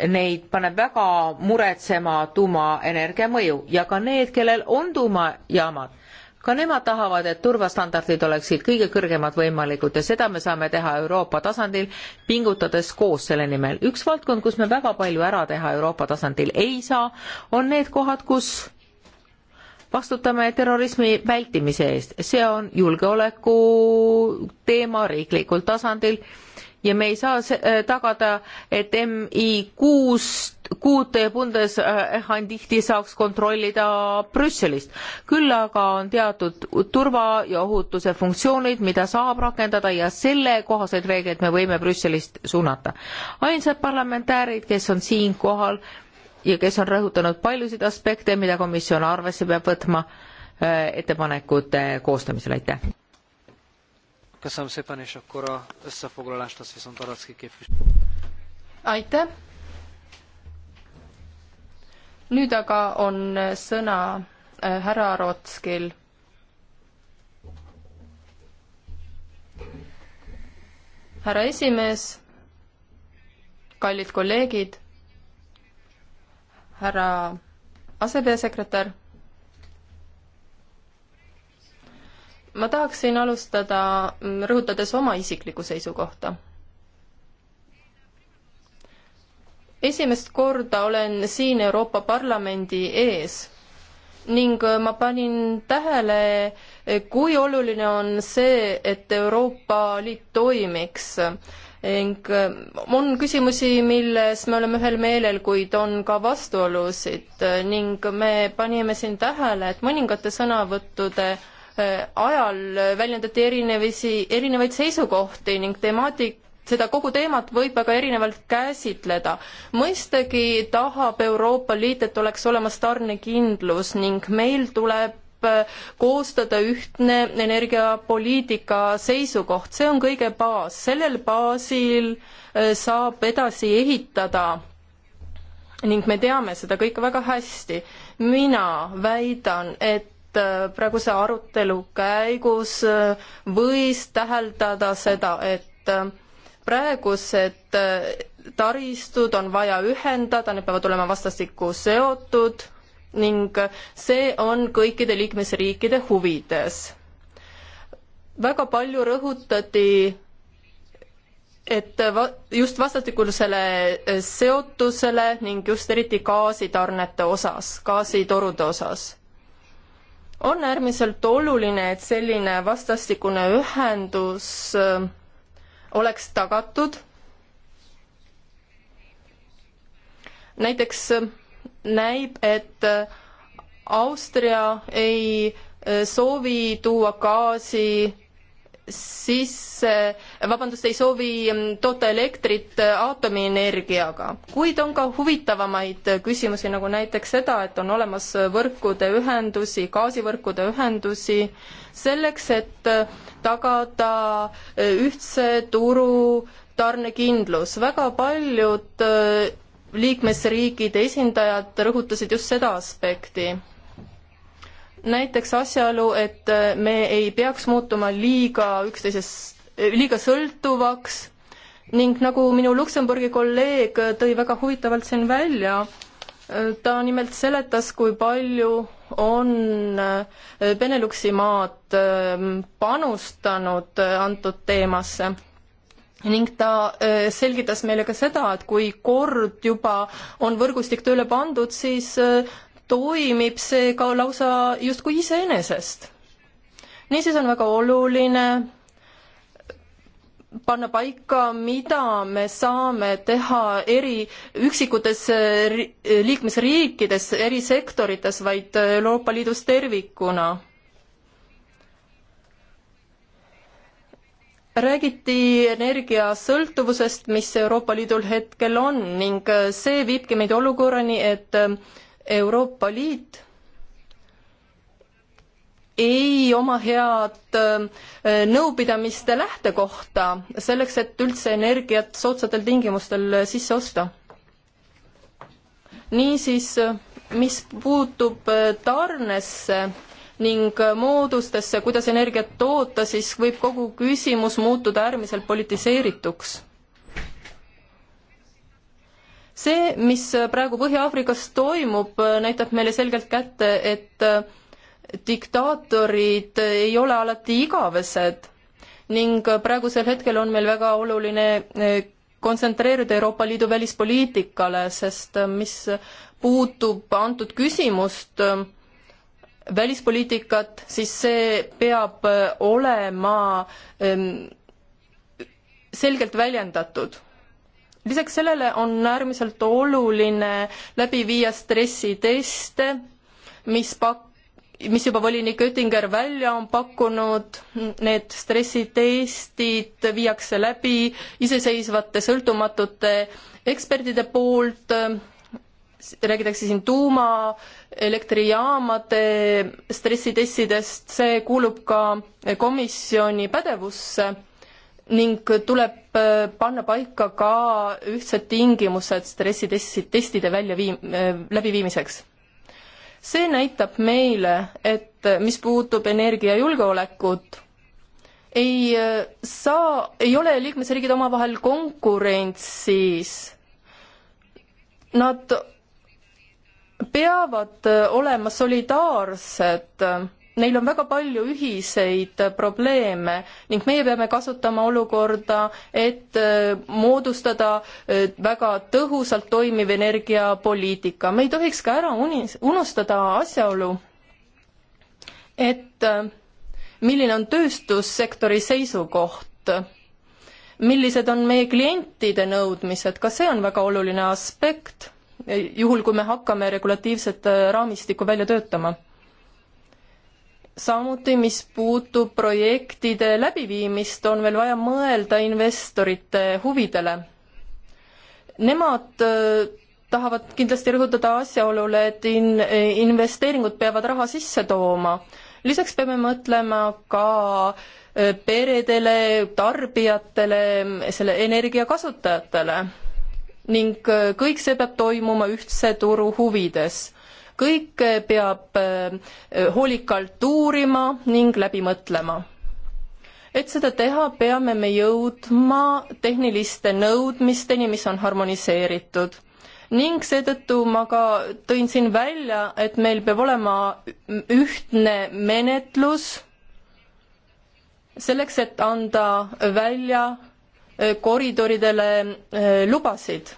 neid paneb väga muretsema tuumaenergia mõju ja ka need, kellel on tuumajaamad, ka nemad tahavad, et turvastandardid oleksid kõige kõrgemad võimalikud ja seda me saame teha Euroopa tasandil, pingutades koos selle nimel. üks valdkond, kus me väga palju ära teha Euroopa tasandil ei saa, on need kohad, kus vastutame terrorismi vältimise eest, see on julgeoleku teema riiklikul tasandil ja me ei saa äh, tagada, et MI kuus kuut Bundeshandihti äh, saaks kontrollida Brüsselist. küll aga on teatud turva- ja ohutuse funktsioonid, mida saab rakendada ja sellekohaseid reegleid me võime Brüsselist suunata. ainsad parlamentäärid, kes on siinkohal ja kes on rõhutanud paljusid aspekte, mida komisjon arvesse peab võtma äh, ettepanekute koostamisel, aitäh! Köszönöm szépen, és akkor a összefoglalást azt viszont Aracki képviselő. aitäh! nüüd aga on sõna äh, härra Rotskil. härra esimees, kallid kolleegid, härra asepeasekretär ma tahaksin alustada mm, rõhutades oma isiklikku seisukohta. esimest korda olen siin Euroopa Parlamendi ees ning äh, ma panin tähele, äh, kui oluline on see, et Euroopa Liit toimiks ning äh, on küsimusi, milles me oleme ühel meelel, kuid on ka vastuolusid ning me panime siin tähele, et mõningate sõnavõttude Äh, ajal väljendati erinevusi, erinevaid seisukohti ning temaatik, seda kogu teemat võib väga erinevalt käsitleda. mõistagi tahab Euroopa Liit, et oleks olemas tarnekindlus ning meil tuleb äh, koostada ühtne energiapoliitika seisukoht, see on kõige baas, sellel baasil äh, saab edasi ehitada ning me teame seda kõike väga hästi. mina väidan, et Äh, praeguse arutelu käigus äh, võis täheldada seda, et äh, praegused taristud on vaja ühendada, need peavad olema vastastikku seotud ning see on kõikide liikmesriikide huvides. väga palju rõhutati et va-, just vastastikusele seotusele ning just eriti gaasitarnete osas, gaasitorude osas on äärmiselt oluline, et selline vastastikune ühendus äh, oleks tagatud. näiteks äh, näib, et äh, Austria ei soovi tuua gaasi sisse, eh, vabandust, ei soovi mm, toota elektrit eh, aatomienergiaga. kuid on ka huvitavamaid eh, küsimusi, nagu näiteks seda, et on olemas võrkude ühendusi, gaasivõrkude ühendusi, selleks, et tagada ühtse turu tarnekindlus. väga paljud liikmesriigid esindajad rõhutasid just seda aspekti näiteks asjaolu, et äh, me ei peaks muutuma liiga üksteisest, äh, liiga sõltuvaks ning nagu minu Luksemburgi kolleeg äh, tõi väga huvitavalt siin välja, ta nimelt seletas, kui palju on Beneluxi maad panustanud antud teemasse ning ta selgitas meile ka seda, et kui kord juba on võrgustik tööle pandud, siis toimib see ka lausa justkui iseenesest. niisiis on väga oluline panna paika, mida me saame teha eri üksikutes liikmesriikides, eri sektorites, vaid Euroopa Liidus tervikuna. räägiti energiasõltuvusest, mis Euroopa Liidul hetkel on ning see viibki meid olukorrani, et Euroopa Liit ei oma head äh, nõupidamiste lähtekohta selleks, et üldse energiat soodsatel tingimustel äh, sisse osta. niisiis, äh, mis puutub tarnesse ning moodustesse, kuidas energiat toota, siis võib kogu küsimus muutuda äärmiselt politiseerituks see, mis praegu Põhja-Aafrikas toimub, näitab meile selgelt kätte, et äh, diktaatorid ei ole alati igavesed ning äh, praegusel hetkel on meil väga oluline äh, kontsentreeruda Euroopa Liidu välispoliitikale, sest mis puutub antud küsimust, välispoliitikat, siis see peab olema ähm, selgelt väljendatud lisaks sellele on äärmiselt oluline läbi viia stressiteste, mis pak-, mis juba volinik Oettinger välja on pakkunud, need stressitestid viiakse läbi iseseisvate sõltumatute ekspertide poolt, räägitakse siin tuumaelektrijaamade stressitestidest, see kuulub ka komisjoni pädevusse ning tuleb äh, panna paika ka ühtsed tingimused stressitesti, testide väljaviim-, äh, läbiviimiseks. see näitab meile, et äh, mis puutub energiajulgeolekut, ei saa, ei ole liikmesriigid omavahel konkurentsis. Nad peavad olema solidaarsed neil on väga palju ühiseid probleeme ning meie peame kasutama olukorda, et äh, moodustada äh, väga tõhusalt toimiv energiapoliitika. me ei tohiks ka ära unis-, unustada asjaolu, et äh, milline on tööstussektori seisukoht, millised on meie klientide nõudmised, ka see on väga oluline aspekt, juhul kui me hakkame regulatiivset raamistikku välja töötama samuti, mis puutub projektide läbiviimist, on veel vaja mõelda investorite huvidele. Nemad äh, tahavad kindlasti rõhutada asjaolule, et in-, investeeringud peavad raha sisse tooma. lisaks peame mõtlema ka äh, peredele, tarbijatele, selle energia kasutajatele. ning äh, kõik see peab toimuma ühtse turu huvides kõike eh, peab eh, hoolikalt uurima ning läbi mõtlema et seda teha, peame me jõudma tehniliste nõudmisteni, mis on harmoniseeritud. ning seetõttu ma ka tõin siin välja, et meil peab olema ühtne menetlus selleks, et anda välja eh, koridoridele lubasid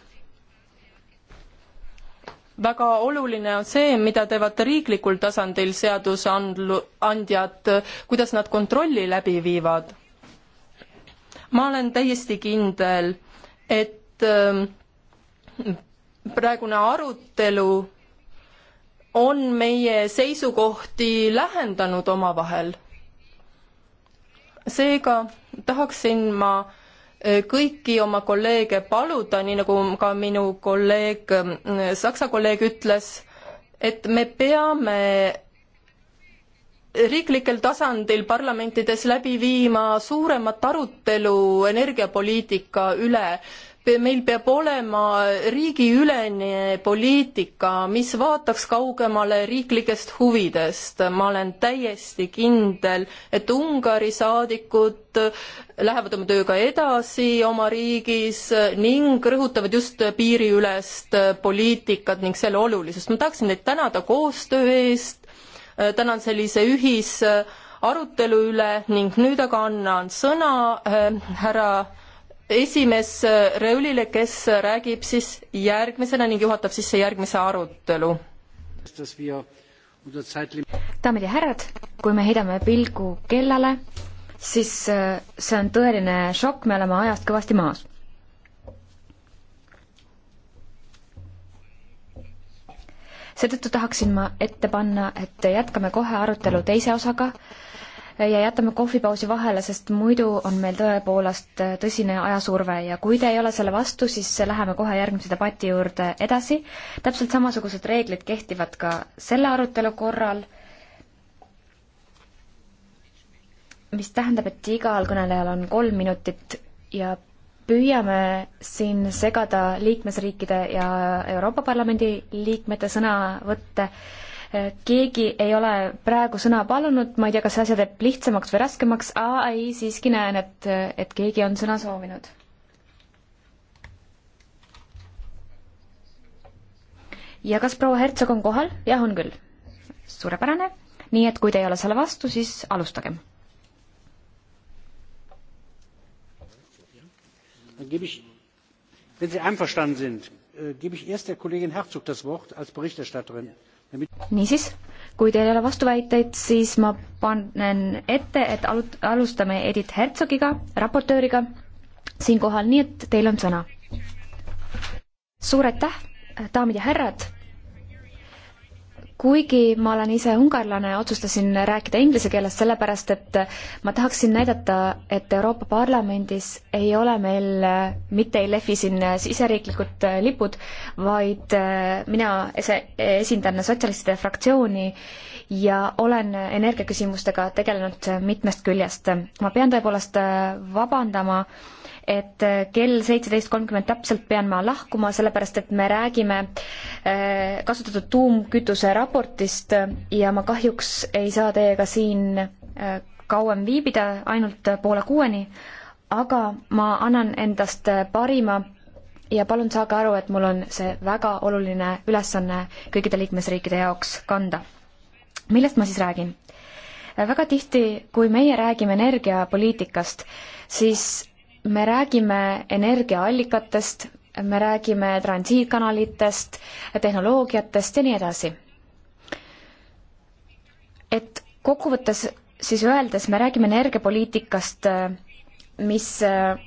väga oluline on see, mida teevad riiklikul tasandil seadusandlu-, andjad, kuidas nad kontrolli läbi viivad. ma olen täiesti kindel, et ähm, praegune arutelu on meie seisukohti lähendanud omavahel. seega tahaksin ma Äh, kõiki oma kolleege paluda, nii nagu ka minu kolleeg, äh, Saksa kolleeg ütles, et me peame riiklikel tasandil parlamentides läbi viima suuremat arutelu energiapoliitika üle meil peab olema riigiülene poliitika, mis vaataks kaugemale riiklikest huvidest. ma olen täiesti kindel, et Ungari saadikud lähevad oma tööga edasi oma riigis ning rõhutavad just piiriülest poliitikat ning selle olulisust. ma tahaksin teid tänada koostöö eest, tänan sellise ühisarutelu üle ning nüüd aga annan sõna äh, härra äh, esimees Reulile, kes räägib siis järgmisena ning juhatab sisse järgmise arutelu. daamid ja härrad, kui me heidame pilgu kellale, siis äh, see on tõeline šokk, me oleme ajast kõvasti maas. seetõttu tahaksin ma ette panna, et jätkame kohe arutelu teise osaga, ja jätame kohvipausi vahele, sest muidu on meil tõepoolest tõsine ajasurve ja kui te ei ole selle vastu, siis läheme kohe järgmise debati juurde edasi. täpselt samasugused reeglid kehtivad ka selle arutelu korral, mis tähendab, et igal kõnelejal on kolm minutit ja püüame siin segada liikmesriikide ja Euroopa Parlamendi liikmete sõnavõtte keegi ei ole praegu sõna palunud, ma ei tea, kas see asja teeb lihtsamaks või raskemaks, aa ei, siiski näen, et, et keegi on sõna soovinud. ja kas proua Hertsog on kohal? jah, on küll. suurepärane, nii et kui te ei ole selle vastu, siis alustagem. Wenn Sie einverstanden sind, äh, gebe ich erst der Kollegin Herzog das Wort als Berichterstatterin. Ja niisiis, kui teil ei ole vastuväiteid, siis ma panen ette, et alut-, alustame Edith Herzogiga, raportööriga, siinkohal, nii et teil on sõna. suur aitäh, daamid ja härrad kuigi ma olen ise ungarlane, otsustasin rääkida inglise keeles sellepärast, et ma tahaksin näidata, et Euroopa Parlamendis ei ole meil, mitte ei lehvi siin siseriiklikud lipud, vaid äh, mina esindan sotsialistide fraktsiooni ja olen energiaküsimustega tegelenud mitmest küljest. ma pean tõepoolest äh, vabandama äh, et kell seitseteist kolmkümmend täpselt pean ma lahkuma, sellepärast et me räägime äh, kasutatud tuumkütuse raportist ja ma kahjuks ei saa teiega siin äh, kauem viibida, ainult poole kuueni, aga ma annan endast parima ja palun saage aru, et mul on see väga oluline ülesanne kõikide liikmesriikide jaoks kanda. millest ma siis räägin? väga tihti, kui meie räägime energiapoliitikast, siis me räägime energiaallikatest, me räägime transiitkanalitest, tehnoloogiatest ja nii edasi. et kokkuvõttes siis öeldes me räägime energiapoliitikast, mis äh,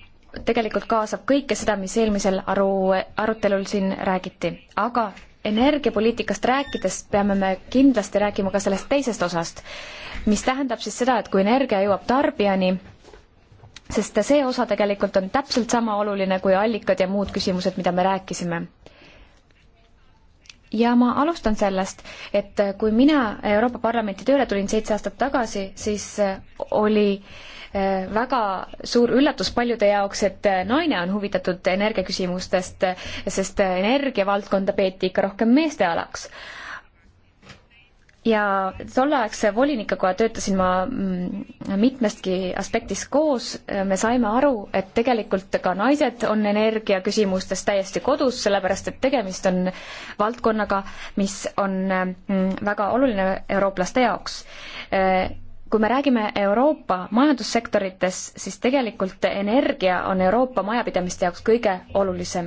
tegelikult kaasab kõike seda, mis eelmisel aru, arutelul siin räägiti, aga energiapoliitikast rääkides peame me kindlasti rääkima ka sellest teisest osast, mis tähendab siis seda, et kui energia jõuab tarbijani, sest see osa tegelikult on täpselt sama oluline kui allikad ja muud küsimused, mida me rääkisime. ja ma alustan sellest, et kui mina Euroopa Parlamenti tööle tulin seitse aastat tagasi, siis oli eh, väga suur üllatus paljude jaoks, et naine on huvitatud energiaküsimustest, sest energiavaldkonda peeti ikka rohkem meeste alaks ja tolleaegse volinikuga töötasin ma mm, mitmestki aspektist koos, me saime aru, et tegelikult ka naised on energiaküsimustes täiesti kodus, sellepärast et tegemist on valdkonnaga, mis on mm, väga oluline eurooplaste jaoks. kui me räägime Euroopa majandussektorites, siis tegelikult energia on Euroopa majapidamiste jaoks kõige olulisem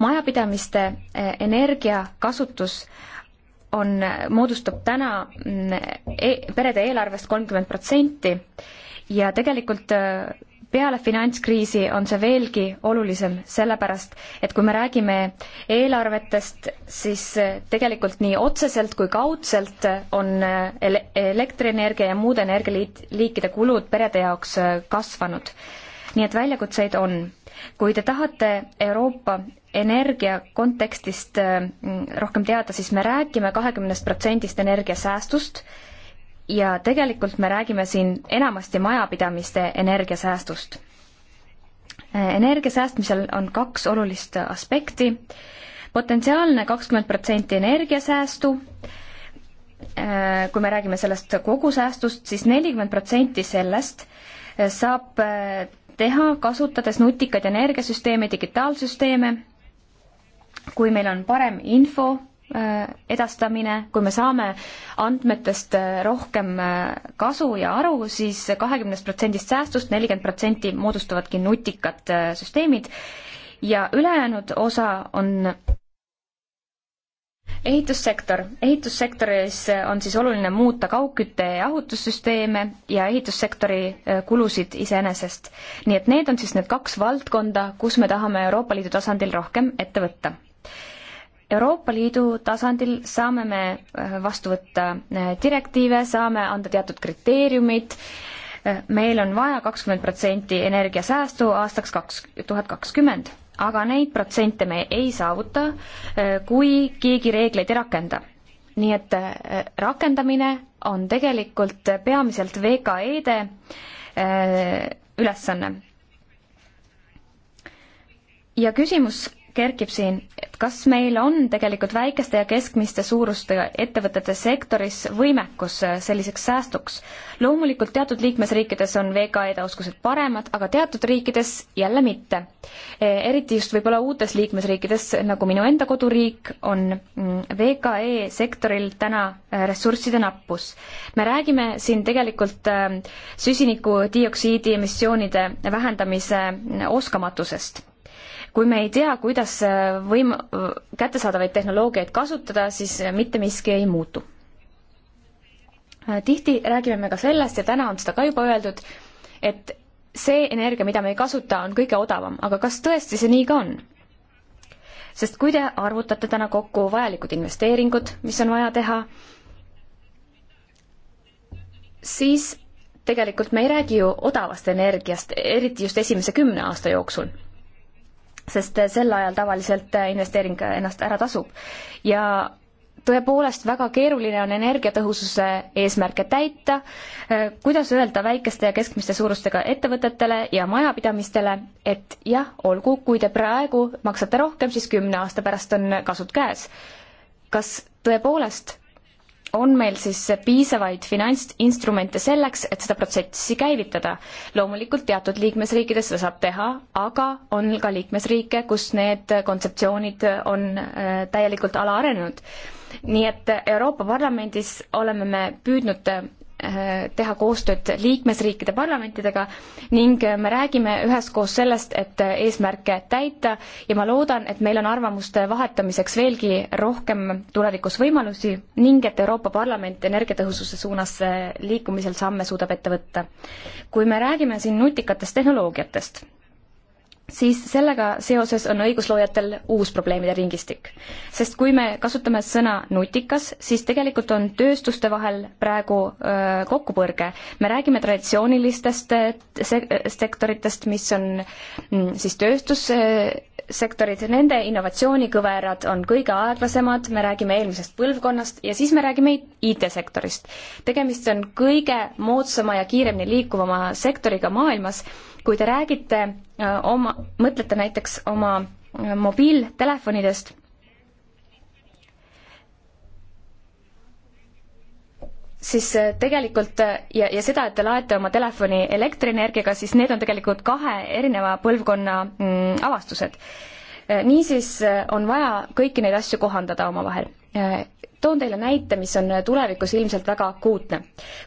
majapidamiste eh, energiakasutus on, moodustab täna mm, e perede eelarvest kolmkümmend protsenti ja tegelikult äh, peale finantskriisi on see veelgi olulisem, sellepärast et kui me räägime eelarvetest, siis äh, tegelikult nii otseselt kui kaudselt äh, on ele elektrienergia ja muude energialiikide kulud perede jaoks kasvanud nii et väljakutseid on. kui te tahate Euroopa energia kontekstist mm, rohkem teada, siis me räägime kahekümnest protsendist energiasäästust ja tegelikult me räägime siin enamasti majapidamiste energiasäästust. energiasäästmisel on kaks olulist aspekti, potentsiaalne kakskümmend protsenti energiasäästu, kui me räägime sellest kogusäästust siis, siis nelikümmend protsenti sellest saab teha, kasutades nutikaid energiasüsteeme, digitaalsüsteeme, kui meil on parem info äh, edastamine, kui me saame andmetest äh, rohkem äh, kasu ja aru siis, siis kahekümnest protsendist säästust nelikümmend protsenti moodustavadki nutikad süsteemid ja ülejäänud osa on ehitussektor, ehitussektoris äh, on siis oluline muuta kaugkütte ja ahutussüsteeme ja ehitussektori äh, kulusid iseenesest. nii et need on siis need kaks valdkonda, kus me tahame Euroopa Liidu tasandil rohkem ette võtta. Euroopa Liidu tasandil saame me äh, vastu võtta direktiive, saame anda teatud kriteeriumid, meil on vaja kakskümmend protsenti energiasäästu aastaks kaks, tuhat kakskümmend aga neid protsente me ei saavuta, äh, kui keegi reegleid ei rakenda. nii et äh, rakendamine on tegelikult peamiselt VKE-de äh, ülesanne. ja küsimus kerkib siin, et kas meil on tegelikult väikeste ja keskmiste suurustega ettevõtete sektoris võimekus äh, selliseks säästuks? loomulikult teatud liikmesriikides on VKE-de oskused paremad, aga teatud riikides jälle mitte. E, eriti just võib-olla uutes liikmesriikides, nagu minu enda koduriik, on mm, VKE sektoril täna äh, ressursside nappus. me räägime siin tegelikult äh, süsinikudioksiidi emissioonide vähendamise mm, oskamatusest kui me ei tea, kuidas äh, võim-, äh, kättesaadavaid tehnoloogiaid kasutada, siis äh, mitte miski ei muutu. tihti räägime me ka sellest ja täna on seda ka juba öeldud, et see energia, mida me ei kasuta, on kõige odavam, aga kas tõesti see nii ka on? sest kui te arvutate täna kokku vajalikud investeeringud, mis on vaja teha, siis tegelikult me ei räägi ju odavast energiast, eriti just esimese kümne aasta jooksul sest sel ajal tavaliselt investeering ennast ära tasub. ja tõepoolest väga keeruline on energiatõhususe eesmärke täita, kuidas öelda väikeste ja keskmiste suurustega ettevõtetele ja majapidamistele, et jah, olgu, kui te praegu maksate rohkem, siis kümne aasta pärast on kasud käes. kas tõepoolest on meil siis piisavaid finantsinstrumente selleks, et seda protsessi käivitada. loomulikult teatud liikmesriikides seda saab teha, aga on ka liikmesriike, kus need kontseptsioonid on äh, täielikult alaarenenud. nii et Euroopa Parlamendis oleme me püüdnud Äh, teha koostööd liikmesriikide parlamentidega ning äh, me räägime üheskoos sellest, et äh, eesmärke täita ja ma loodan, et meil on arvamuste vahetamiseks veelgi rohkem tulevikus võimalusi ning et Euroopa Parlament energiatõhususe suunas liikumisel samme suudab ette võtta. kui me räägime siin nutikatest tehnoloogiatest, siis sellega seoses on õigusloojatel uus probleemide ringistik. sest kui me kasutame sõna nutikas, siis tegelikult on tööstuste vahel praegu öö, kokkupõrge. me räägime traditsioonilistest äh, se äh, sektoritest, mis on mm, siis tööstussektorid, nende innovatsioonikõverad on kõige aeglasemad, me räägime eelmisest põlvkonnast ja siis me räägime IT-sektorist. tegemist on kõige moodsama ja kiiremini liikuvama sektoriga maailmas, kui te räägite Äh, oma, mõtlete näiteks oma äh, mobiiltelefonidest, siis äh, tegelikult ja, ja seda, et te laete oma telefoni elektrienergiaga, siis need on tegelikult kahe erineva põlvkonna mm, avastused. niisiis on vaja kõiki neid asju kohandada omavahel Äh, toon teile näite, mis on tulevikus ilmselt väga akuutne.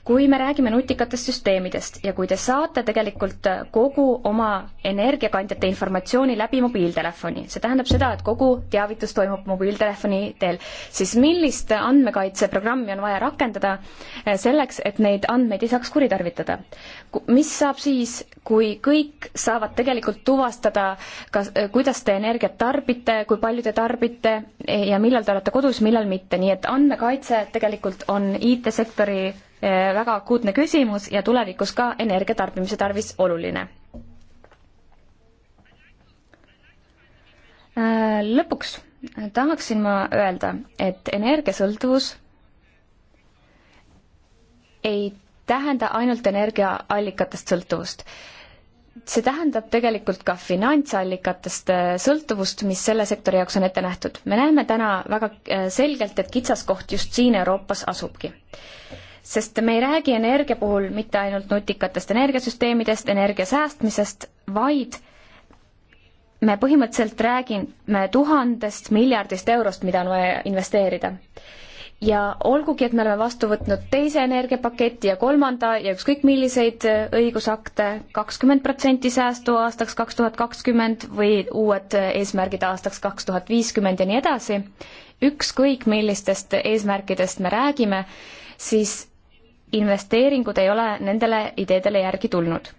kui me räägime nutikatest süsteemidest ja kui te saate tegelikult kogu oma energiakandjate informatsiooni läbi mobiiltelefoni, see tähendab seda, et kogu teavitus toimub mobiiltelefoni teel, siis millist andmekaitseprogrammi on vaja rakendada äh, selleks, et neid andmeid ei saaks kuritarvitada? mis saab siis, kui kõik saavad tegelikult tuvastada, kas, kuidas te energiat tarbite, kui palju te tarbite ja millal te olete kodus, millal millal mitte, nii et andmekaitse tegelikult on IT-sektori eh, väga akuutne küsimus ja tulevikus ka energia tarbimise tarvis oluline. Eh, lõpuks tahaksin ma öelda, et energiasõltuvus ei tähenda ainult energiaallikatest sõltuvust see tähendab tegelikult ka finantsallikatest äh, sõltuvust, mis selle sektori jaoks on ette nähtud. me näeme täna väga äh, selgelt, et kitsaskoht just siin Euroopas asubki. sest me ei räägi energia puhul mitte ainult nutikatest energiasüsteemidest, energia säästmisest, vaid me põhimõtteliselt räägime tuhandest miljardist eurost, mida on vaja investeerida ja olgugi, et me oleme vastu võtnud teise energiapaketi ja kolmanda ja ükskõik milliseid äh, õigusakte, kakskümmend protsenti säästu aastaks kaks tuhat kakskümmend või uued äh, eesmärgid aastaks kaks tuhat viiskümmend ja nii edasi, ükskõik millistest eesmärkidest me räägime, siis investeeringud ei ole nendele ideedele järgi tulnud.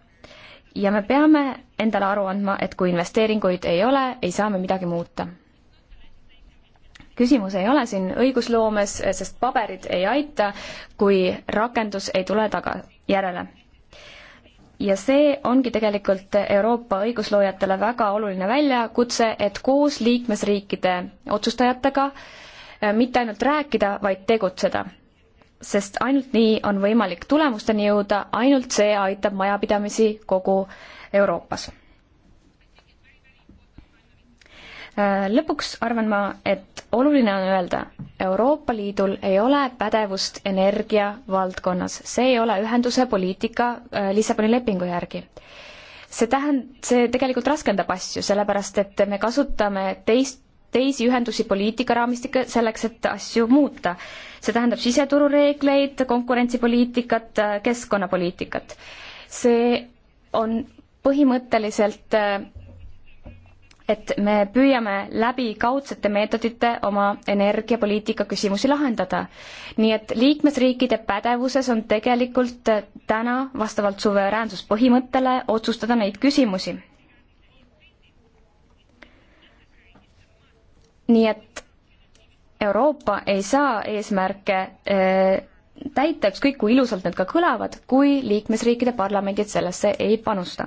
ja me peame endale aru andma, et kui investeeringuid ei ole, ei saa me midagi muuta küsimus ei ole siin õigusloomes, sest paberid ei aita, kui rakendus ei tule taga, järele. ja see ongi tegelikult Euroopa õigusloojatele väga oluline väljakutse, et koos liikmesriikide otsustajatega äh, mitte ainult rääkida, vaid tegutseda sest ainult nii on võimalik tulemusteni jõuda, ainult see aitab majapidamisi kogu Euroopas Äh, lõpuks arvan ma, et oluline on öelda, Euroopa Liidul ei ole pädevust energia valdkonnas, see ei ole ühenduse poliitika äh, Lissaboni lepingu järgi. see tähend-, see tegelikult raskendab asju, sellepärast et me kasutame teist teisi ühendusi poliitikaraamistikke selleks, et asju muuta. see tähendab siseturureegleid, konkurentsipoliitikat, äh, keskkonnapoliitikat. see on põhimõtteliselt et me püüame läbi kaudsete meetodite oma energiapoliitika küsimusi lahendada. nii et liikmesriikide pädevuses on tegelikult täna vastavalt suveräänsuspõhimõttele otsustada neid küsimusi. nii et Euroopa ei saa eesmärke äh, täita, ükskõik kui ilusalt need ka kõlavad, kui liikmesriikide parlamendid sellesse ei panusta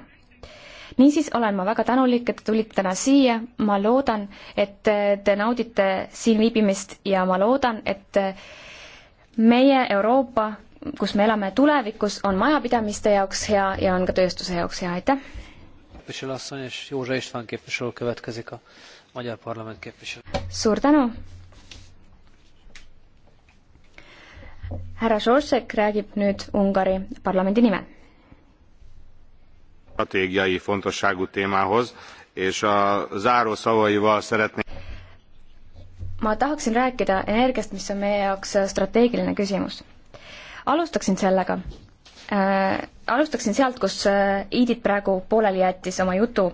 niisiis olen ma väga tänulik, et te tulite täna siia, ma loodan, et te naudite siin viibimist ja ma loodan, et meie Euroopa, kus me elame tulevikus, on majapidamiste jaoks hea ja on ka tööstuse jaoks hea, aitäh! suur tänu! härra Šošek räägib nüüd Ungari parlamendi nimel stratégiai fontosságú témához, és a záró szavaival szeretném ma tahaksin rääkida energiast, mis on meie jaoks strateegiline küsimus. alustaksin sellega äh,. alustaksin sealt, kus äh, Iidit praegu pooleli jättis oma jutu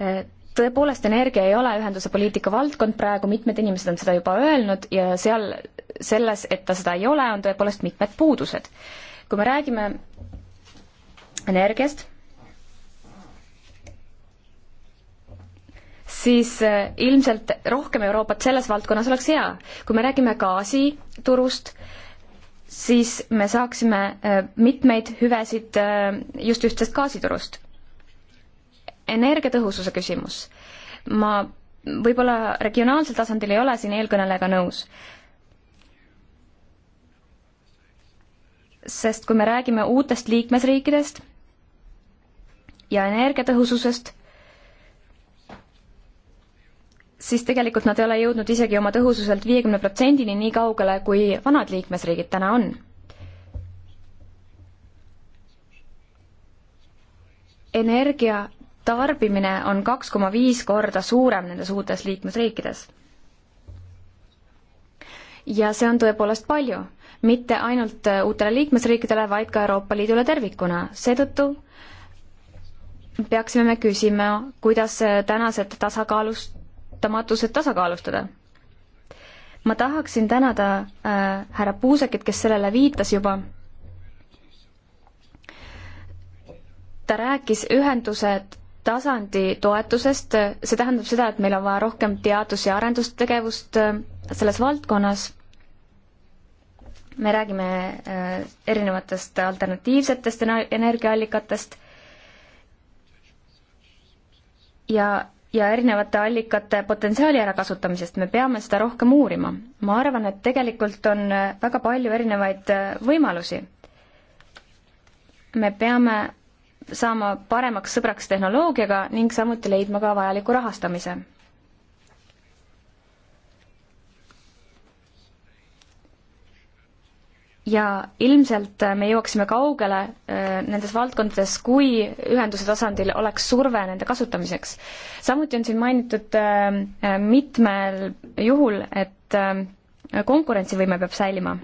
äh, tõepoolest, energia ei ole ühenduse poliitika valdkond praegu, mitmed inimesed on seda juba öelnud ja seal selles, et ta seda ei ole, on tõepoolest mitmed puudused. kui me räägime energiast, siis äh, ilmselt rohkem Euroopat selles valdkonnas oleks hea. kui me räägime gaasiturust, siis me saaksime äh, mitmeid hüvesid äh, just ühtsest gaasiturust. energiatõhususe küsimus. ma võib-olla regionaalsel tasandil ei ole siin eelkõnelejaga nõus. sest kui me räägime uutest liikmesriikidest ja energiatõhususest, siis tegelikult nad ei ole jõudnud isegi oma tõhususelt viiekümne protsendini, nii kaugele, kui vanad liikmesriigid täna on. energia tarbimine on kaks koma viis korda suurem nendes uutes liikmesriikides. ja see on tõepoolest palju, mitte ainult äh, uutele liikmesriikidele, vaid ka Euroopa Liidule tervikuna, seetõttu peaksime me küsima, kuidas äh, tänased tasakaalust lahutamatused tasakaalustada. ma tahaksin tänada äh, härra Puusekit, kes sellele viitas juba. ta rääkis ühendused tasandi toetusest, see tähendab seda, et meil on vaja rohkem teadus- ja arendustegevust äh, selles valdkonnas. me räägime äh, erinevatest alternatiivsetest energiaallikatest ja ja erinevate allikate potentsiaali ärakasutamisest, me peame seda rohkem uurima. ma arvan, et tegelikult on väga palju erinevaid võimalusi. me peame saama paremaks sõbraks tehnoloogiaga ning samuti leidma ka vajaliku rahastamise ja ilmselt me jõuaksime kaugele äh, nendes valdkondades, kui ühenduse tasandil oleks surve nende kasutamiseks. samuti on siin mainitud äh, äh, mitmel juhul, et konkurentsivõime peab säilima.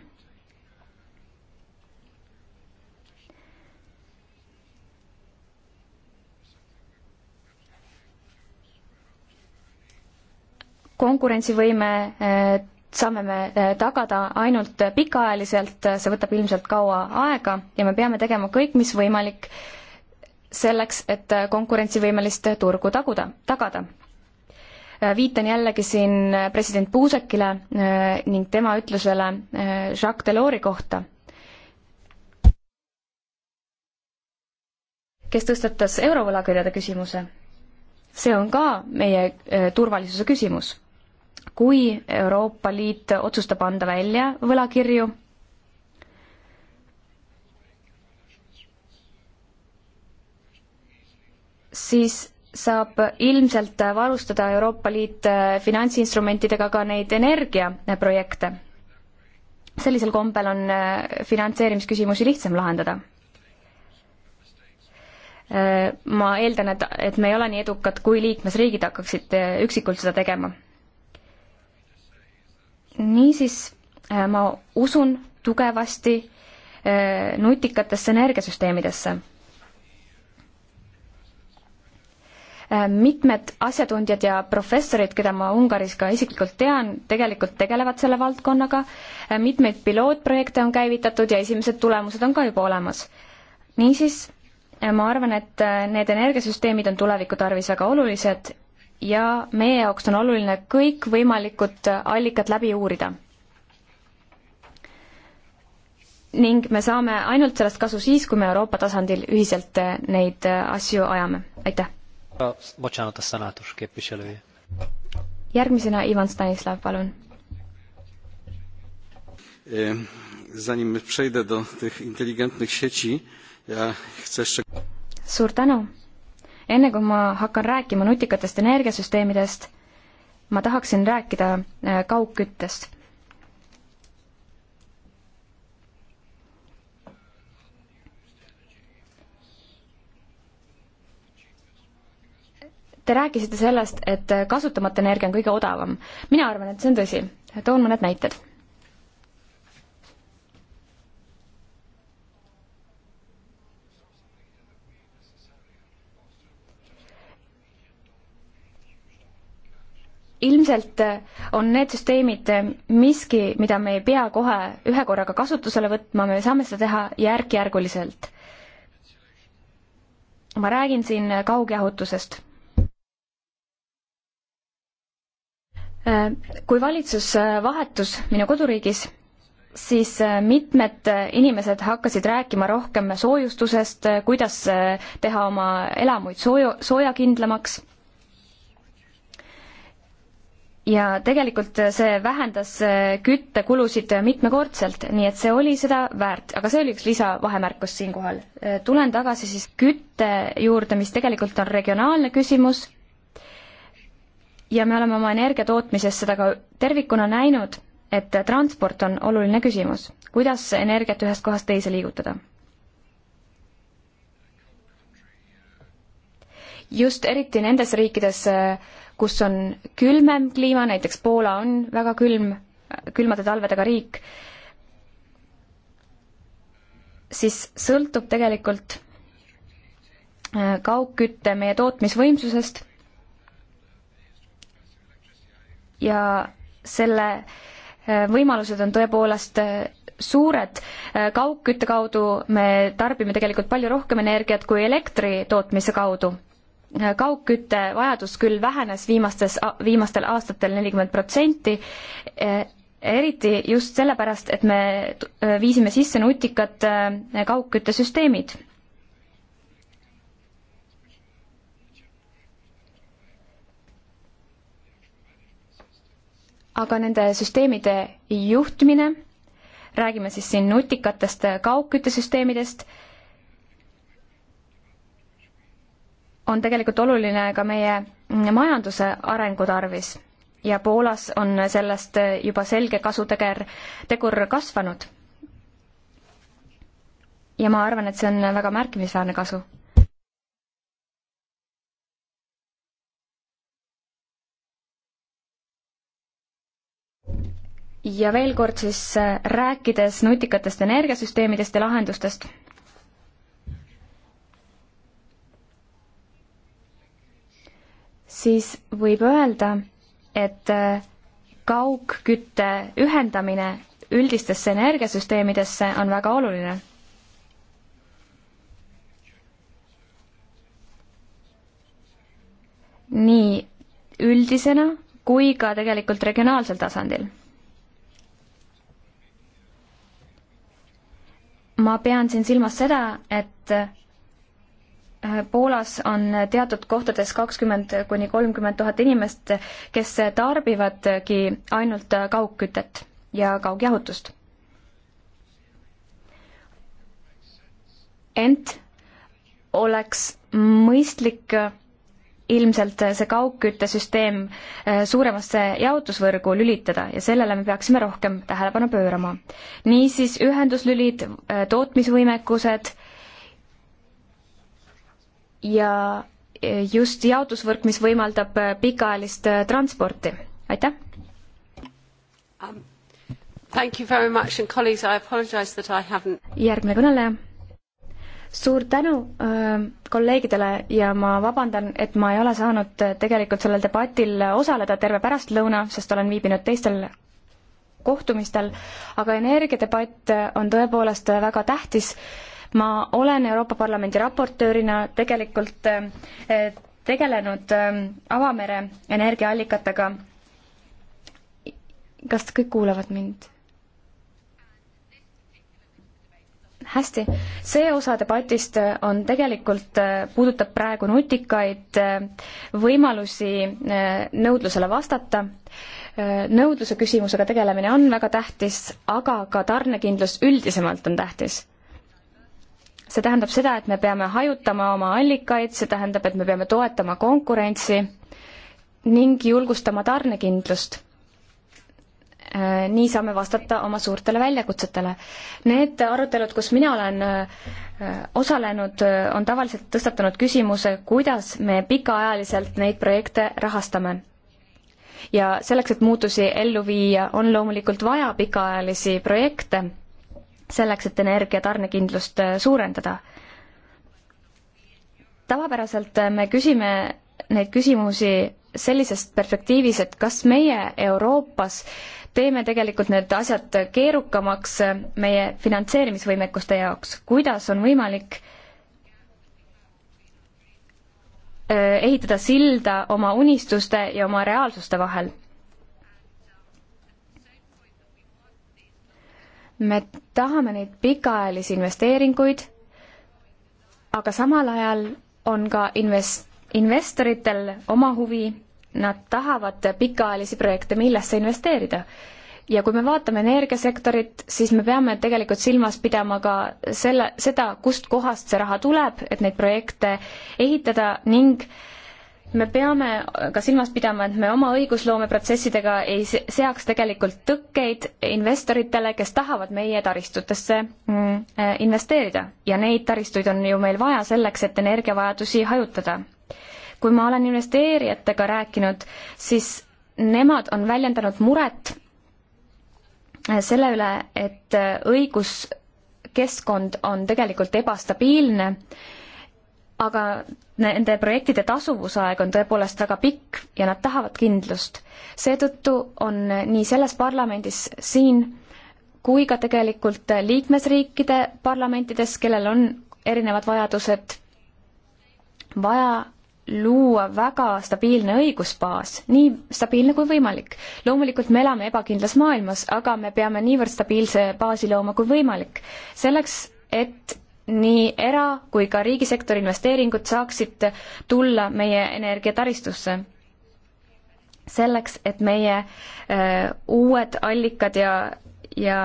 konkurentsivõime saame me eh, tagada ainult pikaajaliselt, eh, see võtab ilmselt kaua aega ja me peame tegema kõik, mis võimalik selleks, et eh, konkurentsivõimelist turgu taguda, tagada. viitan jällegi siin president Puusekile ning tema ütlusele Jacques Delors'i kohta, kes tõstatas eurovõlakirjade küsimuse. see on ka meie turvalisuse küsimus kui Euroopa Liit otsustab anda välja võlakirju, siis saab ilmselt varustada Euroopa Liit finantsinstrumentidega ka neid energiaprojekte. sellisel kombel on finantseerimisküsimusi lihtsam lahendada. ma eeldan, et, et me ei ole nii edukad, kui liikmesriigid hakkaksid üksikult seda tegema niisiis äh, ma usun tugevasti äh, nutikatesse energiasüsteemidesse äh, mitmed asjatundjad ja professorid, keda ma Ungaris ka isiklikult tean, tegelikult tegelevad selle valdkonnaga, mitmeid pilootprojekte on käivitatud ja esimesed tulemused on ka juba olemas. niisiis, ma arvan, et need energiasüsteemid on tuleviku tarvis väga olulised ja meie jaoks on oluline kõikvõimalikud allikad läbi uurida. ning me saame ainult sellest kasu siis, kui me Euroopa tasandil ühiselt eh, neid eh, asju ajame, aitäh. järgmisena Ivan Stanislav, palun. E, zanim przejdę do tych inteligentnych sieci, ja chcę jeszcze... suur tänu enne kui ma hakkan rääkima nutikatest energiasüsteemidest, ma tahaksin rääkida äh, kaugküttest. Te rääkisite sellest, et kasutamata energia on kõige odavam. mina arvan, et see on tõsi. toon mõned näited ilmselt äh, on need süsteemid äh, miski, mida me ei pea kohe ühekorraga kasutusele võtma, me saame seda teha järk-järguliselt. ma räägin siin äh, kaugjahutusest. kui valitsus vahetus minu koduriigis, siis mitmed inimesed hakkasid rääkima rohkem soojustusest, kuidas teha oma elamuid sooja, soojakindlamaks ja tegelikult see vähendas äh, küttekulusid mitmekordselt, nii et see oli seda väärt, aga see oli üks lisavahemärkus siinkohal. Äh, tulen tagasi siis kütte juurde, mis tegelikult on regionaalne küsimus ja me oleme oma energiatootmises seda ka tervikuna näinud, et transport on oluline küsimus, kuidas energiat ühest kohast teise liigutada just eriti nendes riikides äh, kus on külmem kliima, näiteks Poola on väga külm, külmade talvedega riik, siis sõltub tegelikult äh, kaugküte meie tootmisvõimsusest ja selle äh, võimalused on tõepoolest äh, suured, kaugkütte kaudu me tarbime tegelikult palju rohkem energiat kui elektri tootmise kaudu kaugkütte vajadus küll vähenes viimastes, viimastel aastatel nelikümmend protsenti, eh, eriti just sellepärast, et me eh, viisime sisse nutikad eh, kaugküttesüsteemid aga nende süsteemide juhtimine, räägime siis siin nutikatest kaugküttesüsteemidest, on tegelikult oluline ka meie majanduse arengu tarvis ja Poolas on sellest juba selge kasuteger, tegur kasvanud. ja ma arvan, et see on väga märkimisväärne kasu. ja veel kord siis rääkides nutikatest energiasüsteemidest ja lahendustest, siis võib öelda, et äh, kaugkütte ühendamine üldistesse energiasüsteemidesse on väga oluline nii üldisena kui ka tegelikult regionaalsel tasandil. ma pean siin silmas seda, et Poolas on teatud kohtades kakskümmend kuni kolmkümmend tuhat inimest, kes tarbivadki ainult kaugkütet ja kaugjahutust. ent oleks mõistlik ilmselt see kaugküttesüsteem suuremasse jaotusvõrgu lülitada ja sellele me peaksime rohkem tähelepanu pöörama. niisiis ühenduslülid, tootmisvõimekused äh,, ja eh, just jaotusvõrk, mis võimaldab eh, pikaajalist eh, transporti, aitäh um,! Thank you very much and colleagues, I apologise that I haven't järgmine kõneleja. suur tänu äh, kolleegidele ja ma vabandan, et ma ei ole saanud äh, tegelikult sellel debatil osaleda terve pärastlõuna, sest olen viibinud teistel kohtumistel, aga energiadebatt äh, on tõepoolest väga tähtis äh, ma olen Euroopa Parlamendi raportöörina tegelikult äh, tegelenud ähm, avamere energiaallikatega. kas kõik kuulavad mind? hästi, see osa debatist äh, on tegelikult, äh, puudutab praegu nutikaid võimalusi nõudlusele vastata. nõudluse küsimusega tegelemine on väga tähtis, aga ka tarnekindlus üldisemalt on tähtis see tähendab seda, et me peame hajutama oma allikaid, see tähendab, et me peame toetama konkurentsi ning julgustama tarnekindlust. Äh, nii saame vastata oma suurtele väljakutsetele. Need arutelud, kus mina olen äh, osalenud, äh, on tavaliselt tõstatanud küsimuse, kuidas me pikaajaliselt neid projekte rahastame ja selleks, et muutusi ellu viia, on loomulikult vaja pikaajalisi projekte selleks, et energia tarnekindlust äh, suurendada. tavapäraselt äh, me küsime neid küsimusi sellisest perspektiivis, et kas meie Euroopas teeme tegelikult need asjad keerukamaks äh, meie finantseerimisvõimekuste jaoks, kuidas on võimalik ehitada silda oma unistuste ja oma reaalsuste vahel me tahame neid pikaajalisi investeeringuid, aga samal ajal on ka invest-, investoritel oma huvi, nad tahavad pikaajalisi projekte, millesse investeerida. ja kui me vaatame energiasektorit, siis me peame tegelikult silmas pidama ka selle, seda, kust kohast see raha tuleb, et neid projekte ehitada ning äh, me peame ka silmas pidama, et me oma õigusloomeprotsessidega ei seaks tegelikult tõkkeid investoritele, kes tahavad meie taristutesse mm, eh, investeerida ja neid taristuid on ju meil vaja selleks, et energiavajadusi hajutada. kui ma olen investeerijatega rääkinud, siis nemad on väljendanud muret eh, selle üle, et eh, õiguskeskkond on tegelikult ebastabiilne aga nende projektide tasuvusaeg on tõepoolest väga pikk ja nad tahavad kindlust. seetõttu on nii selles parlamendis siin kui ka tegelikult liikmesriikide parlamentides, kellel on erinevad vajadused, vaja luua väga stabiilne õigusbaas, nii stabiilne kui võimalik. loomulikult me elame ebakindlas maailmas, aga me peame niivõrd stabiilse baasi looma kui võimalik. selleks, et nii era- kui ka riigisektori investeeringud saaksid tulla meie energiataristusse. selleks, et meie öö, uued allikad ja, ja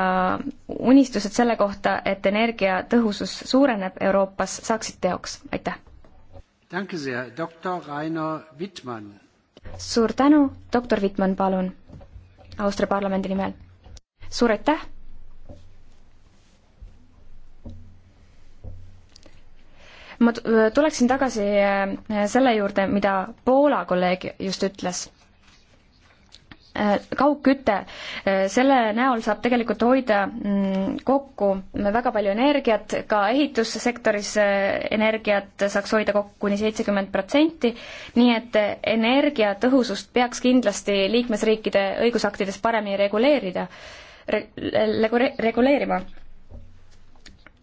unistused selle kohta, et energiatõhusus suureneb Euroopas, saaksid teoks, aitäh! suur tänu, doktor Wittmann, palun, Austria parlamendi nimel. suur aitäh! ma äh, tuleksin tagasi äh, selle juurde, mida Poola kolleeg just ütles. Äh, kaugküte, selle näol saab tegelikult hoida mm, kokku väga palju energiat, ka ehitussektoris energiat saaks hoida kokku kuni seitsekümmend protsenti, nii et energiatõhusust peaks kindlasti liikmesriikide õigusaktides paremini reguleerida re,, reguleerima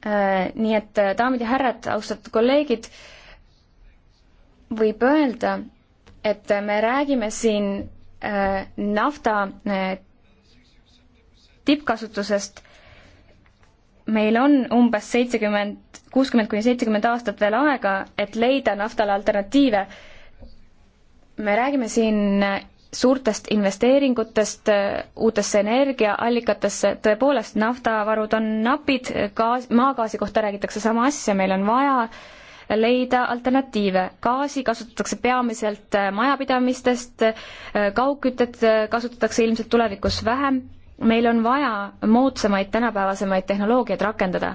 Äh, nii et äh, daamid ja härrad, austatud kolleegid, võib öelda, et me räägime siin äh, nafta tippkasutusest. meil on umbes seitsekümmend, kuuskümmend kuni seitsekümmend aastat veel aega, et leida naftale alternatiive. me räägime siin suurtest investeeringutest äh, uutesse energiaallikatesse, tõepoolest, naftavarud on napid, gaas, maagaasi kohta räägitakse sama asja, meil on vaja leida alternatiive. gaasi kasutatakse peamiselt äh, majapidamistest, äh, kaugkütet kasutatakse ilmselt tulevikus vähem, meil on vaja moodsamaid, tänapäevasemaid tehnoloogiaid rakendada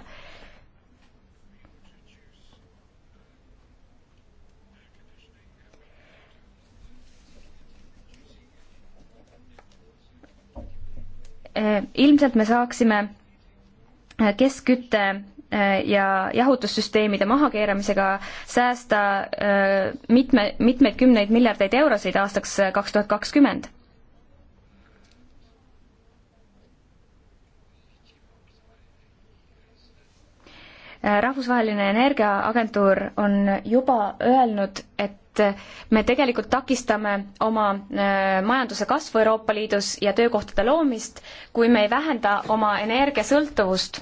Eh, ilmselt me saaksime eh, keskkütte eh, ja jahutussüsteemide mahakeeramisega säästa mitme, mitmeid kümneid miljardeid eurosid aastaks kaks tuhat kakskümmend. rahvusvaheline Energiaagentuur on juba öelnud, et et me tegelikult takistame oma äh, majanduse kasvu Euroopa Liidus ja töökohtade loomist, kui me ei vähenda oma energiasõltuvust.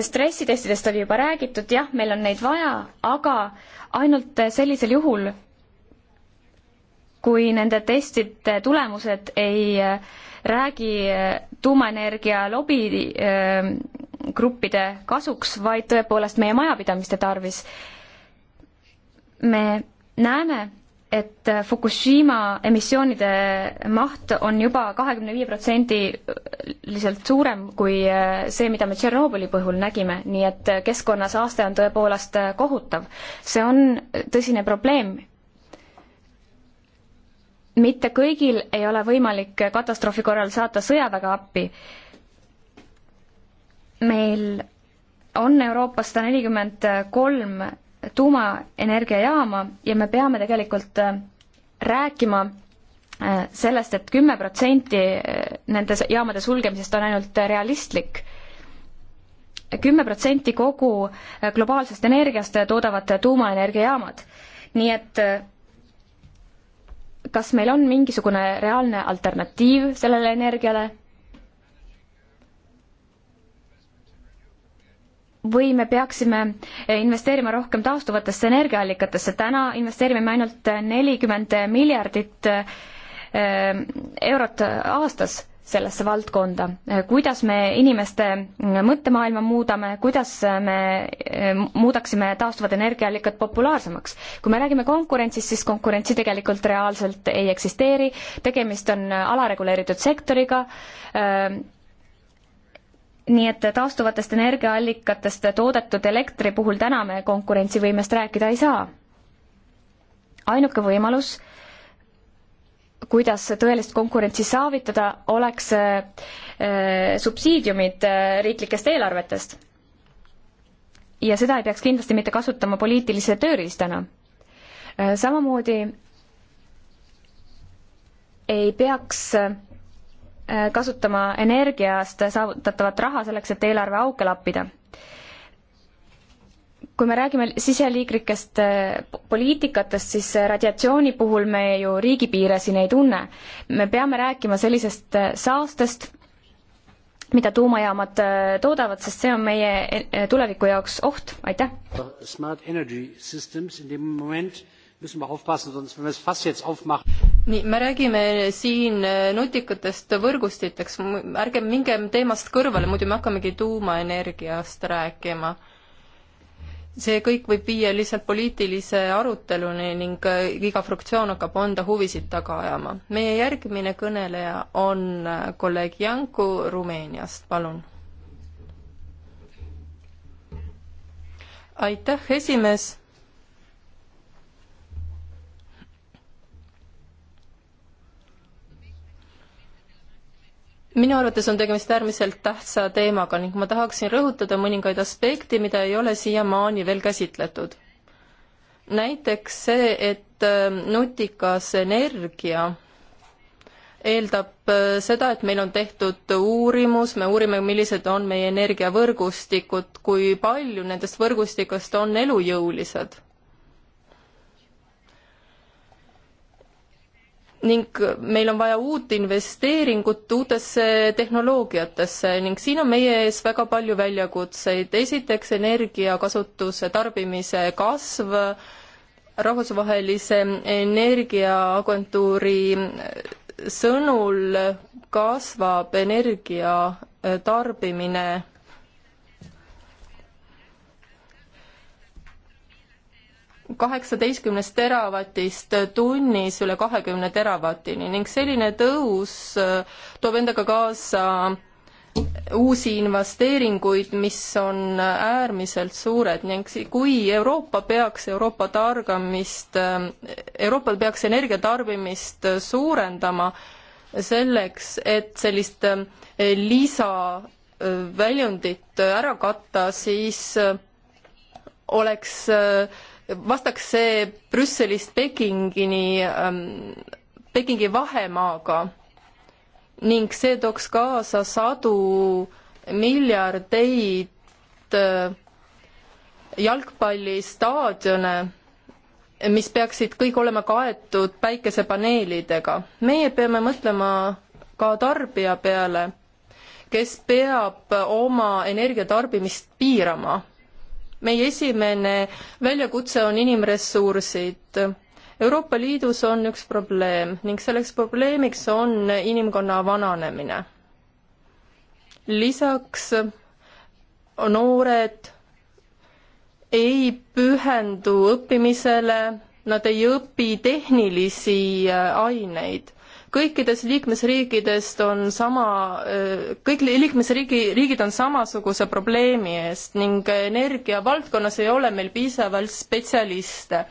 stressitestidest oli juba räägitud, jah, meil on neid vaja, aga ainult sellisel juhul, kui nende testide tulemused ei äh, räägi äh, tuumaenergia lobi gruppide kasuks, vaid tõepoolest meie majapidamiste tarvis me näeme, et Fukushima emissioonide maht on juba kahekümne viie protsendi liselt suurem kui äh, see, mida me Tšernobõli puhul nägime, nii et keskkonnasaaste on tõepoolest äh, kohutav. see on tõsine probleem. mitte kõigil ei ole võimalik katastroofi korral saata sõjaväge appi. meil on Euroopas sada nelikümmend kolm tuumaenergiajaama ja me peame tegelikult äh, rääkima äh, sellest et, et kümme protsenti äh, nende jaamade sulgemisest on ainult realistlik. kümme protsenti kogu globaalsest energiast toodavad tuumaenergiajaamad. nii et kas meil on mingisugune reaalne alternatiiv sellele energiale, või me peaksime investeerima rohkem taastuvatesse energiaallikatesse, täna investeerime me ainult nelikümmend miljardit ähm, eurot aastas sellesse valdkonda, kuidas me inimeste mõttemaailma muudame, kuidas me ähm, muudaksime taastuvad energiaallikad populaarsemaks. kui me räägime konkurentsist, siis konkurentsi tegelikult reaalselt ei eksisteeri, tegemist on alareguleeritud sektoriga, ähm, nii et taastuvatest energiaallikatest toodetud elektri puhul täna me konkurentsivõimest rääkida ei saa. ainuke võimalus, kuidas tõelist konkurentsi saavutada, oleks äh, äh, subsiidiumid äh, riiklikest eelarvetest. ja seda ei peaks kindlasti mitte kasutama poliitilise tööriistana. samamoodi ei peaks Äh, kasutama energiast saavutatavat raha selleks, et eelarve auke lappida. kui me räägime siseliiklikest äh, poliitikatest, siis äh, radiatsiooni puhul me ju riigipiire siin ei tunne. me peame rääkima sellisest saastest, mida tuumajaamad toodavad, sest see on meie tuleviku jaoks oht, aitäh. Smart energy systems in the moment müssen wir aufpassen, sonst wenn wir das Fass jetzt aufmachen. nii, me räägime siin äh, nutikatest võrgustiteks, ärgem mingem teemast kõrvale, muidu me hakkamegi tuumaenergiast rääkima. see kõik võib viia lihtsalt poliitilise aruteluni ning äh, iga fraktsioon hakkab enda huvisid taga ajama. meie järgmine kõneleja on äh, kolleeg Janku Rumeeniast, palun. aitäh, esimees minu arvates on tegemist äärmiselt tähtsa teemaga ning ma tahaksin rõhutada mõningaid aspekte, mida ei ole siiamaani veel käsitletud. näiteks see, et äh, nutikas energia eeldab äh, seda, et meil on tehtud uurimus, me uurime, millised on meie energiavõrgustikud, kui palju nendest võrgustikest on elujõulised ning meil on vaja uut investeeringut uutesse tehnoloogiatesse ning siin on meie ees väga palju väljakutseid. esiteks energiakasutuse tarbimise kasv, rahvusvahelise energiaagentuuri sõnul kasvab energia tarbimine kaheksateistkümnest teravatist tunnis üle kahekümne teravatini ning selline tõus äh, toob endaga kaasa äh, uusi investeeringuid, mis on äh, äärmiselt suured ning kui Euroopa peaks Euroopa targamist, Euroopal peaks energiatarbimist suurendama selleks, et sellist lisaväljundit ära katta, siis oleks äh, vastaks see Brüsselist Pekingini, ähm, Pekingi vahemaaga ning see tooks kaasa sadu miljardeid äh, jalgpallistaadione, mis peaksid kõik olema kaetud päikesepaneelidega. meie peame mõtlema ka tarbija peale, kes peab oma energiatarbimist piirama meie esimene väljakutse on inimressursid. Euroopa Liidus on üks probleem ning selleks probleemiks on inimkonna vananemine. lisaks noored ei pühendu õppimisele, nad ei õpi tehnilisi aineid kõikides liikmesriikidest on sama, kõik liikmesriigi, riigid on samasuguse probleemi eest ning energia valdkonnas ei ole meil piisavalt spetsialiste.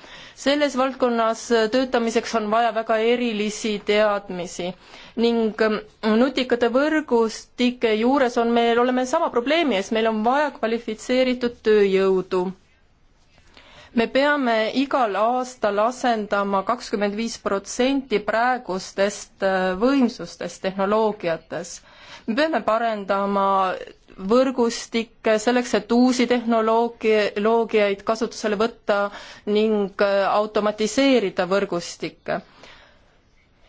selles valdkonnas töötamiseks on vaja väga erilisi teadmisi ning nutikate võrgustike juures on meil, oleme sama probleemi ees, meil on vaja kvalifitseeritud tööjõudu me peame igal aastal asendama kakskümmend viis protsenti praegustest äh, võimsustest tehnoloogiates. me peame parendama võrgustikke selleks, et uusi tehnoloogiaid kasutusele võtta ning äh, automatiseerida võrgustikke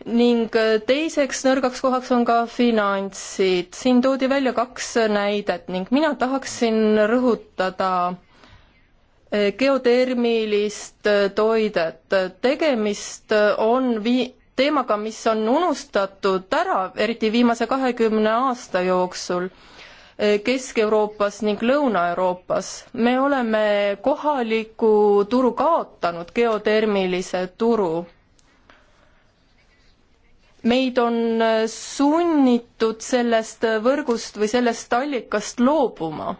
ning äh, teiseks nõrgaks kohaks on ka finantsid. siin toodi välja kaks näidet ning mina tahaksin rõhutada geotermilist äh, toidet. tegemist äh, on vii-, teemaga, mis on unustatud ära, eriti viimase kahekümne aasta jooksul äh, Kesk-Euroopas ning Lõuna-Euroopas. me oleme kohaliku turu kaotanud, geotermilise turu. meid on sunnitud sellest võrgust või sellest allikast loobuma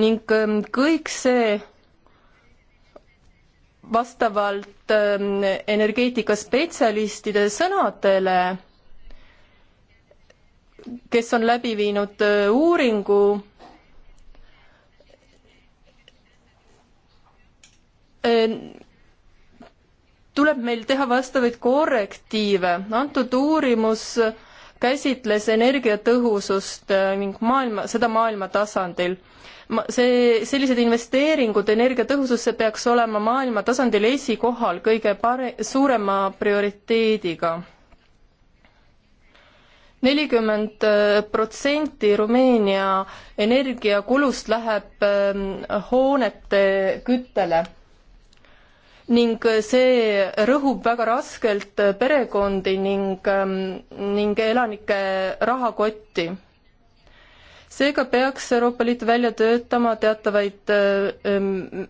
ning ähm, kõik see vastavalt ähm, energeetikaspetsialistide sõnadele, kes on läbi viinud äh, uuringu, äh, tuleb meil teha vastavaid korrektiive, antud uurimus käsitles energiatõhusust äh, ning maailma, seda maailma tasandil. see, sellised investeeringud energiatõhususse peaks olema maailma tasandil esikohal kõige pare-, suurema prioriteediga. nelikümmend äh, protsenti Rumeenia energiakulust läheb ähm, hoonete küttele ning äh, see rõhub väga raskelt äh, perekondi ning, ähm, ning elanike rahakotti. seega peaks Euroopa Liit välja töötama teatavaid äh, ähm,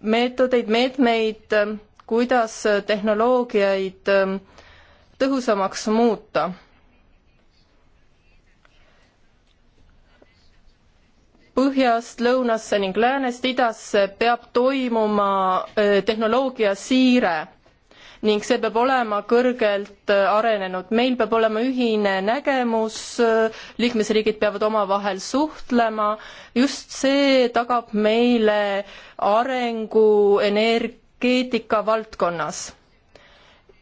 meetodeid, meetmeid, kuidas tehnoloogiaid ähm, tõhusamaks muuta põhjast lõunasse ning läänest idasse peab toimuma äh, tehnoloogia siire ning see peab olema kõrgelt äh, arenenud. meil peab olema ühine nägemus, äh, liikmesriigid peavad omavahel suhtlema, just see tagab meile arengu energeetika valdkonnas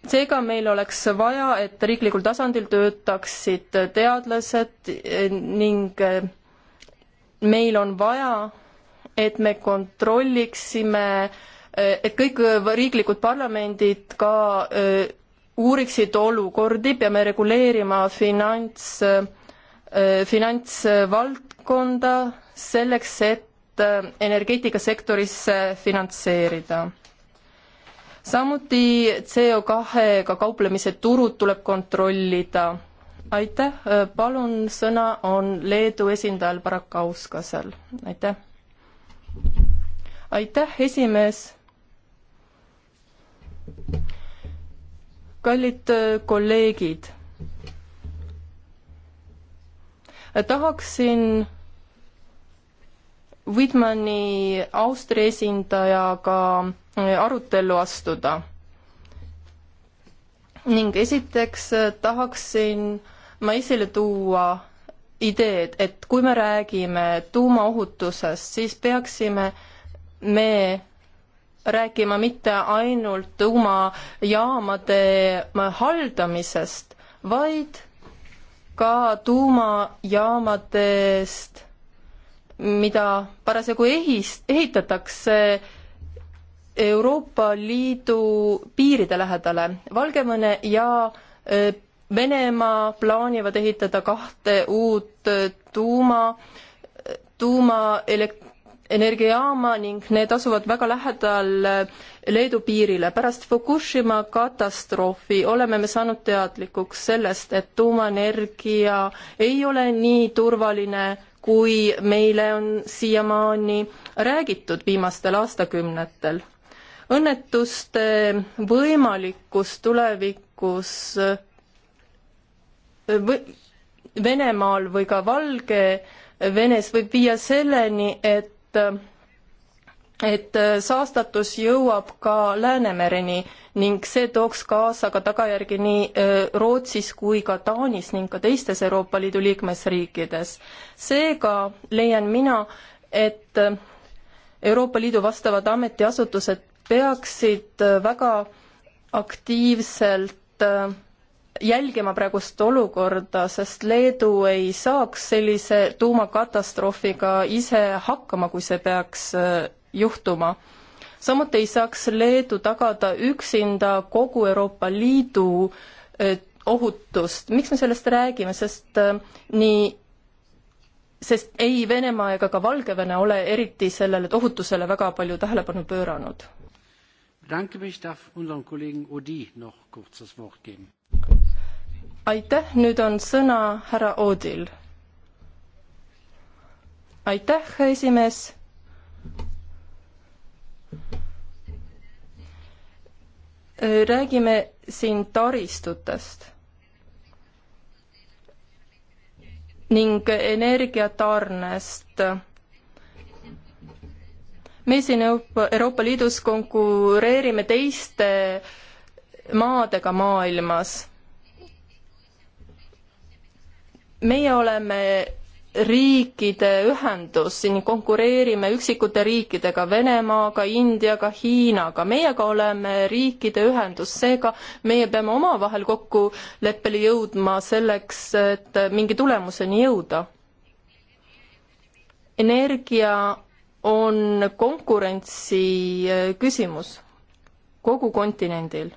seega meil oleks vaja, et riiklikul tasandil töötaksid teadlased ning meil on vaja, et me kontrolliksime, et kõik riiklikud parlamendid ka äh, uuriksid olukordi, peame reguleerima finants, äh, finantsvaldkonda selleks, et äh, energeetikasektorisse finantseerida samuti CO2-ga kauplemise turud tuleb kontrollida aitäh, äh, palun, sõna on Leedu esindajal Barakauskasel, aitäh. aitäh, esimees. kallid äh, kolleegid. Äh, tahaksin Whitmani Austria esindajaga arutellu astuda ning esiteks tahaksin äh, ma esile tuua ideed, et kui me räägime tuumaohutusest, siis peaksime me rääkima mitte ainult tuumajaamade haldamisest, vaid ka tuumajaamadest, mida parasjagu ehis, ehitatakse Euroopa Liidu piiride lähedale, Valgevene ja äh, Venemaa plaanivad ehitada kahte uut äh, tuuma, tuumaenergiajaama ning need asuvad väga lähedal äh, Leedu piirile. pärast Fukushima katastroofi oleme me saanud teadlikuks sellest, et tuumaenergia ei ole nii turvaline, kui meile on siiamaani räägitud viimastel aastakümnetel. õnnetuste võimalikkus tulevikus äh, Venemaal või ka Valgevenes võib viia selleni, et et saastatus jõuab ka Läänemereni ning see tooks kaasa ka tagajärgi nii äh, Rootsis kui ka Taanis ning ka teistes Euroopa Liidu liikmesriikides. seega leian mina, et Euroopa Liidu vastavad ametiasutused peaksid äh, väga aktiivselt äh, jälgima praegust olukorda, sest Leedu ei saaks sellise tuumakatastroofiga ise hakkama, kui see peaks äh, juhtuma. samuti ei saaks Leedu tagada üksinda kogu Euroopa Liidu äh, ohutust. miks me sellest räägime, sest äh, nii sest ei Venemaa ega ka Valgevene ole eriti sellele ohutusele väga palju tähelepanu pööranud aitäh, nüüd on sõna härra Oodil. aitäh, esimees. räägime siin taristutest ning energiatarnest me siin Euroopa Liidus konkureerime teiste maadega maailmas. meie oleme riikide ühendus, siin konkureerime üksikute riikidega, Venemaaga, Indiaga, Hiinaga, meiega oleme riikide ühendus, seega meie peame omavahel kokkuleppele jõudma selleks, et mingi tulemuseni jõuda. energia on konkurentsi küsimus kogu kontinendil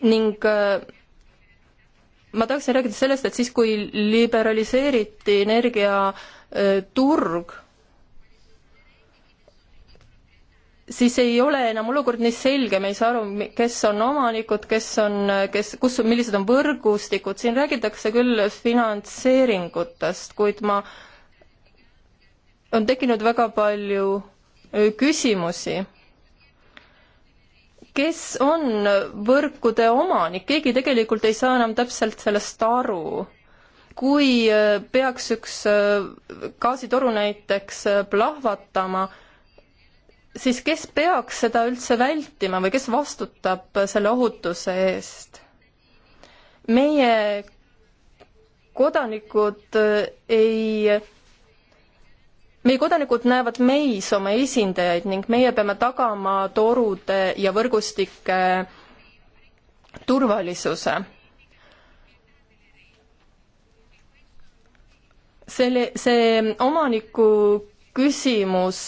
ning äh, ma tahaksin rääkida sellest, et siis, kui liberaliseeriti energiaturg, äh, siis ei ole enam olukord nii selge, me ei saa aru, kes on omanikud, kes on, kes, kus, millised on võrgustikud, siin räägitakse küll finantseeringutest, kuid ma, on tekkinud väga palju äh, küsimusi kes on võrkude omanik, keegi tegelikult ei saa enam täpselt sellest aru. kui äh, peaks üks äh, gaasitoru näiteks äh, plahvatama, siis kes peaks seda üldse vältima või kes vastutab selle ohutuse eest? meie kodanikud ei meie kodanikud näevad meis oma esindajaid ning meie peame tagama torude ja võrgustike turvalisuse. selle, see omaniku küsimus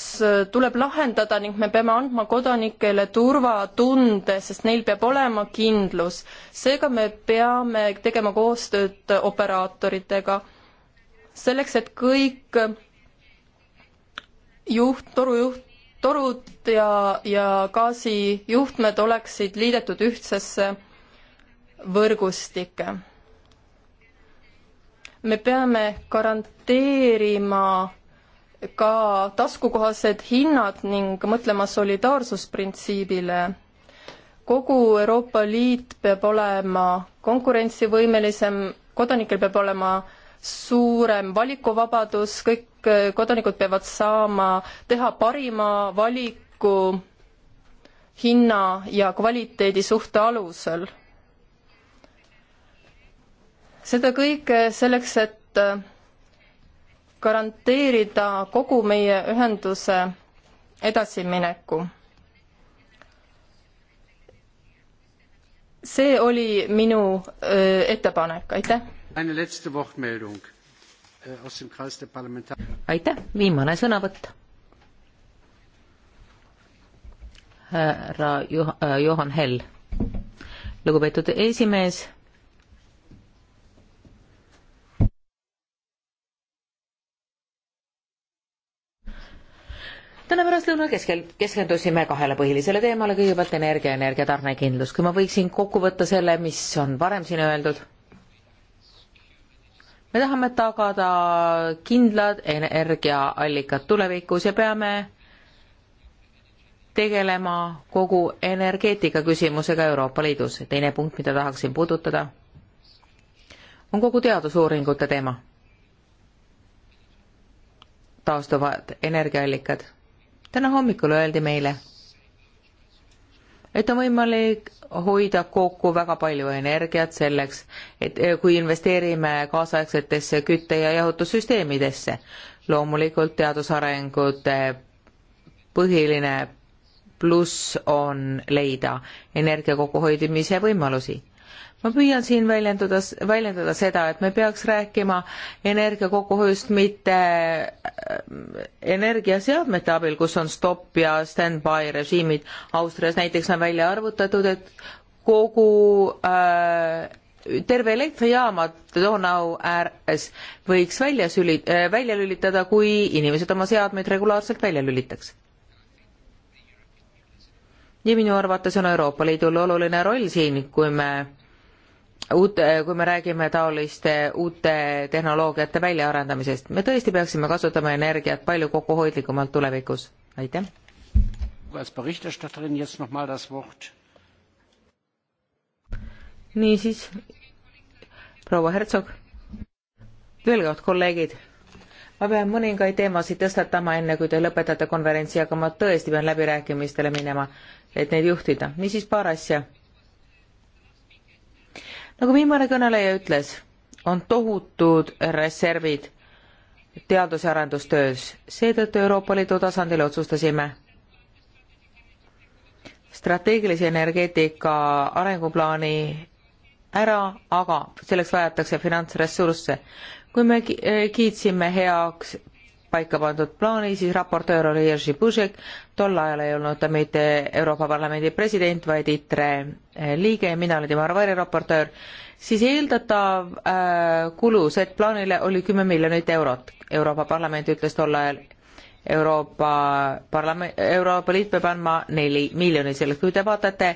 tuleb lahendada ning me peame andma kodanikele turvatunde, sest neil peab olema kindlus. seega me peame tegema koostööd operaatoritega selleks, et kõik juht, torujuht, torud ja, ja gaasijuhtmed oleksid liidetud ühtsesse võrgustikke. me peame garanteerima ka taskukohased hinnad ning mõtlema solidaarsusprintsiibile. kogu Euroopa Liit peab olema konkurentsivõimelisem, kodanikel peab olema suurem valikuvabadus, kõik Eh, kodanikud peavad saama teha parima valiku hinna ja kvaliteedi suhte alusel. seda kõike selleks, et eh, garanteerida kogu meie ühenduse edasimineku. see oli minu öö, eh, ettepanek, aitäh. eine letzte Wortmeldung Eh, aitäh, viimane sõnavõtt. härra Joh-, äh, Johan Hell, lugupeetud esimees täna pärastlõuna keskel keskendusime kahele põhilisele teemale, kõigepealt energia, energiatarnekindlus. kui ma võiksin kokku võtta selle, mis on varem siin öeldud me tahame tagada kindlad energiaallikad tulevikus ja peame tegelema kogu energeetika küsimusega Euroopa Liidus. teine punkt, mida tahaksin puudutada, on kogu teadusuuringute teema. taastuvad energiaallikad. täna hommikul öeldi meile et on võimalik hoida kokku väga palju energiat selleks, et eh, kui investeerime kaasaegsetesse kütte- ja jahutussüsteemidesse. loomulikult teadusarengute põhiline pluss on leida energia kokkuhoidmise võimalusi ma püüan siin väljenduda, väljendada seda, et me peaks rääkima energia kokkuhoiust mitte äh, energiaseadmete abil, kus on stopp ja stand-by režiimid. Austrias näiteks on välja arvutatud, et kogu äh, terve elektrijaama Donau ääres võiks välja süli- äh,, välja lülitada, kui inimesed oma seadmeid regulaarselt välja lülitaks ja minu arvates on Euroopa Liidul oluline roll siin, kui me uute, kui me räägime taoliste uute tehnoloogiate väljaarendamisest, me tõesti peaksime kasutama energiat palju kokkuhoidlikumalt tulevikus, aitäh. niisiis, proua Hertsog, veel kord, kolleegid, ma pean mõningaid teemasid tõstatama, enne kui te lõpetate konverentsi, aga ma tõesti pean läbirääkimistele minema, et neid juhtida, niisiis paar asja nagu viimane kõneleja ütles, on tohutud reservid teadus- ja arendustöös, seetõttu Euroopa Liidu tasandil otsustasime strateegilise energeetika arenguplaani ära, aga selleks vajatakse finantsressursse. kui me kiitsime heaks paika pandud plaani, siis raportöör oli Jerzy Buzek, tol ajal ei olnud ta mitte Euroopa Parlamendi president, vaid ITRE eh, liige ja mina olin tema variraportöör, siis eeldatav äh, kulu Z-plaanile oli kümme miljonit eurot. Euroopa Parlament ütles tol ajal, Euroopa Parlament, Euroopa Liit peab andma neli miljonit, sellest kui te vaatate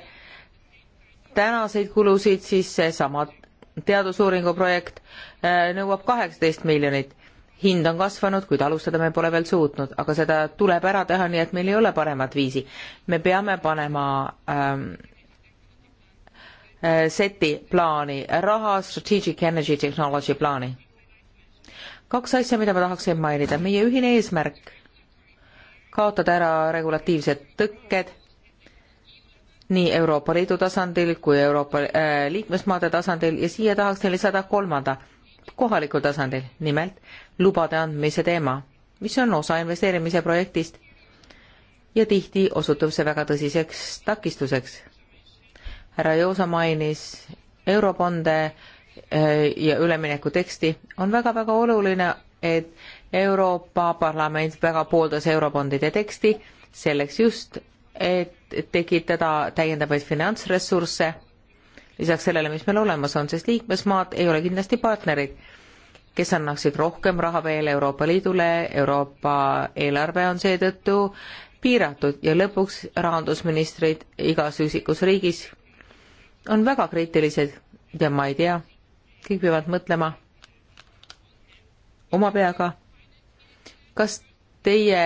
tänaseid kulusid, siis seesama teadusuuringu projekt äh, nõuab kaheksateist miljonit hind on kasvanud, kuid alustada me pole veel suutnud, aga seda tuleb ära teha, nii et meil ei ole paremat viisi. me peame panema ähm, äh, seti plaani, raha strategic energy technology plaani. kaks asja, mida ma tahaksin mainida, meie ühine eesmärk kaotada ära regulatiivsed tõkked nii Euroopa Liidu tasandil kui Euroopa äh, liikmesmaade tasandil ja siia tahaksin lisada kolmanda, kohalikul tasandil, nimelt lubade andmise teema, mis on osa investeerimise projektist ja tihti osutub see väga tõsiseks takistuseks. härra Joosa mainis eurobonde eh, ja ülemineku teksti, on väga-väga oluline, et Euroopa Parlament väga pooldas eurobondide teksti selleks just, et tekitada täiendavaid finantsressursse lisaks sellele, mis meil olemas on, sest liikmesmaad ei ole kindlasti partnerid kes annaksid rohkem raha veel Euroopa Liidule, Euroopa eelarve on seetõttu piiratud ja lõpuks rahandusministrid igas üksikus riigis on väga kriitilised ja ma ei tea, kõik peavad mõtlema oma peaga, kas teie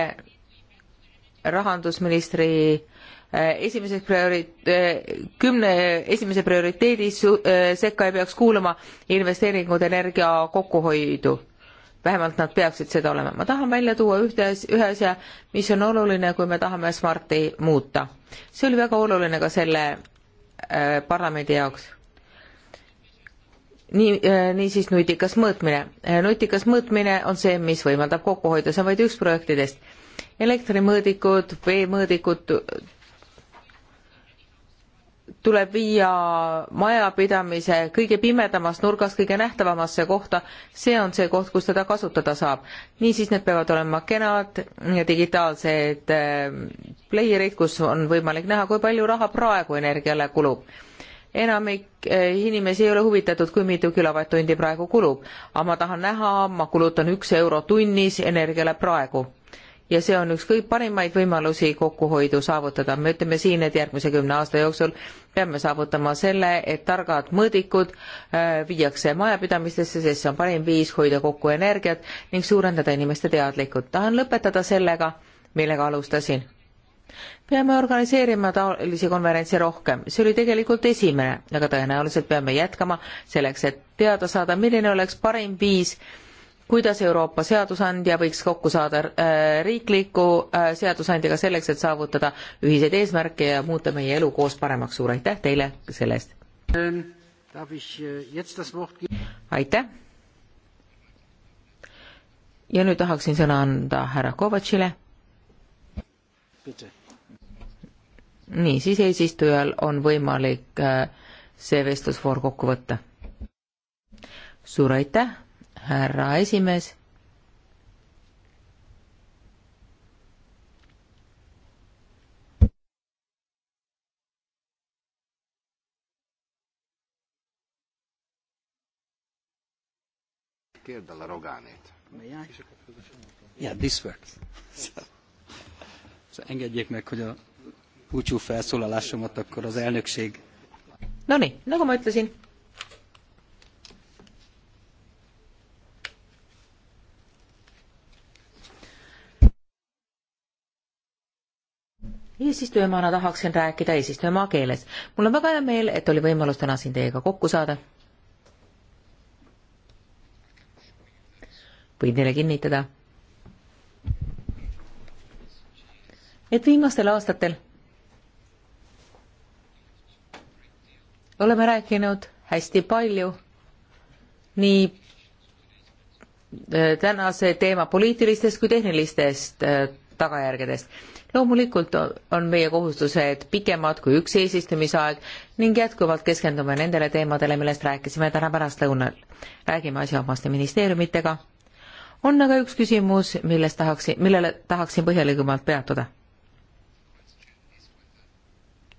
rahandusministri äh, Eh, esimeses priori-, eh, kümne esimese prioriteedi eh, sekka ei peaks kuuluma investeeringud energia kokkuhoidu. vähemalt nad peaksid seda olema. ma tahan välja tuua ühte, ühe asja, mis on oluline, kui me tahame Smarti muuta. see oli väga oluline ka selle äh, parlamendi jaoks. nii äh,, niisiis nutikas mõõtmine. nutikas mõõtmine on see, mis võimaldab kokku hoida, see on vaid üks projektidest elektrimõõdikud, veemõõdikud tuleb viia majapidamise kõige pimedamast nurgast kõige nähtavamasse kohta, see on see koht, kus teda kasutada saab. niisiis, need peavad olema kenad digitaalsed äh, pleierid, kus on võimalik näha, kui palju raha praegu energiale kulub. enamik äh, inimesi ei ole huvitatud, kui mitu kilovatt-tundi praegu kulub, aga ma tahan näha, ma kulutan üks euro tunnis energiale praegu ja see on üks kõige parimaid võimalusi kokkuhoidu saavutada. me ütleme siin, et järgmise kümne aasta jooksul peame saavutama selle, et targad mõõdikud äh, viiakse majapidamistesse, sest see on parim viis hoida kokku energiat ning suurendada inimeste teadlikkust. tahan lõpetada sellega, millega alustasin. peame organiseerima taolisi konverentse rohkem, see oli tegelikult esimene, aga tõenäoliselt peame jätkama selleks, et teada saada, milline oleks parim viis kuidas Euroopa seadusandja võiks kokku saada äh, riikliku äh, seadusandjaga selleks, et saavutada ühiseid eesmärke ja muuta meie elu koos paremaks. suur aitäh teile selle eest! Ähm, äh, aitäh! ja nüüd tahaksin sõna anda härra Kovatšile. nii, siis eesistujal on võimalik see vestlusvoor kokku võtta. suur aitäh! härra esimees. Yeah, this works. So, so engedjék meg, hogy a búcsú felszólalásomat akkor az elnökség. No nii, nagu ma ütlesin, eesistujamaana tahaksin rääkida eesistujamaa keeles. mul on väga hea meel, et oli võimalus täna siin teiega kokku saada. võin teile kinnitada, et viimastel aastatel oleme rääkinud hästi palju nii äh, tänase teema poliitilistest kui tehnilistest äh, tagajärgedest loomulikult on meie kohustused pikemad kui üks eesistumisaeg ning jätkuvalt keskendume nendele teemadele, millest rääkisime täna pärastlõunal. räägime asjaomaste ministeeriumitega. on aga üks küsimus, millest tahaksin, millele tahaksin põhjalikumalt peatuda.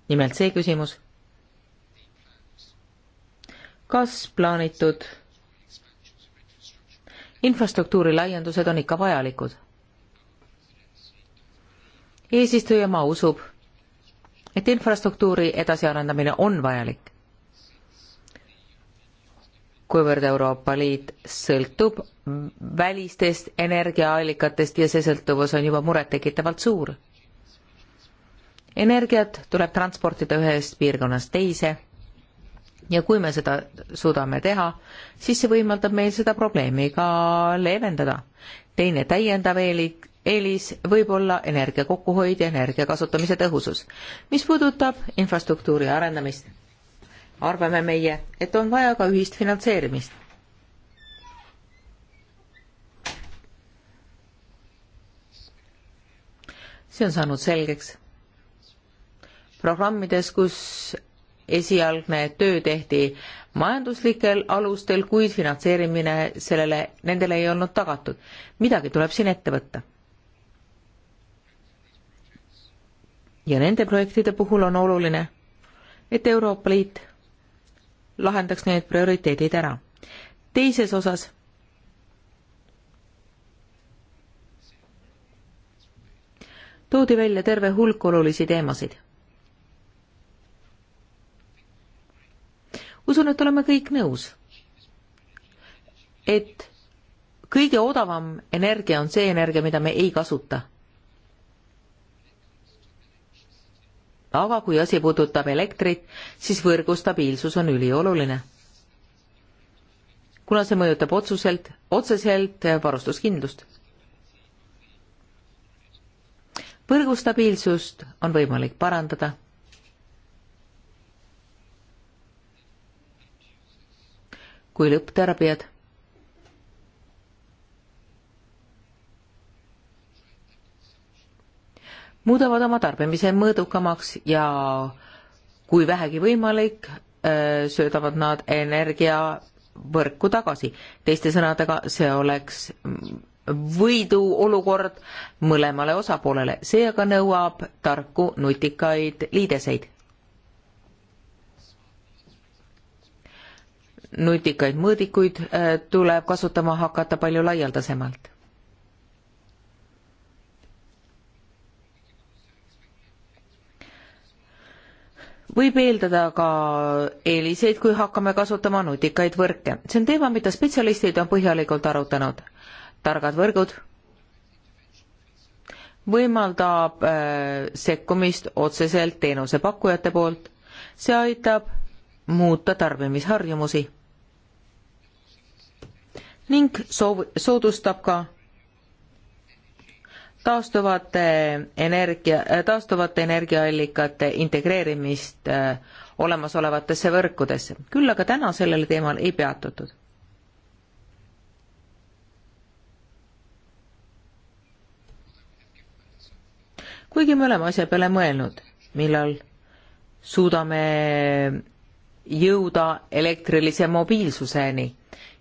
nimelt see küsimus. kas plaanitud infrastruktuuri laiendused on ikka vajalikud? eesistujamaa usub, et infrastruktuuri edasiarendamine on vajalik, kuivõrd Euroopa Liit sõltub välistest energiaallikatest ja see sõltuvus on juba murettekitavalt suur. energiat tuleb transportida ühest piirkonnast teise ja kui me seda suudame teha, siis see võimaldab meil seda probleemi ka leevendada teine täiendav eelik, eelis võib olla energia kokkuhoid ja energia kasutamise tõhusus. mis puudutab infrastruktuuri arendamist, arvame meie, et on vaja ka ühist finantseerimist. see on saanud selgeks programmides, kus esialgne töö tehti majanduslikel alustel, kuid finantseerimine sellele, nendele ei olnud tagatud. midagi tuleb siin ette võtta. ja nende projektide puhul on oluline, et Euroopa Liit lahendaks need prioriteedid ära. teises osas toodi välja terve hulk olulisi teemasid usun, et oleme kõik nõus, et kõige odavam energia on see energia, mida me ei kasuta. aga kui asi puudutab elektrit, siis võrgu stabiilsus on ülioluline. kuna see mõjutab otsuselt, otseselt varustuskindlust. võrgu stabiilsust on võimalik parandada kui lõpptarbijad. muudavad oma tarbimise mõõdukamaks ja kui vähegi võimalik, äh, söödavad nad energiavõrku tagasi. teiste sõnadega, see oleks võiduolukord mõlemale osapoolele, see aga nõuab tarku nutikaid liideseid. nutikaid mõõdikuid äh, tuleb kasutama hakata palju laialdasemalt. võib eeldada ka eeliseid, kui hakkame kasutama nutikaid võrke. see on teema, mida spetsialistid on põhjalikult arutanud. targad võrgud võimaldab äh, sekkumist otseselt teenusepakkujate poolt, see aitab muuta tarbimisharjumusi ning soov-, soodustab ka taastuvate energia, taastuvate energiaallikate integreerimist äh, olemasolevatesse võrkudesse. küll aga täna sellel teemal ei peatutud. kuigi me oleme asja peale mõelnud, millal suudame jõuda elektrilise mobiilsuseni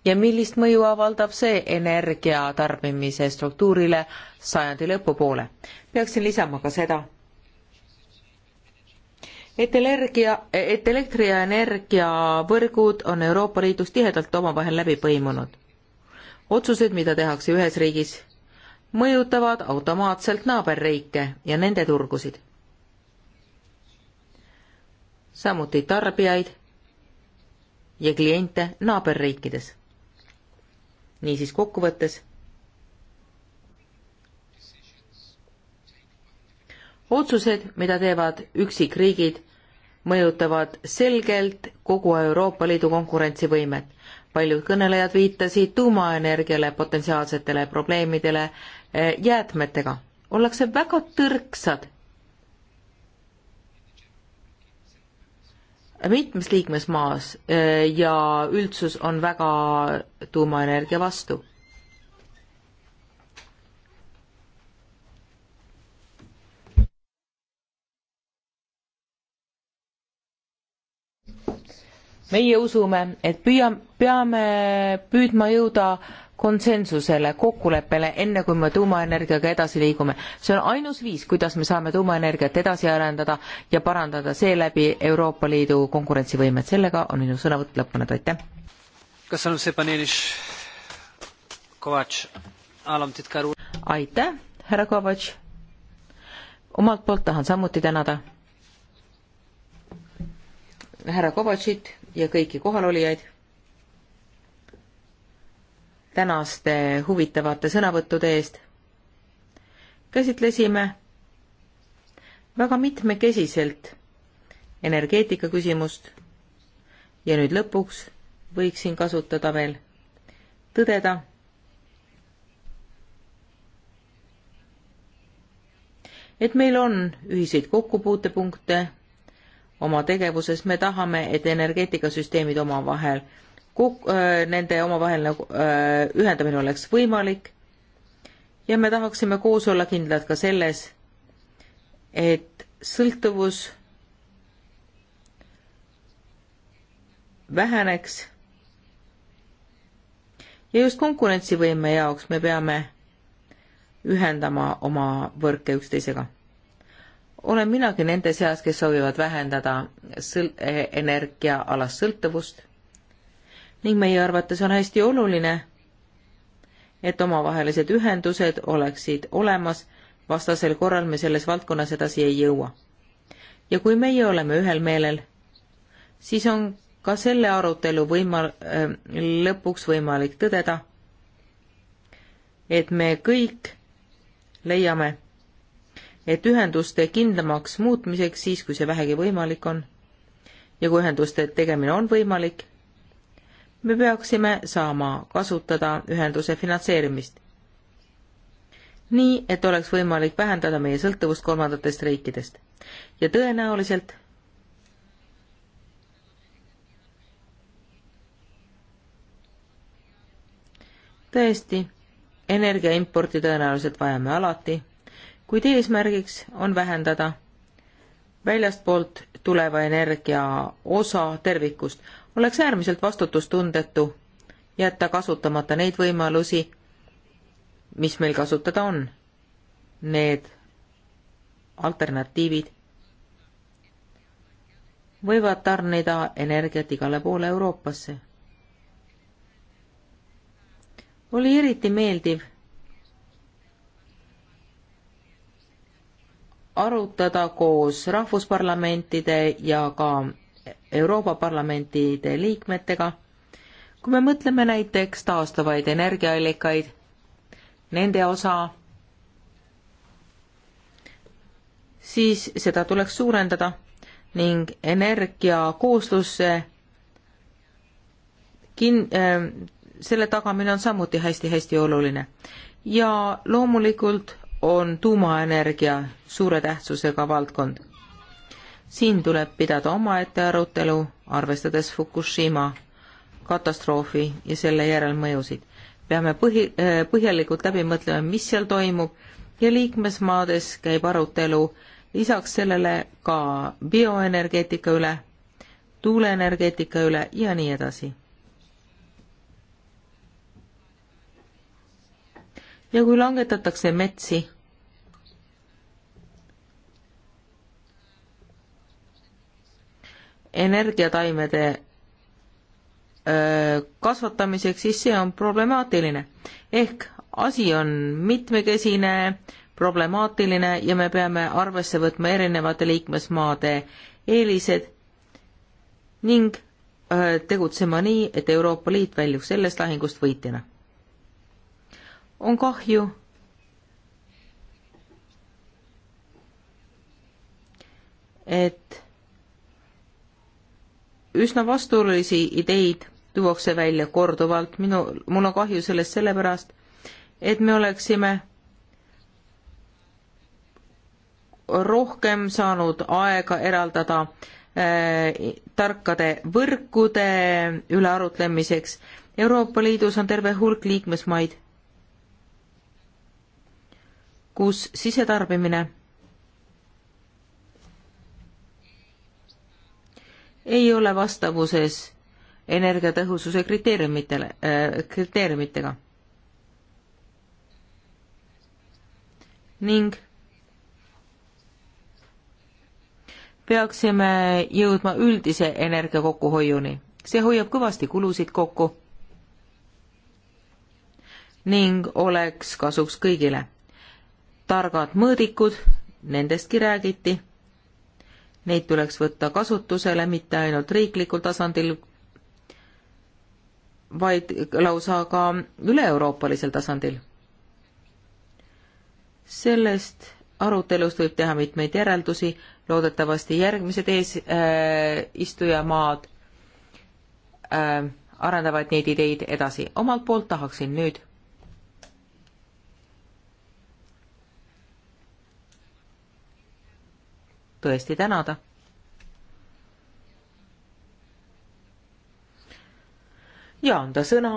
ja millist mõju avaldab see energia tarbimise struktuurile sajandi lõpupoole. peaksin lisama ka seda, et energia, et elektri ja energiavõrgud on Euroopa Liidus tihedalt omavahel läbi põimunud. otsused, mida tehakse ühes riigis, mõjutavad automaatselt naaberriike ja nende turgusid. samuti tarbijaid ja kliente naaberriikides niisiis kokkuvõttes otsused, mida teevad üksikriigid, mõjutavad selgelt kogu Euroopa Liidu konkurentsivõimet. paljud kõnelejad viitasid tuumaenergiale, potentsiaalsetele probleemidele eh, jäätmetega. ollakse väga tõrksad mitmes liikmesmaas e, ja üldsus on väga tuumaenergia vastu. meie usume, et püüa, peame püüdma jõuda konsensusele, kokkuleppele, enne kui me tuumaenergiaga edasi liigume. see on ainus viis, kuidas me saame tuumaenergiat edasi arendada ja parandada seeläbi Euroopa Liidu konkurentsivõimet. sellega on minu sõnavõtt lõppenud, aitäh. aitäh, härra Kovatš. omalt poolt tahan samuti tänada härra Kovatšit ja kõiki kohalolijaid tänaste huvitavate sõnavõttude eest. käsitlesime väga mitmekesiselt energeetika küsimust ja nüüd lõpuks võiksin kasutada veel tõdeda, et meil on ühiseid kokkupuutepunkte oma tegevuses, me tahame, et energeetikasüsteemid omavahel kuk-, äh, nende omavaheline äh, ühendamine oleks võimalik ja me tahaksime koos olla kindlad ka selles, et sõltuvus väheneks ja just konkurentsivõime jaoks me peame ühendama oma võrke üksteisega. olen minagi nende seas, kes soovivad vähendada sõl-, e-, energiaalast sõltuvust ning meie arvates on hästi oluline, et omavahelised ühendused oleksid olemas, vastasel korral me selles valdkonnas edasi ei jõua. ja kui meie oleme ühel meelel, siis on ka selle arutelu võima- äh,, lõpuks võimalik tõdeda, et me kõik leiame, et ühenduste kindlamaks muutmiseks siis, kui see vähegi võimalik on ja kui ühenduste tegemine on võimalik, me peaksime saama kasutada ühenduse finantseerimist. nii, et oleks võimalik vähendada meie sõltuvust kolmandatest riikidest ja tõenäoliselt tõesti, energiaimporti tõenäoliselt vajame alati, kuid eesmärgiks on vähendada väljastpoolt tuleva energia osa tervikust, oleks äärmiselt vastutustundetu jätta kasutamata neid võimalusi, mis meil kasutada on. Need alternatiivid võivad tarnida energiat igale poole Euroopasse. oli eriti meeldiv arutada koos rahvusparlamentide ja ka Euroopa Parlamentide liikmetega. kui me mõtleme näiteks taastuvaid energiaallikaid, nende osa, siis seda tuleks suurendada ning energiakooslusse kin- äh,, selle tagamine on samuti hästi-hästi oluline. ja loomulikult on tuumaenergia suure tähtsusega valdkond siin tuleb pidada omaette arutelu, arvestades Fukushima katastroofi ja selle järelmõjusid. peame põhi, eh, põhjalikult läbi mõtlema, mis seal toimub ja liikmesmaades käib arutelu lisaks sellele ka bioenergeetika üle, tuuleenergeetika üle ja nii edasi. ja kui langetatakse metsi energiataimede kasvatamiseks, siis see on problemaatiline. ehk asi on mitmekesine, problemaatiline ja me peame arvesse võtma erinevate liikmesmaade eelised ning tegutsema nii, et Euroopa Liit väljuks sellest lahingust võitjana. on kahju, et üsna vastuolulisi ideid tuuakse välja korduvalt, minu, mul on kahju sellest sellepärast, et me oleksime rohkem saanud aega eraldada äh, tarkade võrkude üle arutlemiseks. Euroopa Liidus on terve hulk liikmesmaid, kus sisetarbimine ei ole vastavuses energiatõhususe kriteeriumitele, äh, kriteeriumitega. ning peaksime jõudma üldise energia kokkuhoiuni. see hoiab kõvasti kulusid kokku ning oleks kasuks kõigile. targad mõõdikud, nendestki räägiti Neid tuleks võtta kasutusele mitte ainult riiklikul tasandil, vaid lausa ka üle-euroopalisel tasandil. sellest arutelust võib teha mitmeid järeldusi, loodetavasti järgmised eesistujamaad äh, äh, arendavad neid ideid edasi. omalt poolt tahaksin nüüd tõesti tänada. ja anda sõna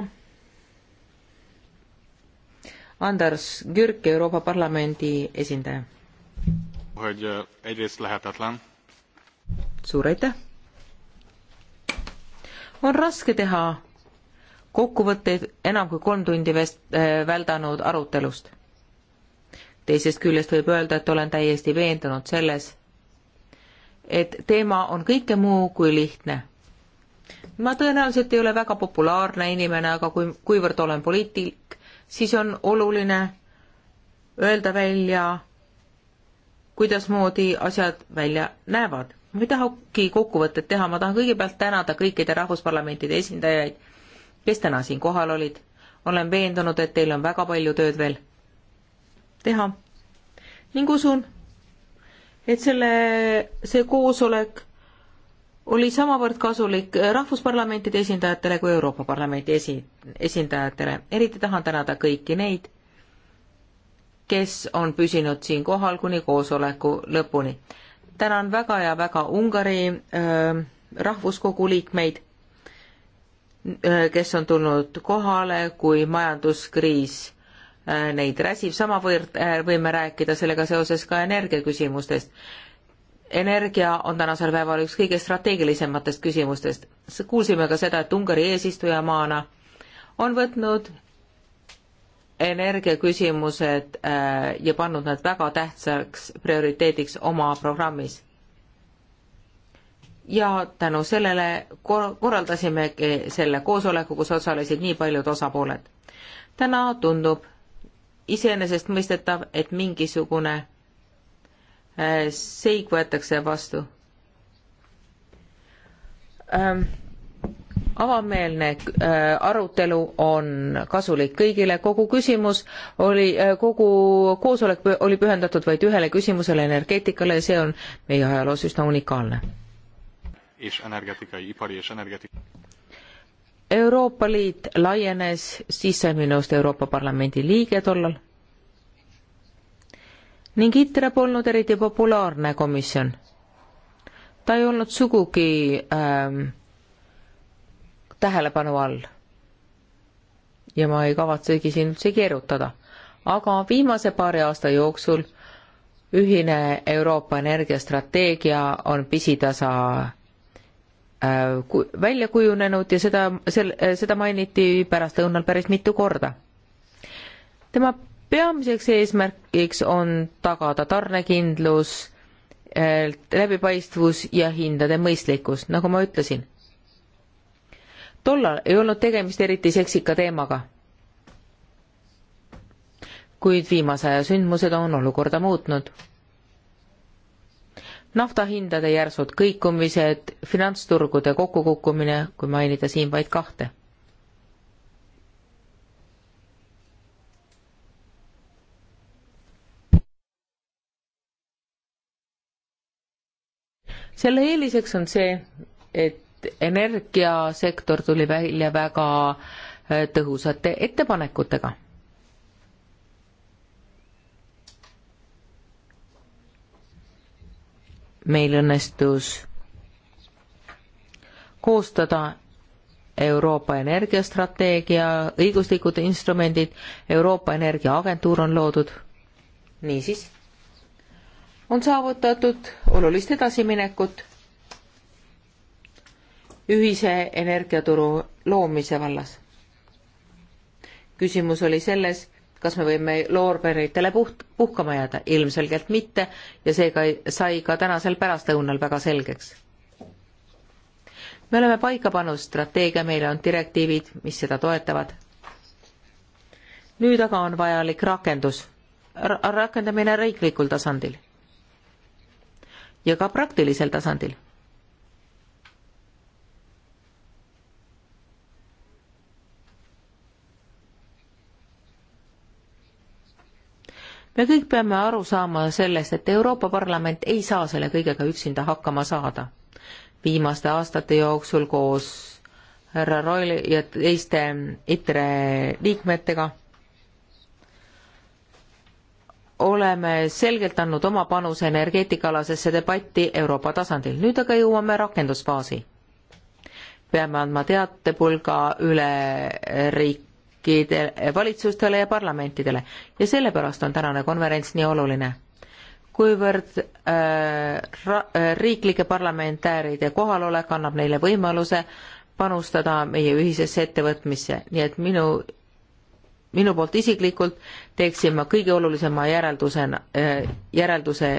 Anders Gürk, Euroopa Parlamendi esindaja. suur aitäh! on raske teha kokkuvõtteid enam kui kolm tundi vest-, äh, väldanud arutelust. teisest küljest võib öelda, et olen täiesti veendunud selles, et teema on kõike muu kui lihtne. ma tõenäoliselt ei ole väga populaarne inimene, aga kui, kuivõrd olen poliitik, siis on oluline öelda välja, kuidasmoodi asjad välja näevad. ma ei tahagi kokkuvõtet teha, ma tahan kõigepealt tänada kõikide rahvusparlamentide esindajaid, kes täna siin kohal olid. olen veendunud, et teil on väga palju tööd veel teha ning usun, et selle, see koosolek oli samavõrd kasulik rahvusparlamentide esindajatele kui Euroopa Parlamendi esi, esindajatele. eriti tahan tänada kõiki neid, kes on püsinud siin kohal kuni koosoleku lõpuni. tänan väga ja väga Ungari äh, rahvuskogu liikmeid, kes on tulnud kohale, kui majanduskriis Äh, neid räsib, samavõrd äh, võime rääkida sellega seoses ka energiaküsimustest. energia on tänasel päeval üks kõige strateegilisematest küsimustest. kuulsime ka seda, et Ungari eesistujamaana on võtnud energiaküsimused äh, ja pannud nad väga tähtsaks prioriteediks oma programmis. ja tänu sellele kor-, korraldasimegi selle koosoleku, kus osalesid nii paljud osapooled. täna tundub, iseenesestmõistetav, et mingisugune äh, seik võetakse vastu ähm avameelne äh, arutelu on kasulik kõigile, kogu küsimus oli, äh, kogu koosolek oli pühendatud vaid ühele küsimusele, energeetikale ja see on meie ajaloos üsna unikaalne. Euroopa Liit laienes, siis sai minu arust Euroopa Parlamendi liige tollal ning ITRE polnud eriti populaarne komisjon. ta ei olnud sugugi ähm, tähelepanu all. ja ma ei kavatsegi siin üldse keerutada, aga viimase paari aasta jooksul ühine Euroopa energiastrateegia on pisitasa Äh, välja kujunenud ja seda, sel-, seda mainiti pärastlõunal päris mitu korda. tema peamiseks eesmärgiks on tagada tarnekindlus, äh, läbipaistvus ja hindade mõistlikkus, nagu ma ütlesin. tollal ei olnud tegemist eriti seksika teemaga. kuid viimase aja sündmused on olukorda muutnud naftahindade järsud kõikumised, finantsturgude kokkukukkumine, kui mainida siin vaid kahte. selle eeliseks on see, et energiasektor tuli välja väga äh, tõhusate ettepanekutega meil õnnestus koostada Euroopa energiastrateegia, õiguslikud instrumendid, Euroopa Energiaagentuur on loodud. niisiis, on saavutatud olulist edasiminekut ühise energiaturu loomise vallas. küsimus oli selles, kas me võime loorberitele puht, puhkama jääda? ilmselgelt mitte ja seega sai ka tänasel pärastlõunal väga selgeks. me oleme paika pannud strateegia, meile on direktiivid, mis seda toetavad. nüüd aga on vajalik rakendus R, rakendamine riiklikul tasandil ja ka praktilisel tasandil me kõik peame aru saama sellest, et Euroopa Parlament ei saa selle kõigega üksinda hakkama saada. viimaste aastate jooksul koos härra Roili ja teiste ITRE liikmetega oleme selgelt andnud oma panuse energeetikaalasesse debatti Euroopa tasandil. nüüd aga jõuame rakendusfaasi. peame andma teatepulga üle riik riikide valitsustele ja parlamentidele ja sellepärast on tänane konverents nii oluline. kuivõrd äh, ra, äh, riiklike parlamentääride kohalolek annab neile võimaluse panustada meie ühisesse ettevõtmisse, nii et minu, minu poolt isiklikult teeksin ma kõige olulisema järeldusena äh,, järelduse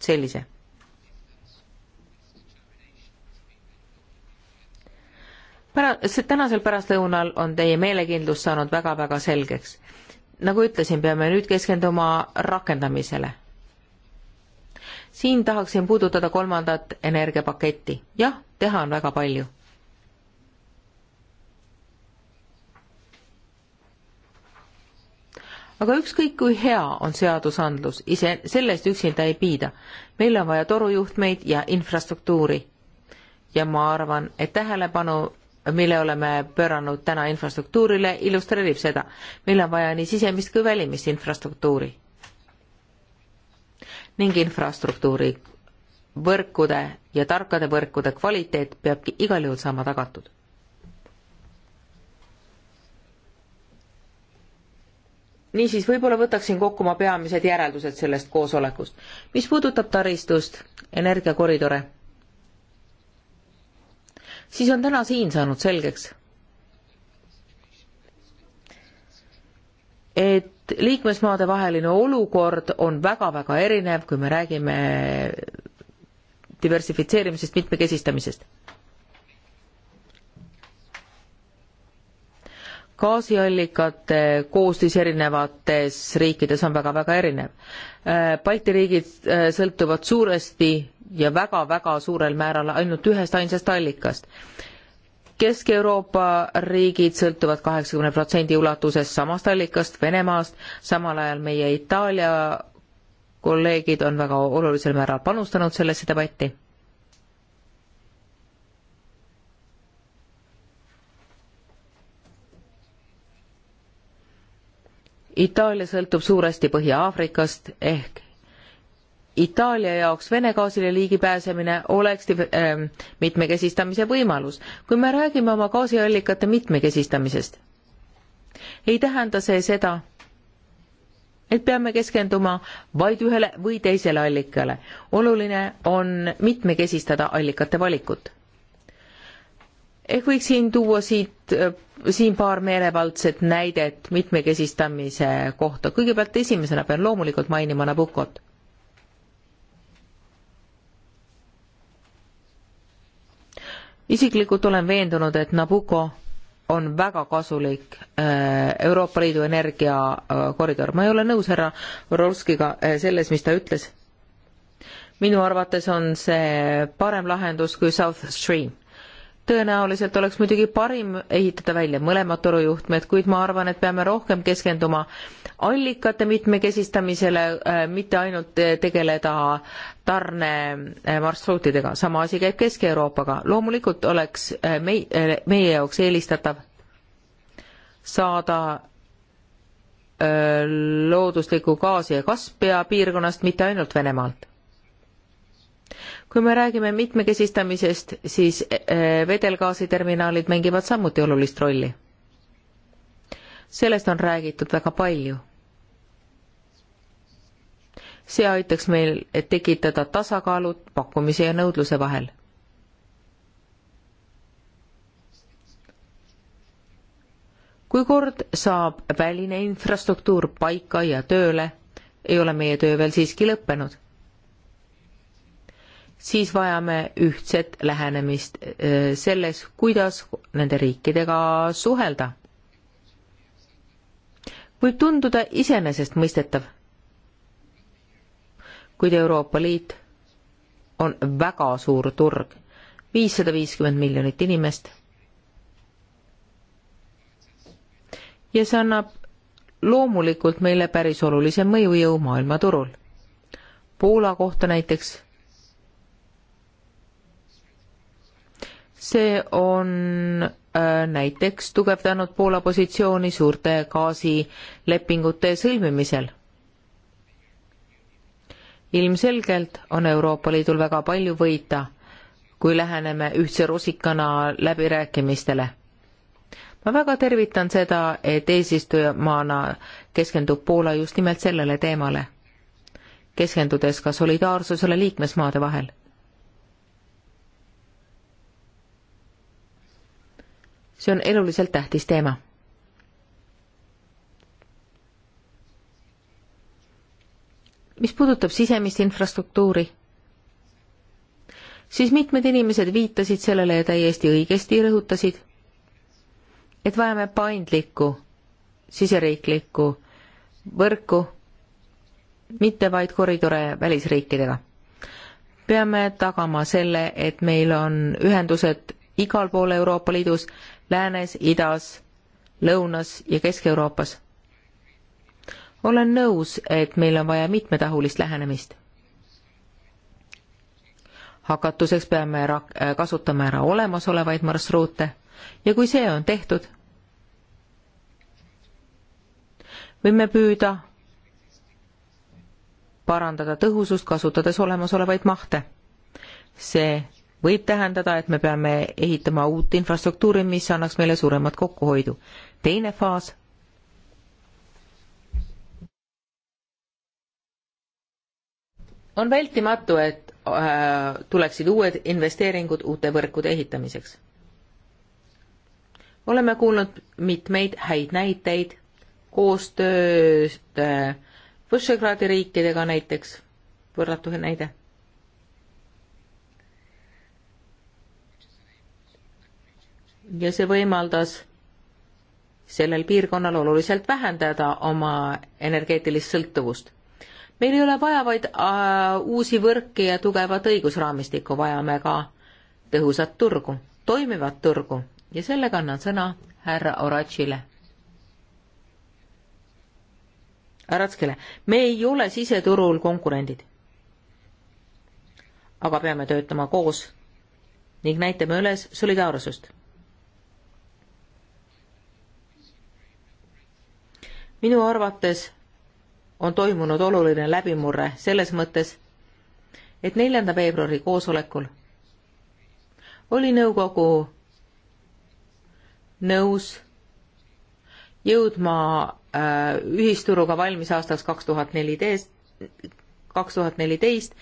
sellise pära-, tänasel pärastlõunal on teie meelekindlus saanud väga-väga selgeks. nagu ütlesin, peame nüüd keskenduma rakendamisele. siin tahaksin puudutada kolmandat energiapaketti. jah, teha on väga palju. aga ükskõik kui hea on seadusandlus, ise sellest üksinda ei piida. meil on vaja torujuhtmeid ja infrastruktuuri. ja ma arvan, et tähelepanu mille oleme pööranud täna infrastruktuurile, illustreerib seda. meil on vaja nii sisemist kui välimist infrastruktuuri ning infrastruktuuri võrkude ja tarkade võrkude kvaliteet peabki igal juhul saama tagatud. niisiis, võib-olla võtaksin kokku oma peamised järeldused sellest koosolekust. mis puudutab taristust, energiakoridore siis on täna siin saanud selgeks, et liikmesmaade vaheline olukord on väga-väga erinev, kui me räägime diversifitseerimisest, mitmekesistamisest gaasiallikate koostis erinevates riikides on väga-väga erinev. Äh, Balti riigid äh, sõltuvad suuresti ja väga-väga suurel määral ainult ühest ainsast allikast. Kesk-Euroopa riigid sõltuvad kaheksakümne protsendi ulatuses samast allikast, Venemaast, samal ajal meie Itaalia kolleegid on väga olulisel määral panustanud sellesse debatti Itaalia sõltub suuresti Põhja-Aafrikast ehk Itaalia jaoks Vene gaasile ligipääsemine oleks äh, mitmekesistamise võimalus, kui me räägime oma gaasiallikate mitmekesistamisest. ei tähenda see seda, et peame keskenduma vaid ühele või teisele allikale. oluline on mitmekesistada allikate valikut ehk võiksin tuua siit, äh, siin paar meelevaldset näidet mitmekesistamise kohta. kõigepealt esimesena pean loomulikult mainima Nabucot. isiklikult olen veendunud, et Nabucco on väga kasulik äh, Euroopa Liidu energiakoridor. Äh, ma ei ole nõus härra Vorovskiga selles, mis ta ütles. minu arvates on see parem lahendus kui South Stream tõenäoliselt oleks muidugi parim ehitada välja mõlemad torujuhtmed, kuid ma arvan, et peame rohkem keskenduma allikate mitmekesistamisele, äh, mitte ainult äh, tegeleda tarnemarsruutidega. Äh, sama asi käib Kesk-Euroopaga. loomulikult oleks mei-, meie jaoks eelistatav saada looduslikku gaasi ja Kaspia piirkonnast, mitte ainult Venemaalt kui me räägime mitmekesistamisest, siis eh, eh, vedelgaasiterminalid mängivad samuti olulist rolli. sellest on räägitud väga palju. see aitaks meil tekitada tasakaalu pakkumise ja nõudluse vahel. kui kord saab väline infrastruktuur paika ja tööle, ei ole meie töö veel siiski lõppenud siis vajame ühtset lähenemist äh, selles, kuidas nende riikidega suhelda. võib tunduda iseenesestmõistetav, kuid Euroopa Liit on väga suur turg, viissada viiskümmend miljonit inimest. ja see annab loomulikult meile päris olulise mõjujõu maailmaturul. Poola kohta näiteks see on äh, näiteks tugevdanud Poola positsiooni suurte gaasilepingute sõlmimisel. ilmselgelt on Euroopa Liidul väga palju võita, kui läheneme ühtse rusikana läbirääkimistele. ma väga tervitan seda, et eesistujamaana keskendub Poola just nimelt sellele teemale, keskendudes ka solidaarsusele liikmesmaade vahel see on eluliselt tähtis teema. mis puudutab sisemist infrastruktuuri, siis mitmed inimesed viitasid sellele ja täiesti õigesti rõhutasid, et vajame paindlikku siseriiklikku võrku, mitte vaid koridore välisriikidega. peame tagama selle, et meil on ühendused igal pool Euroopa Liidus, läänes, idas, lõunas ja Kesk-Euroopas. olen nõus, et meil on vaja mitmetahulist lähenemist. hakatuseks peame ära, äh, kasutama ära olemasolevaid marsruute ja kui see on tehtud, võime püüda parandada tõhusust, kasutades olemasolevaid mahte. see võib tähendada, et me peame ehitama uut infrastruktuuri, mis annaks meile suuremat kokkuhoidu. teine faas on vältimatu, et äh, tuleksid uued investeeringud uute võrkude ehitamiseks. oleme kuulnud mitmeid häid näiteid koostööst äh, Võšegradi riikidega näiteks, võrratu näide ja see võimaldas sellel piirkonnal oluliselt vähendada oma energeetilist sõltuvust. meil ei ole vaja vaid äh, uusi võrke ja tugevat õigusraamistikku, vajame ka tõhusat turgu, toimivat turgu ja sellega annan sõna härra Oratšile. Aratskile, me ei ole siseturul konkurendid. aga peame töötama koos ning näitame üles solidaarsust minu arvates on toimunud oluline läbimurre selles mõttes, et neljanda veebruari koosolekul oli nõukogu nõus jõudma äh, ühisturuga valmis aastaks kaks tuhat neliteist, kaks tuhat neliteist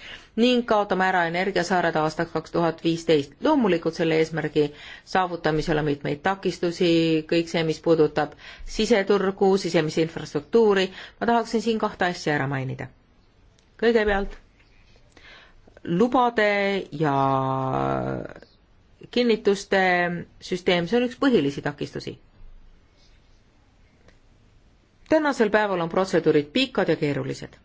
ning kaotame ära energiasaared aastaks kaks tuhat viisteist. loomulikult selle eesmärgi saavutamisel on mitmeid takistusi, kõik see, mis puudutab siseturgu, sisemist infrastruktuuri, ma tahaksin siin kahte asja ära mainida. kõigepealt lubade ja kinnituste süsteem, see on üks põhilisi takistusi tänasel päeval on protseduurid pikad ja keerulised.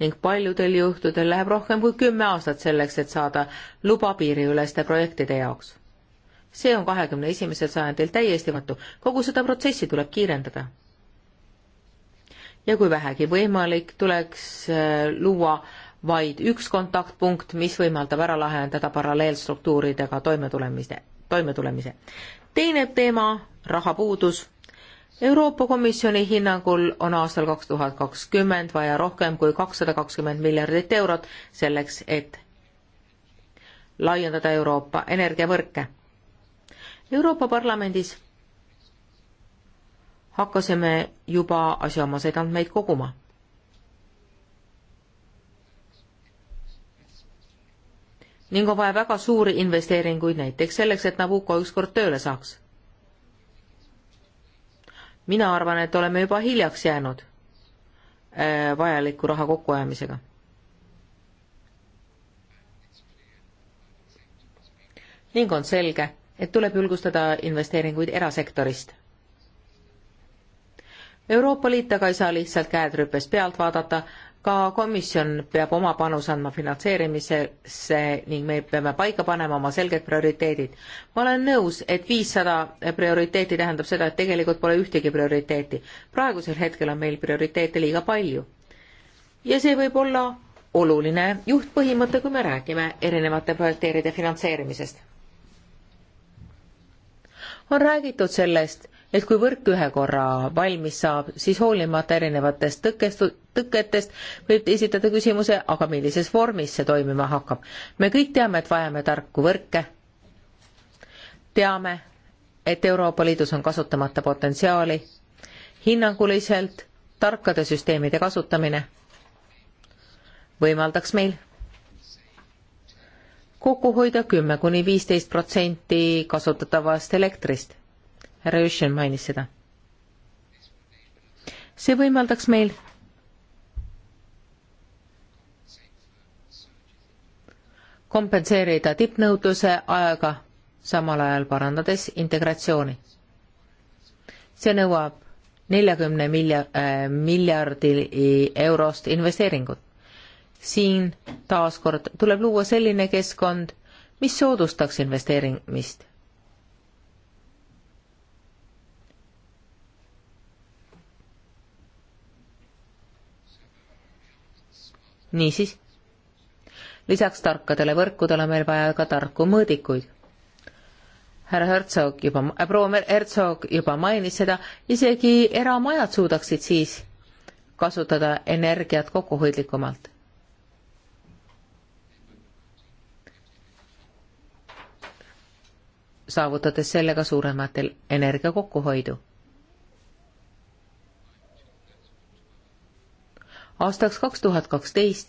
ning paljudel juhtudel läheb rohkem kui kümme aastat selleks, et saada luba piiriüleste projektide jaoks. see on kahekümne esimesel sajandil täiesti võtu, kogu seda protsessi tuleb kiirendada. ja kui vähegi võimalik, tuleks äh, luua vaid üks kontaktpunkt, mis võimaldab ära lahendada paralleelstruktuuridega toimetulemise, toimetulemise. teine teema, rahapuudus Euroopa Komisjoni hinnangul on aastal kaks tuhat kakskümmend vaja rohkem kui kakssada kakskümmend miljardit eurot selleks, et laiendada Euroopa energiavõrke. Euroopa Parlamendis hakkasime juba asjaomaseid andmeid koguma. ning on vaja väga suuri investeeringuid näiteks selleks, et Nabucco ükskord tööle saaks mina arvan, et oleme juba hiljaks jäänud äh, vajaliku raha kokkuajamisega. ning on selge, et tuleb julgustada investeeringuid erasektorist. Euroopa Liit aga ei saa lihtsalt käed rüpes pealt vaadata, ka komisjon peab oma panuse andma finantseerimisesse ning me peame paika panema oma selged prioriteedid. ma olen nõus, et viissada prioriteeti tähendab seda, et tegelikult pole ühtegi prioriteeti. praegusel hetkel on meil prioriteete liiga palju. ja see võib olla oluline juhtpõhimõte, kui me räägime erinevate projekteeride finantseerimisest. on räägitud sellest, et kui võrk ühe korra valmis saab, siis hoolimata erinevatest tõkestu-, tõketest võib esitada küsimuse, aga millises vormis see toimima hakkab. me kõik teame, et vajame tarku võrke. teame, et Euroopa Liidus on kasutamata potentsiaali, hinnanguliselt tarkade süsteemide kasutamine võimaldaks meil kokku hoida kümme kuni viisteist protsenti kasutatavast elektrist härra Jüšin mainis seda. see võimaldaks meil kompenseerida tippnõudluse ajaga, samal ajal parandades integratsiooni. see nõuab neljakümne milja- äh,, miljardi eurost investeeringut. siin taaskord tuleb luua selline keskkond, mis soodustaks investeerimist. niisiis, lisaks tarkadele võrkudele on meil vaja ka tarku mõõdikuid. härra Herzog juba, äh, proua Herzog juba mainis seda, isegi eramajad suudaksid siis kasutada energiat kokkuhoidlikumalt. saavutades sellega suuremat energia kokkuhoidu aastaks kaks tuhat kaksteist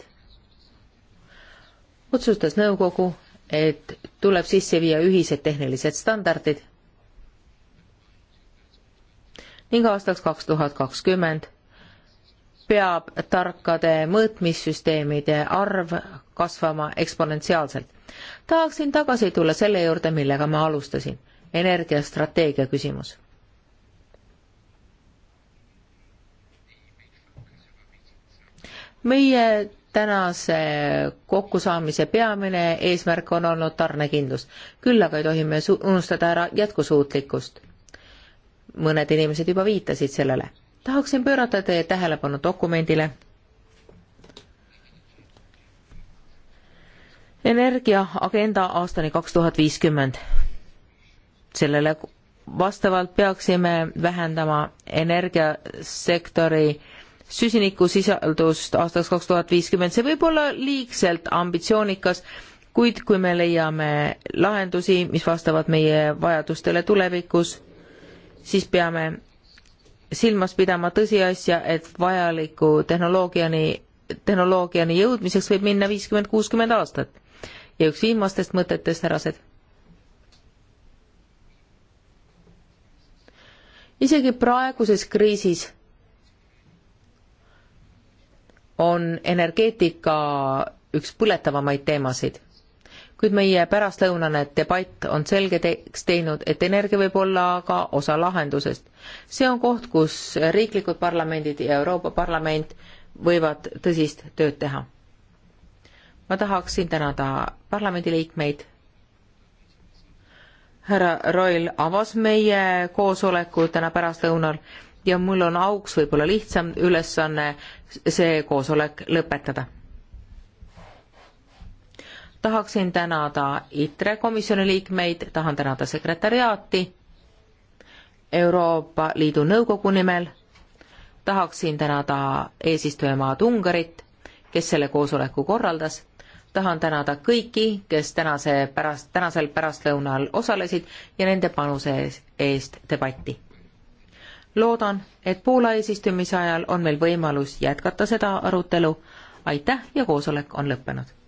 otsustas nõukogu, et tuleb sisse viia ühised tehnilised standardid ning aastaks kaks tuhat kakskümmend peab tarkade mõõtmissüsteemide arv kasvama eksponentsiaalselt. tahaksin tagasi tulla selle juurde, millega ma alustasin, energiastrateegia küsimus meie tänase kokkusaamise peamine eesmärk on olnud tarnekindlus, küll aga ei tohi me unustada ära jätkusuutlikkust. mõned inimesed juba viitasid sellele. tahaksin pöörata teie tähelepanu dokumendile. energiaagenda aastani kaks tuhat viiskümmend. sellele vastavalt peaksime vähendama energiasektori süsinikusisaldust aastaks kaks tuhat viiskümmend, see võib olla liigselt ambitsioonikas, kuid kui me leiame lahendusi, mis vastavad meie vajadustele tulevikus, siis peame silmas pidama tõsiasja, et vajaliku tehnoloogiani, tehnoloogiani jõudmiseks võib minna viiskümmend, kuuskümmend aastat. ja üks viimastest mõtetest, härrased. isegi praeguses kriisis on energeetika üks põletavamaid teemasid. kuid meie pärastlõunane debatt on selgeks teinud, et energia võib olla ka osa lahendusest. see on koht, kus riiklikud parlamendid ja Euroopa Parlament võivad tõsist tööd teha. ma tahaksin tänada parlamendiliikmeid. härra Roil avas meie koosoleku täna pärastlõunal ja mul on auks võib-olla lihtsam ülesanne see koosolek lõpetada. tahaksin tänada ITRE komisjoni liikmeid, tahan tänada sekretäriaati Euroopa Liidu Nõukogu nimel, tahaksin tänada eesistujamaad Ungarit, kes selle koosoleku korraldas tahan tänada kõiki, kes tänase pärast, tänasel pärastlõunal osalesid ja nende panuse eest debatti loodan, et Poola eesistumise ajal on meil võimalus jätkata seda arutelu. aitäh ja koosolek on lõppenud.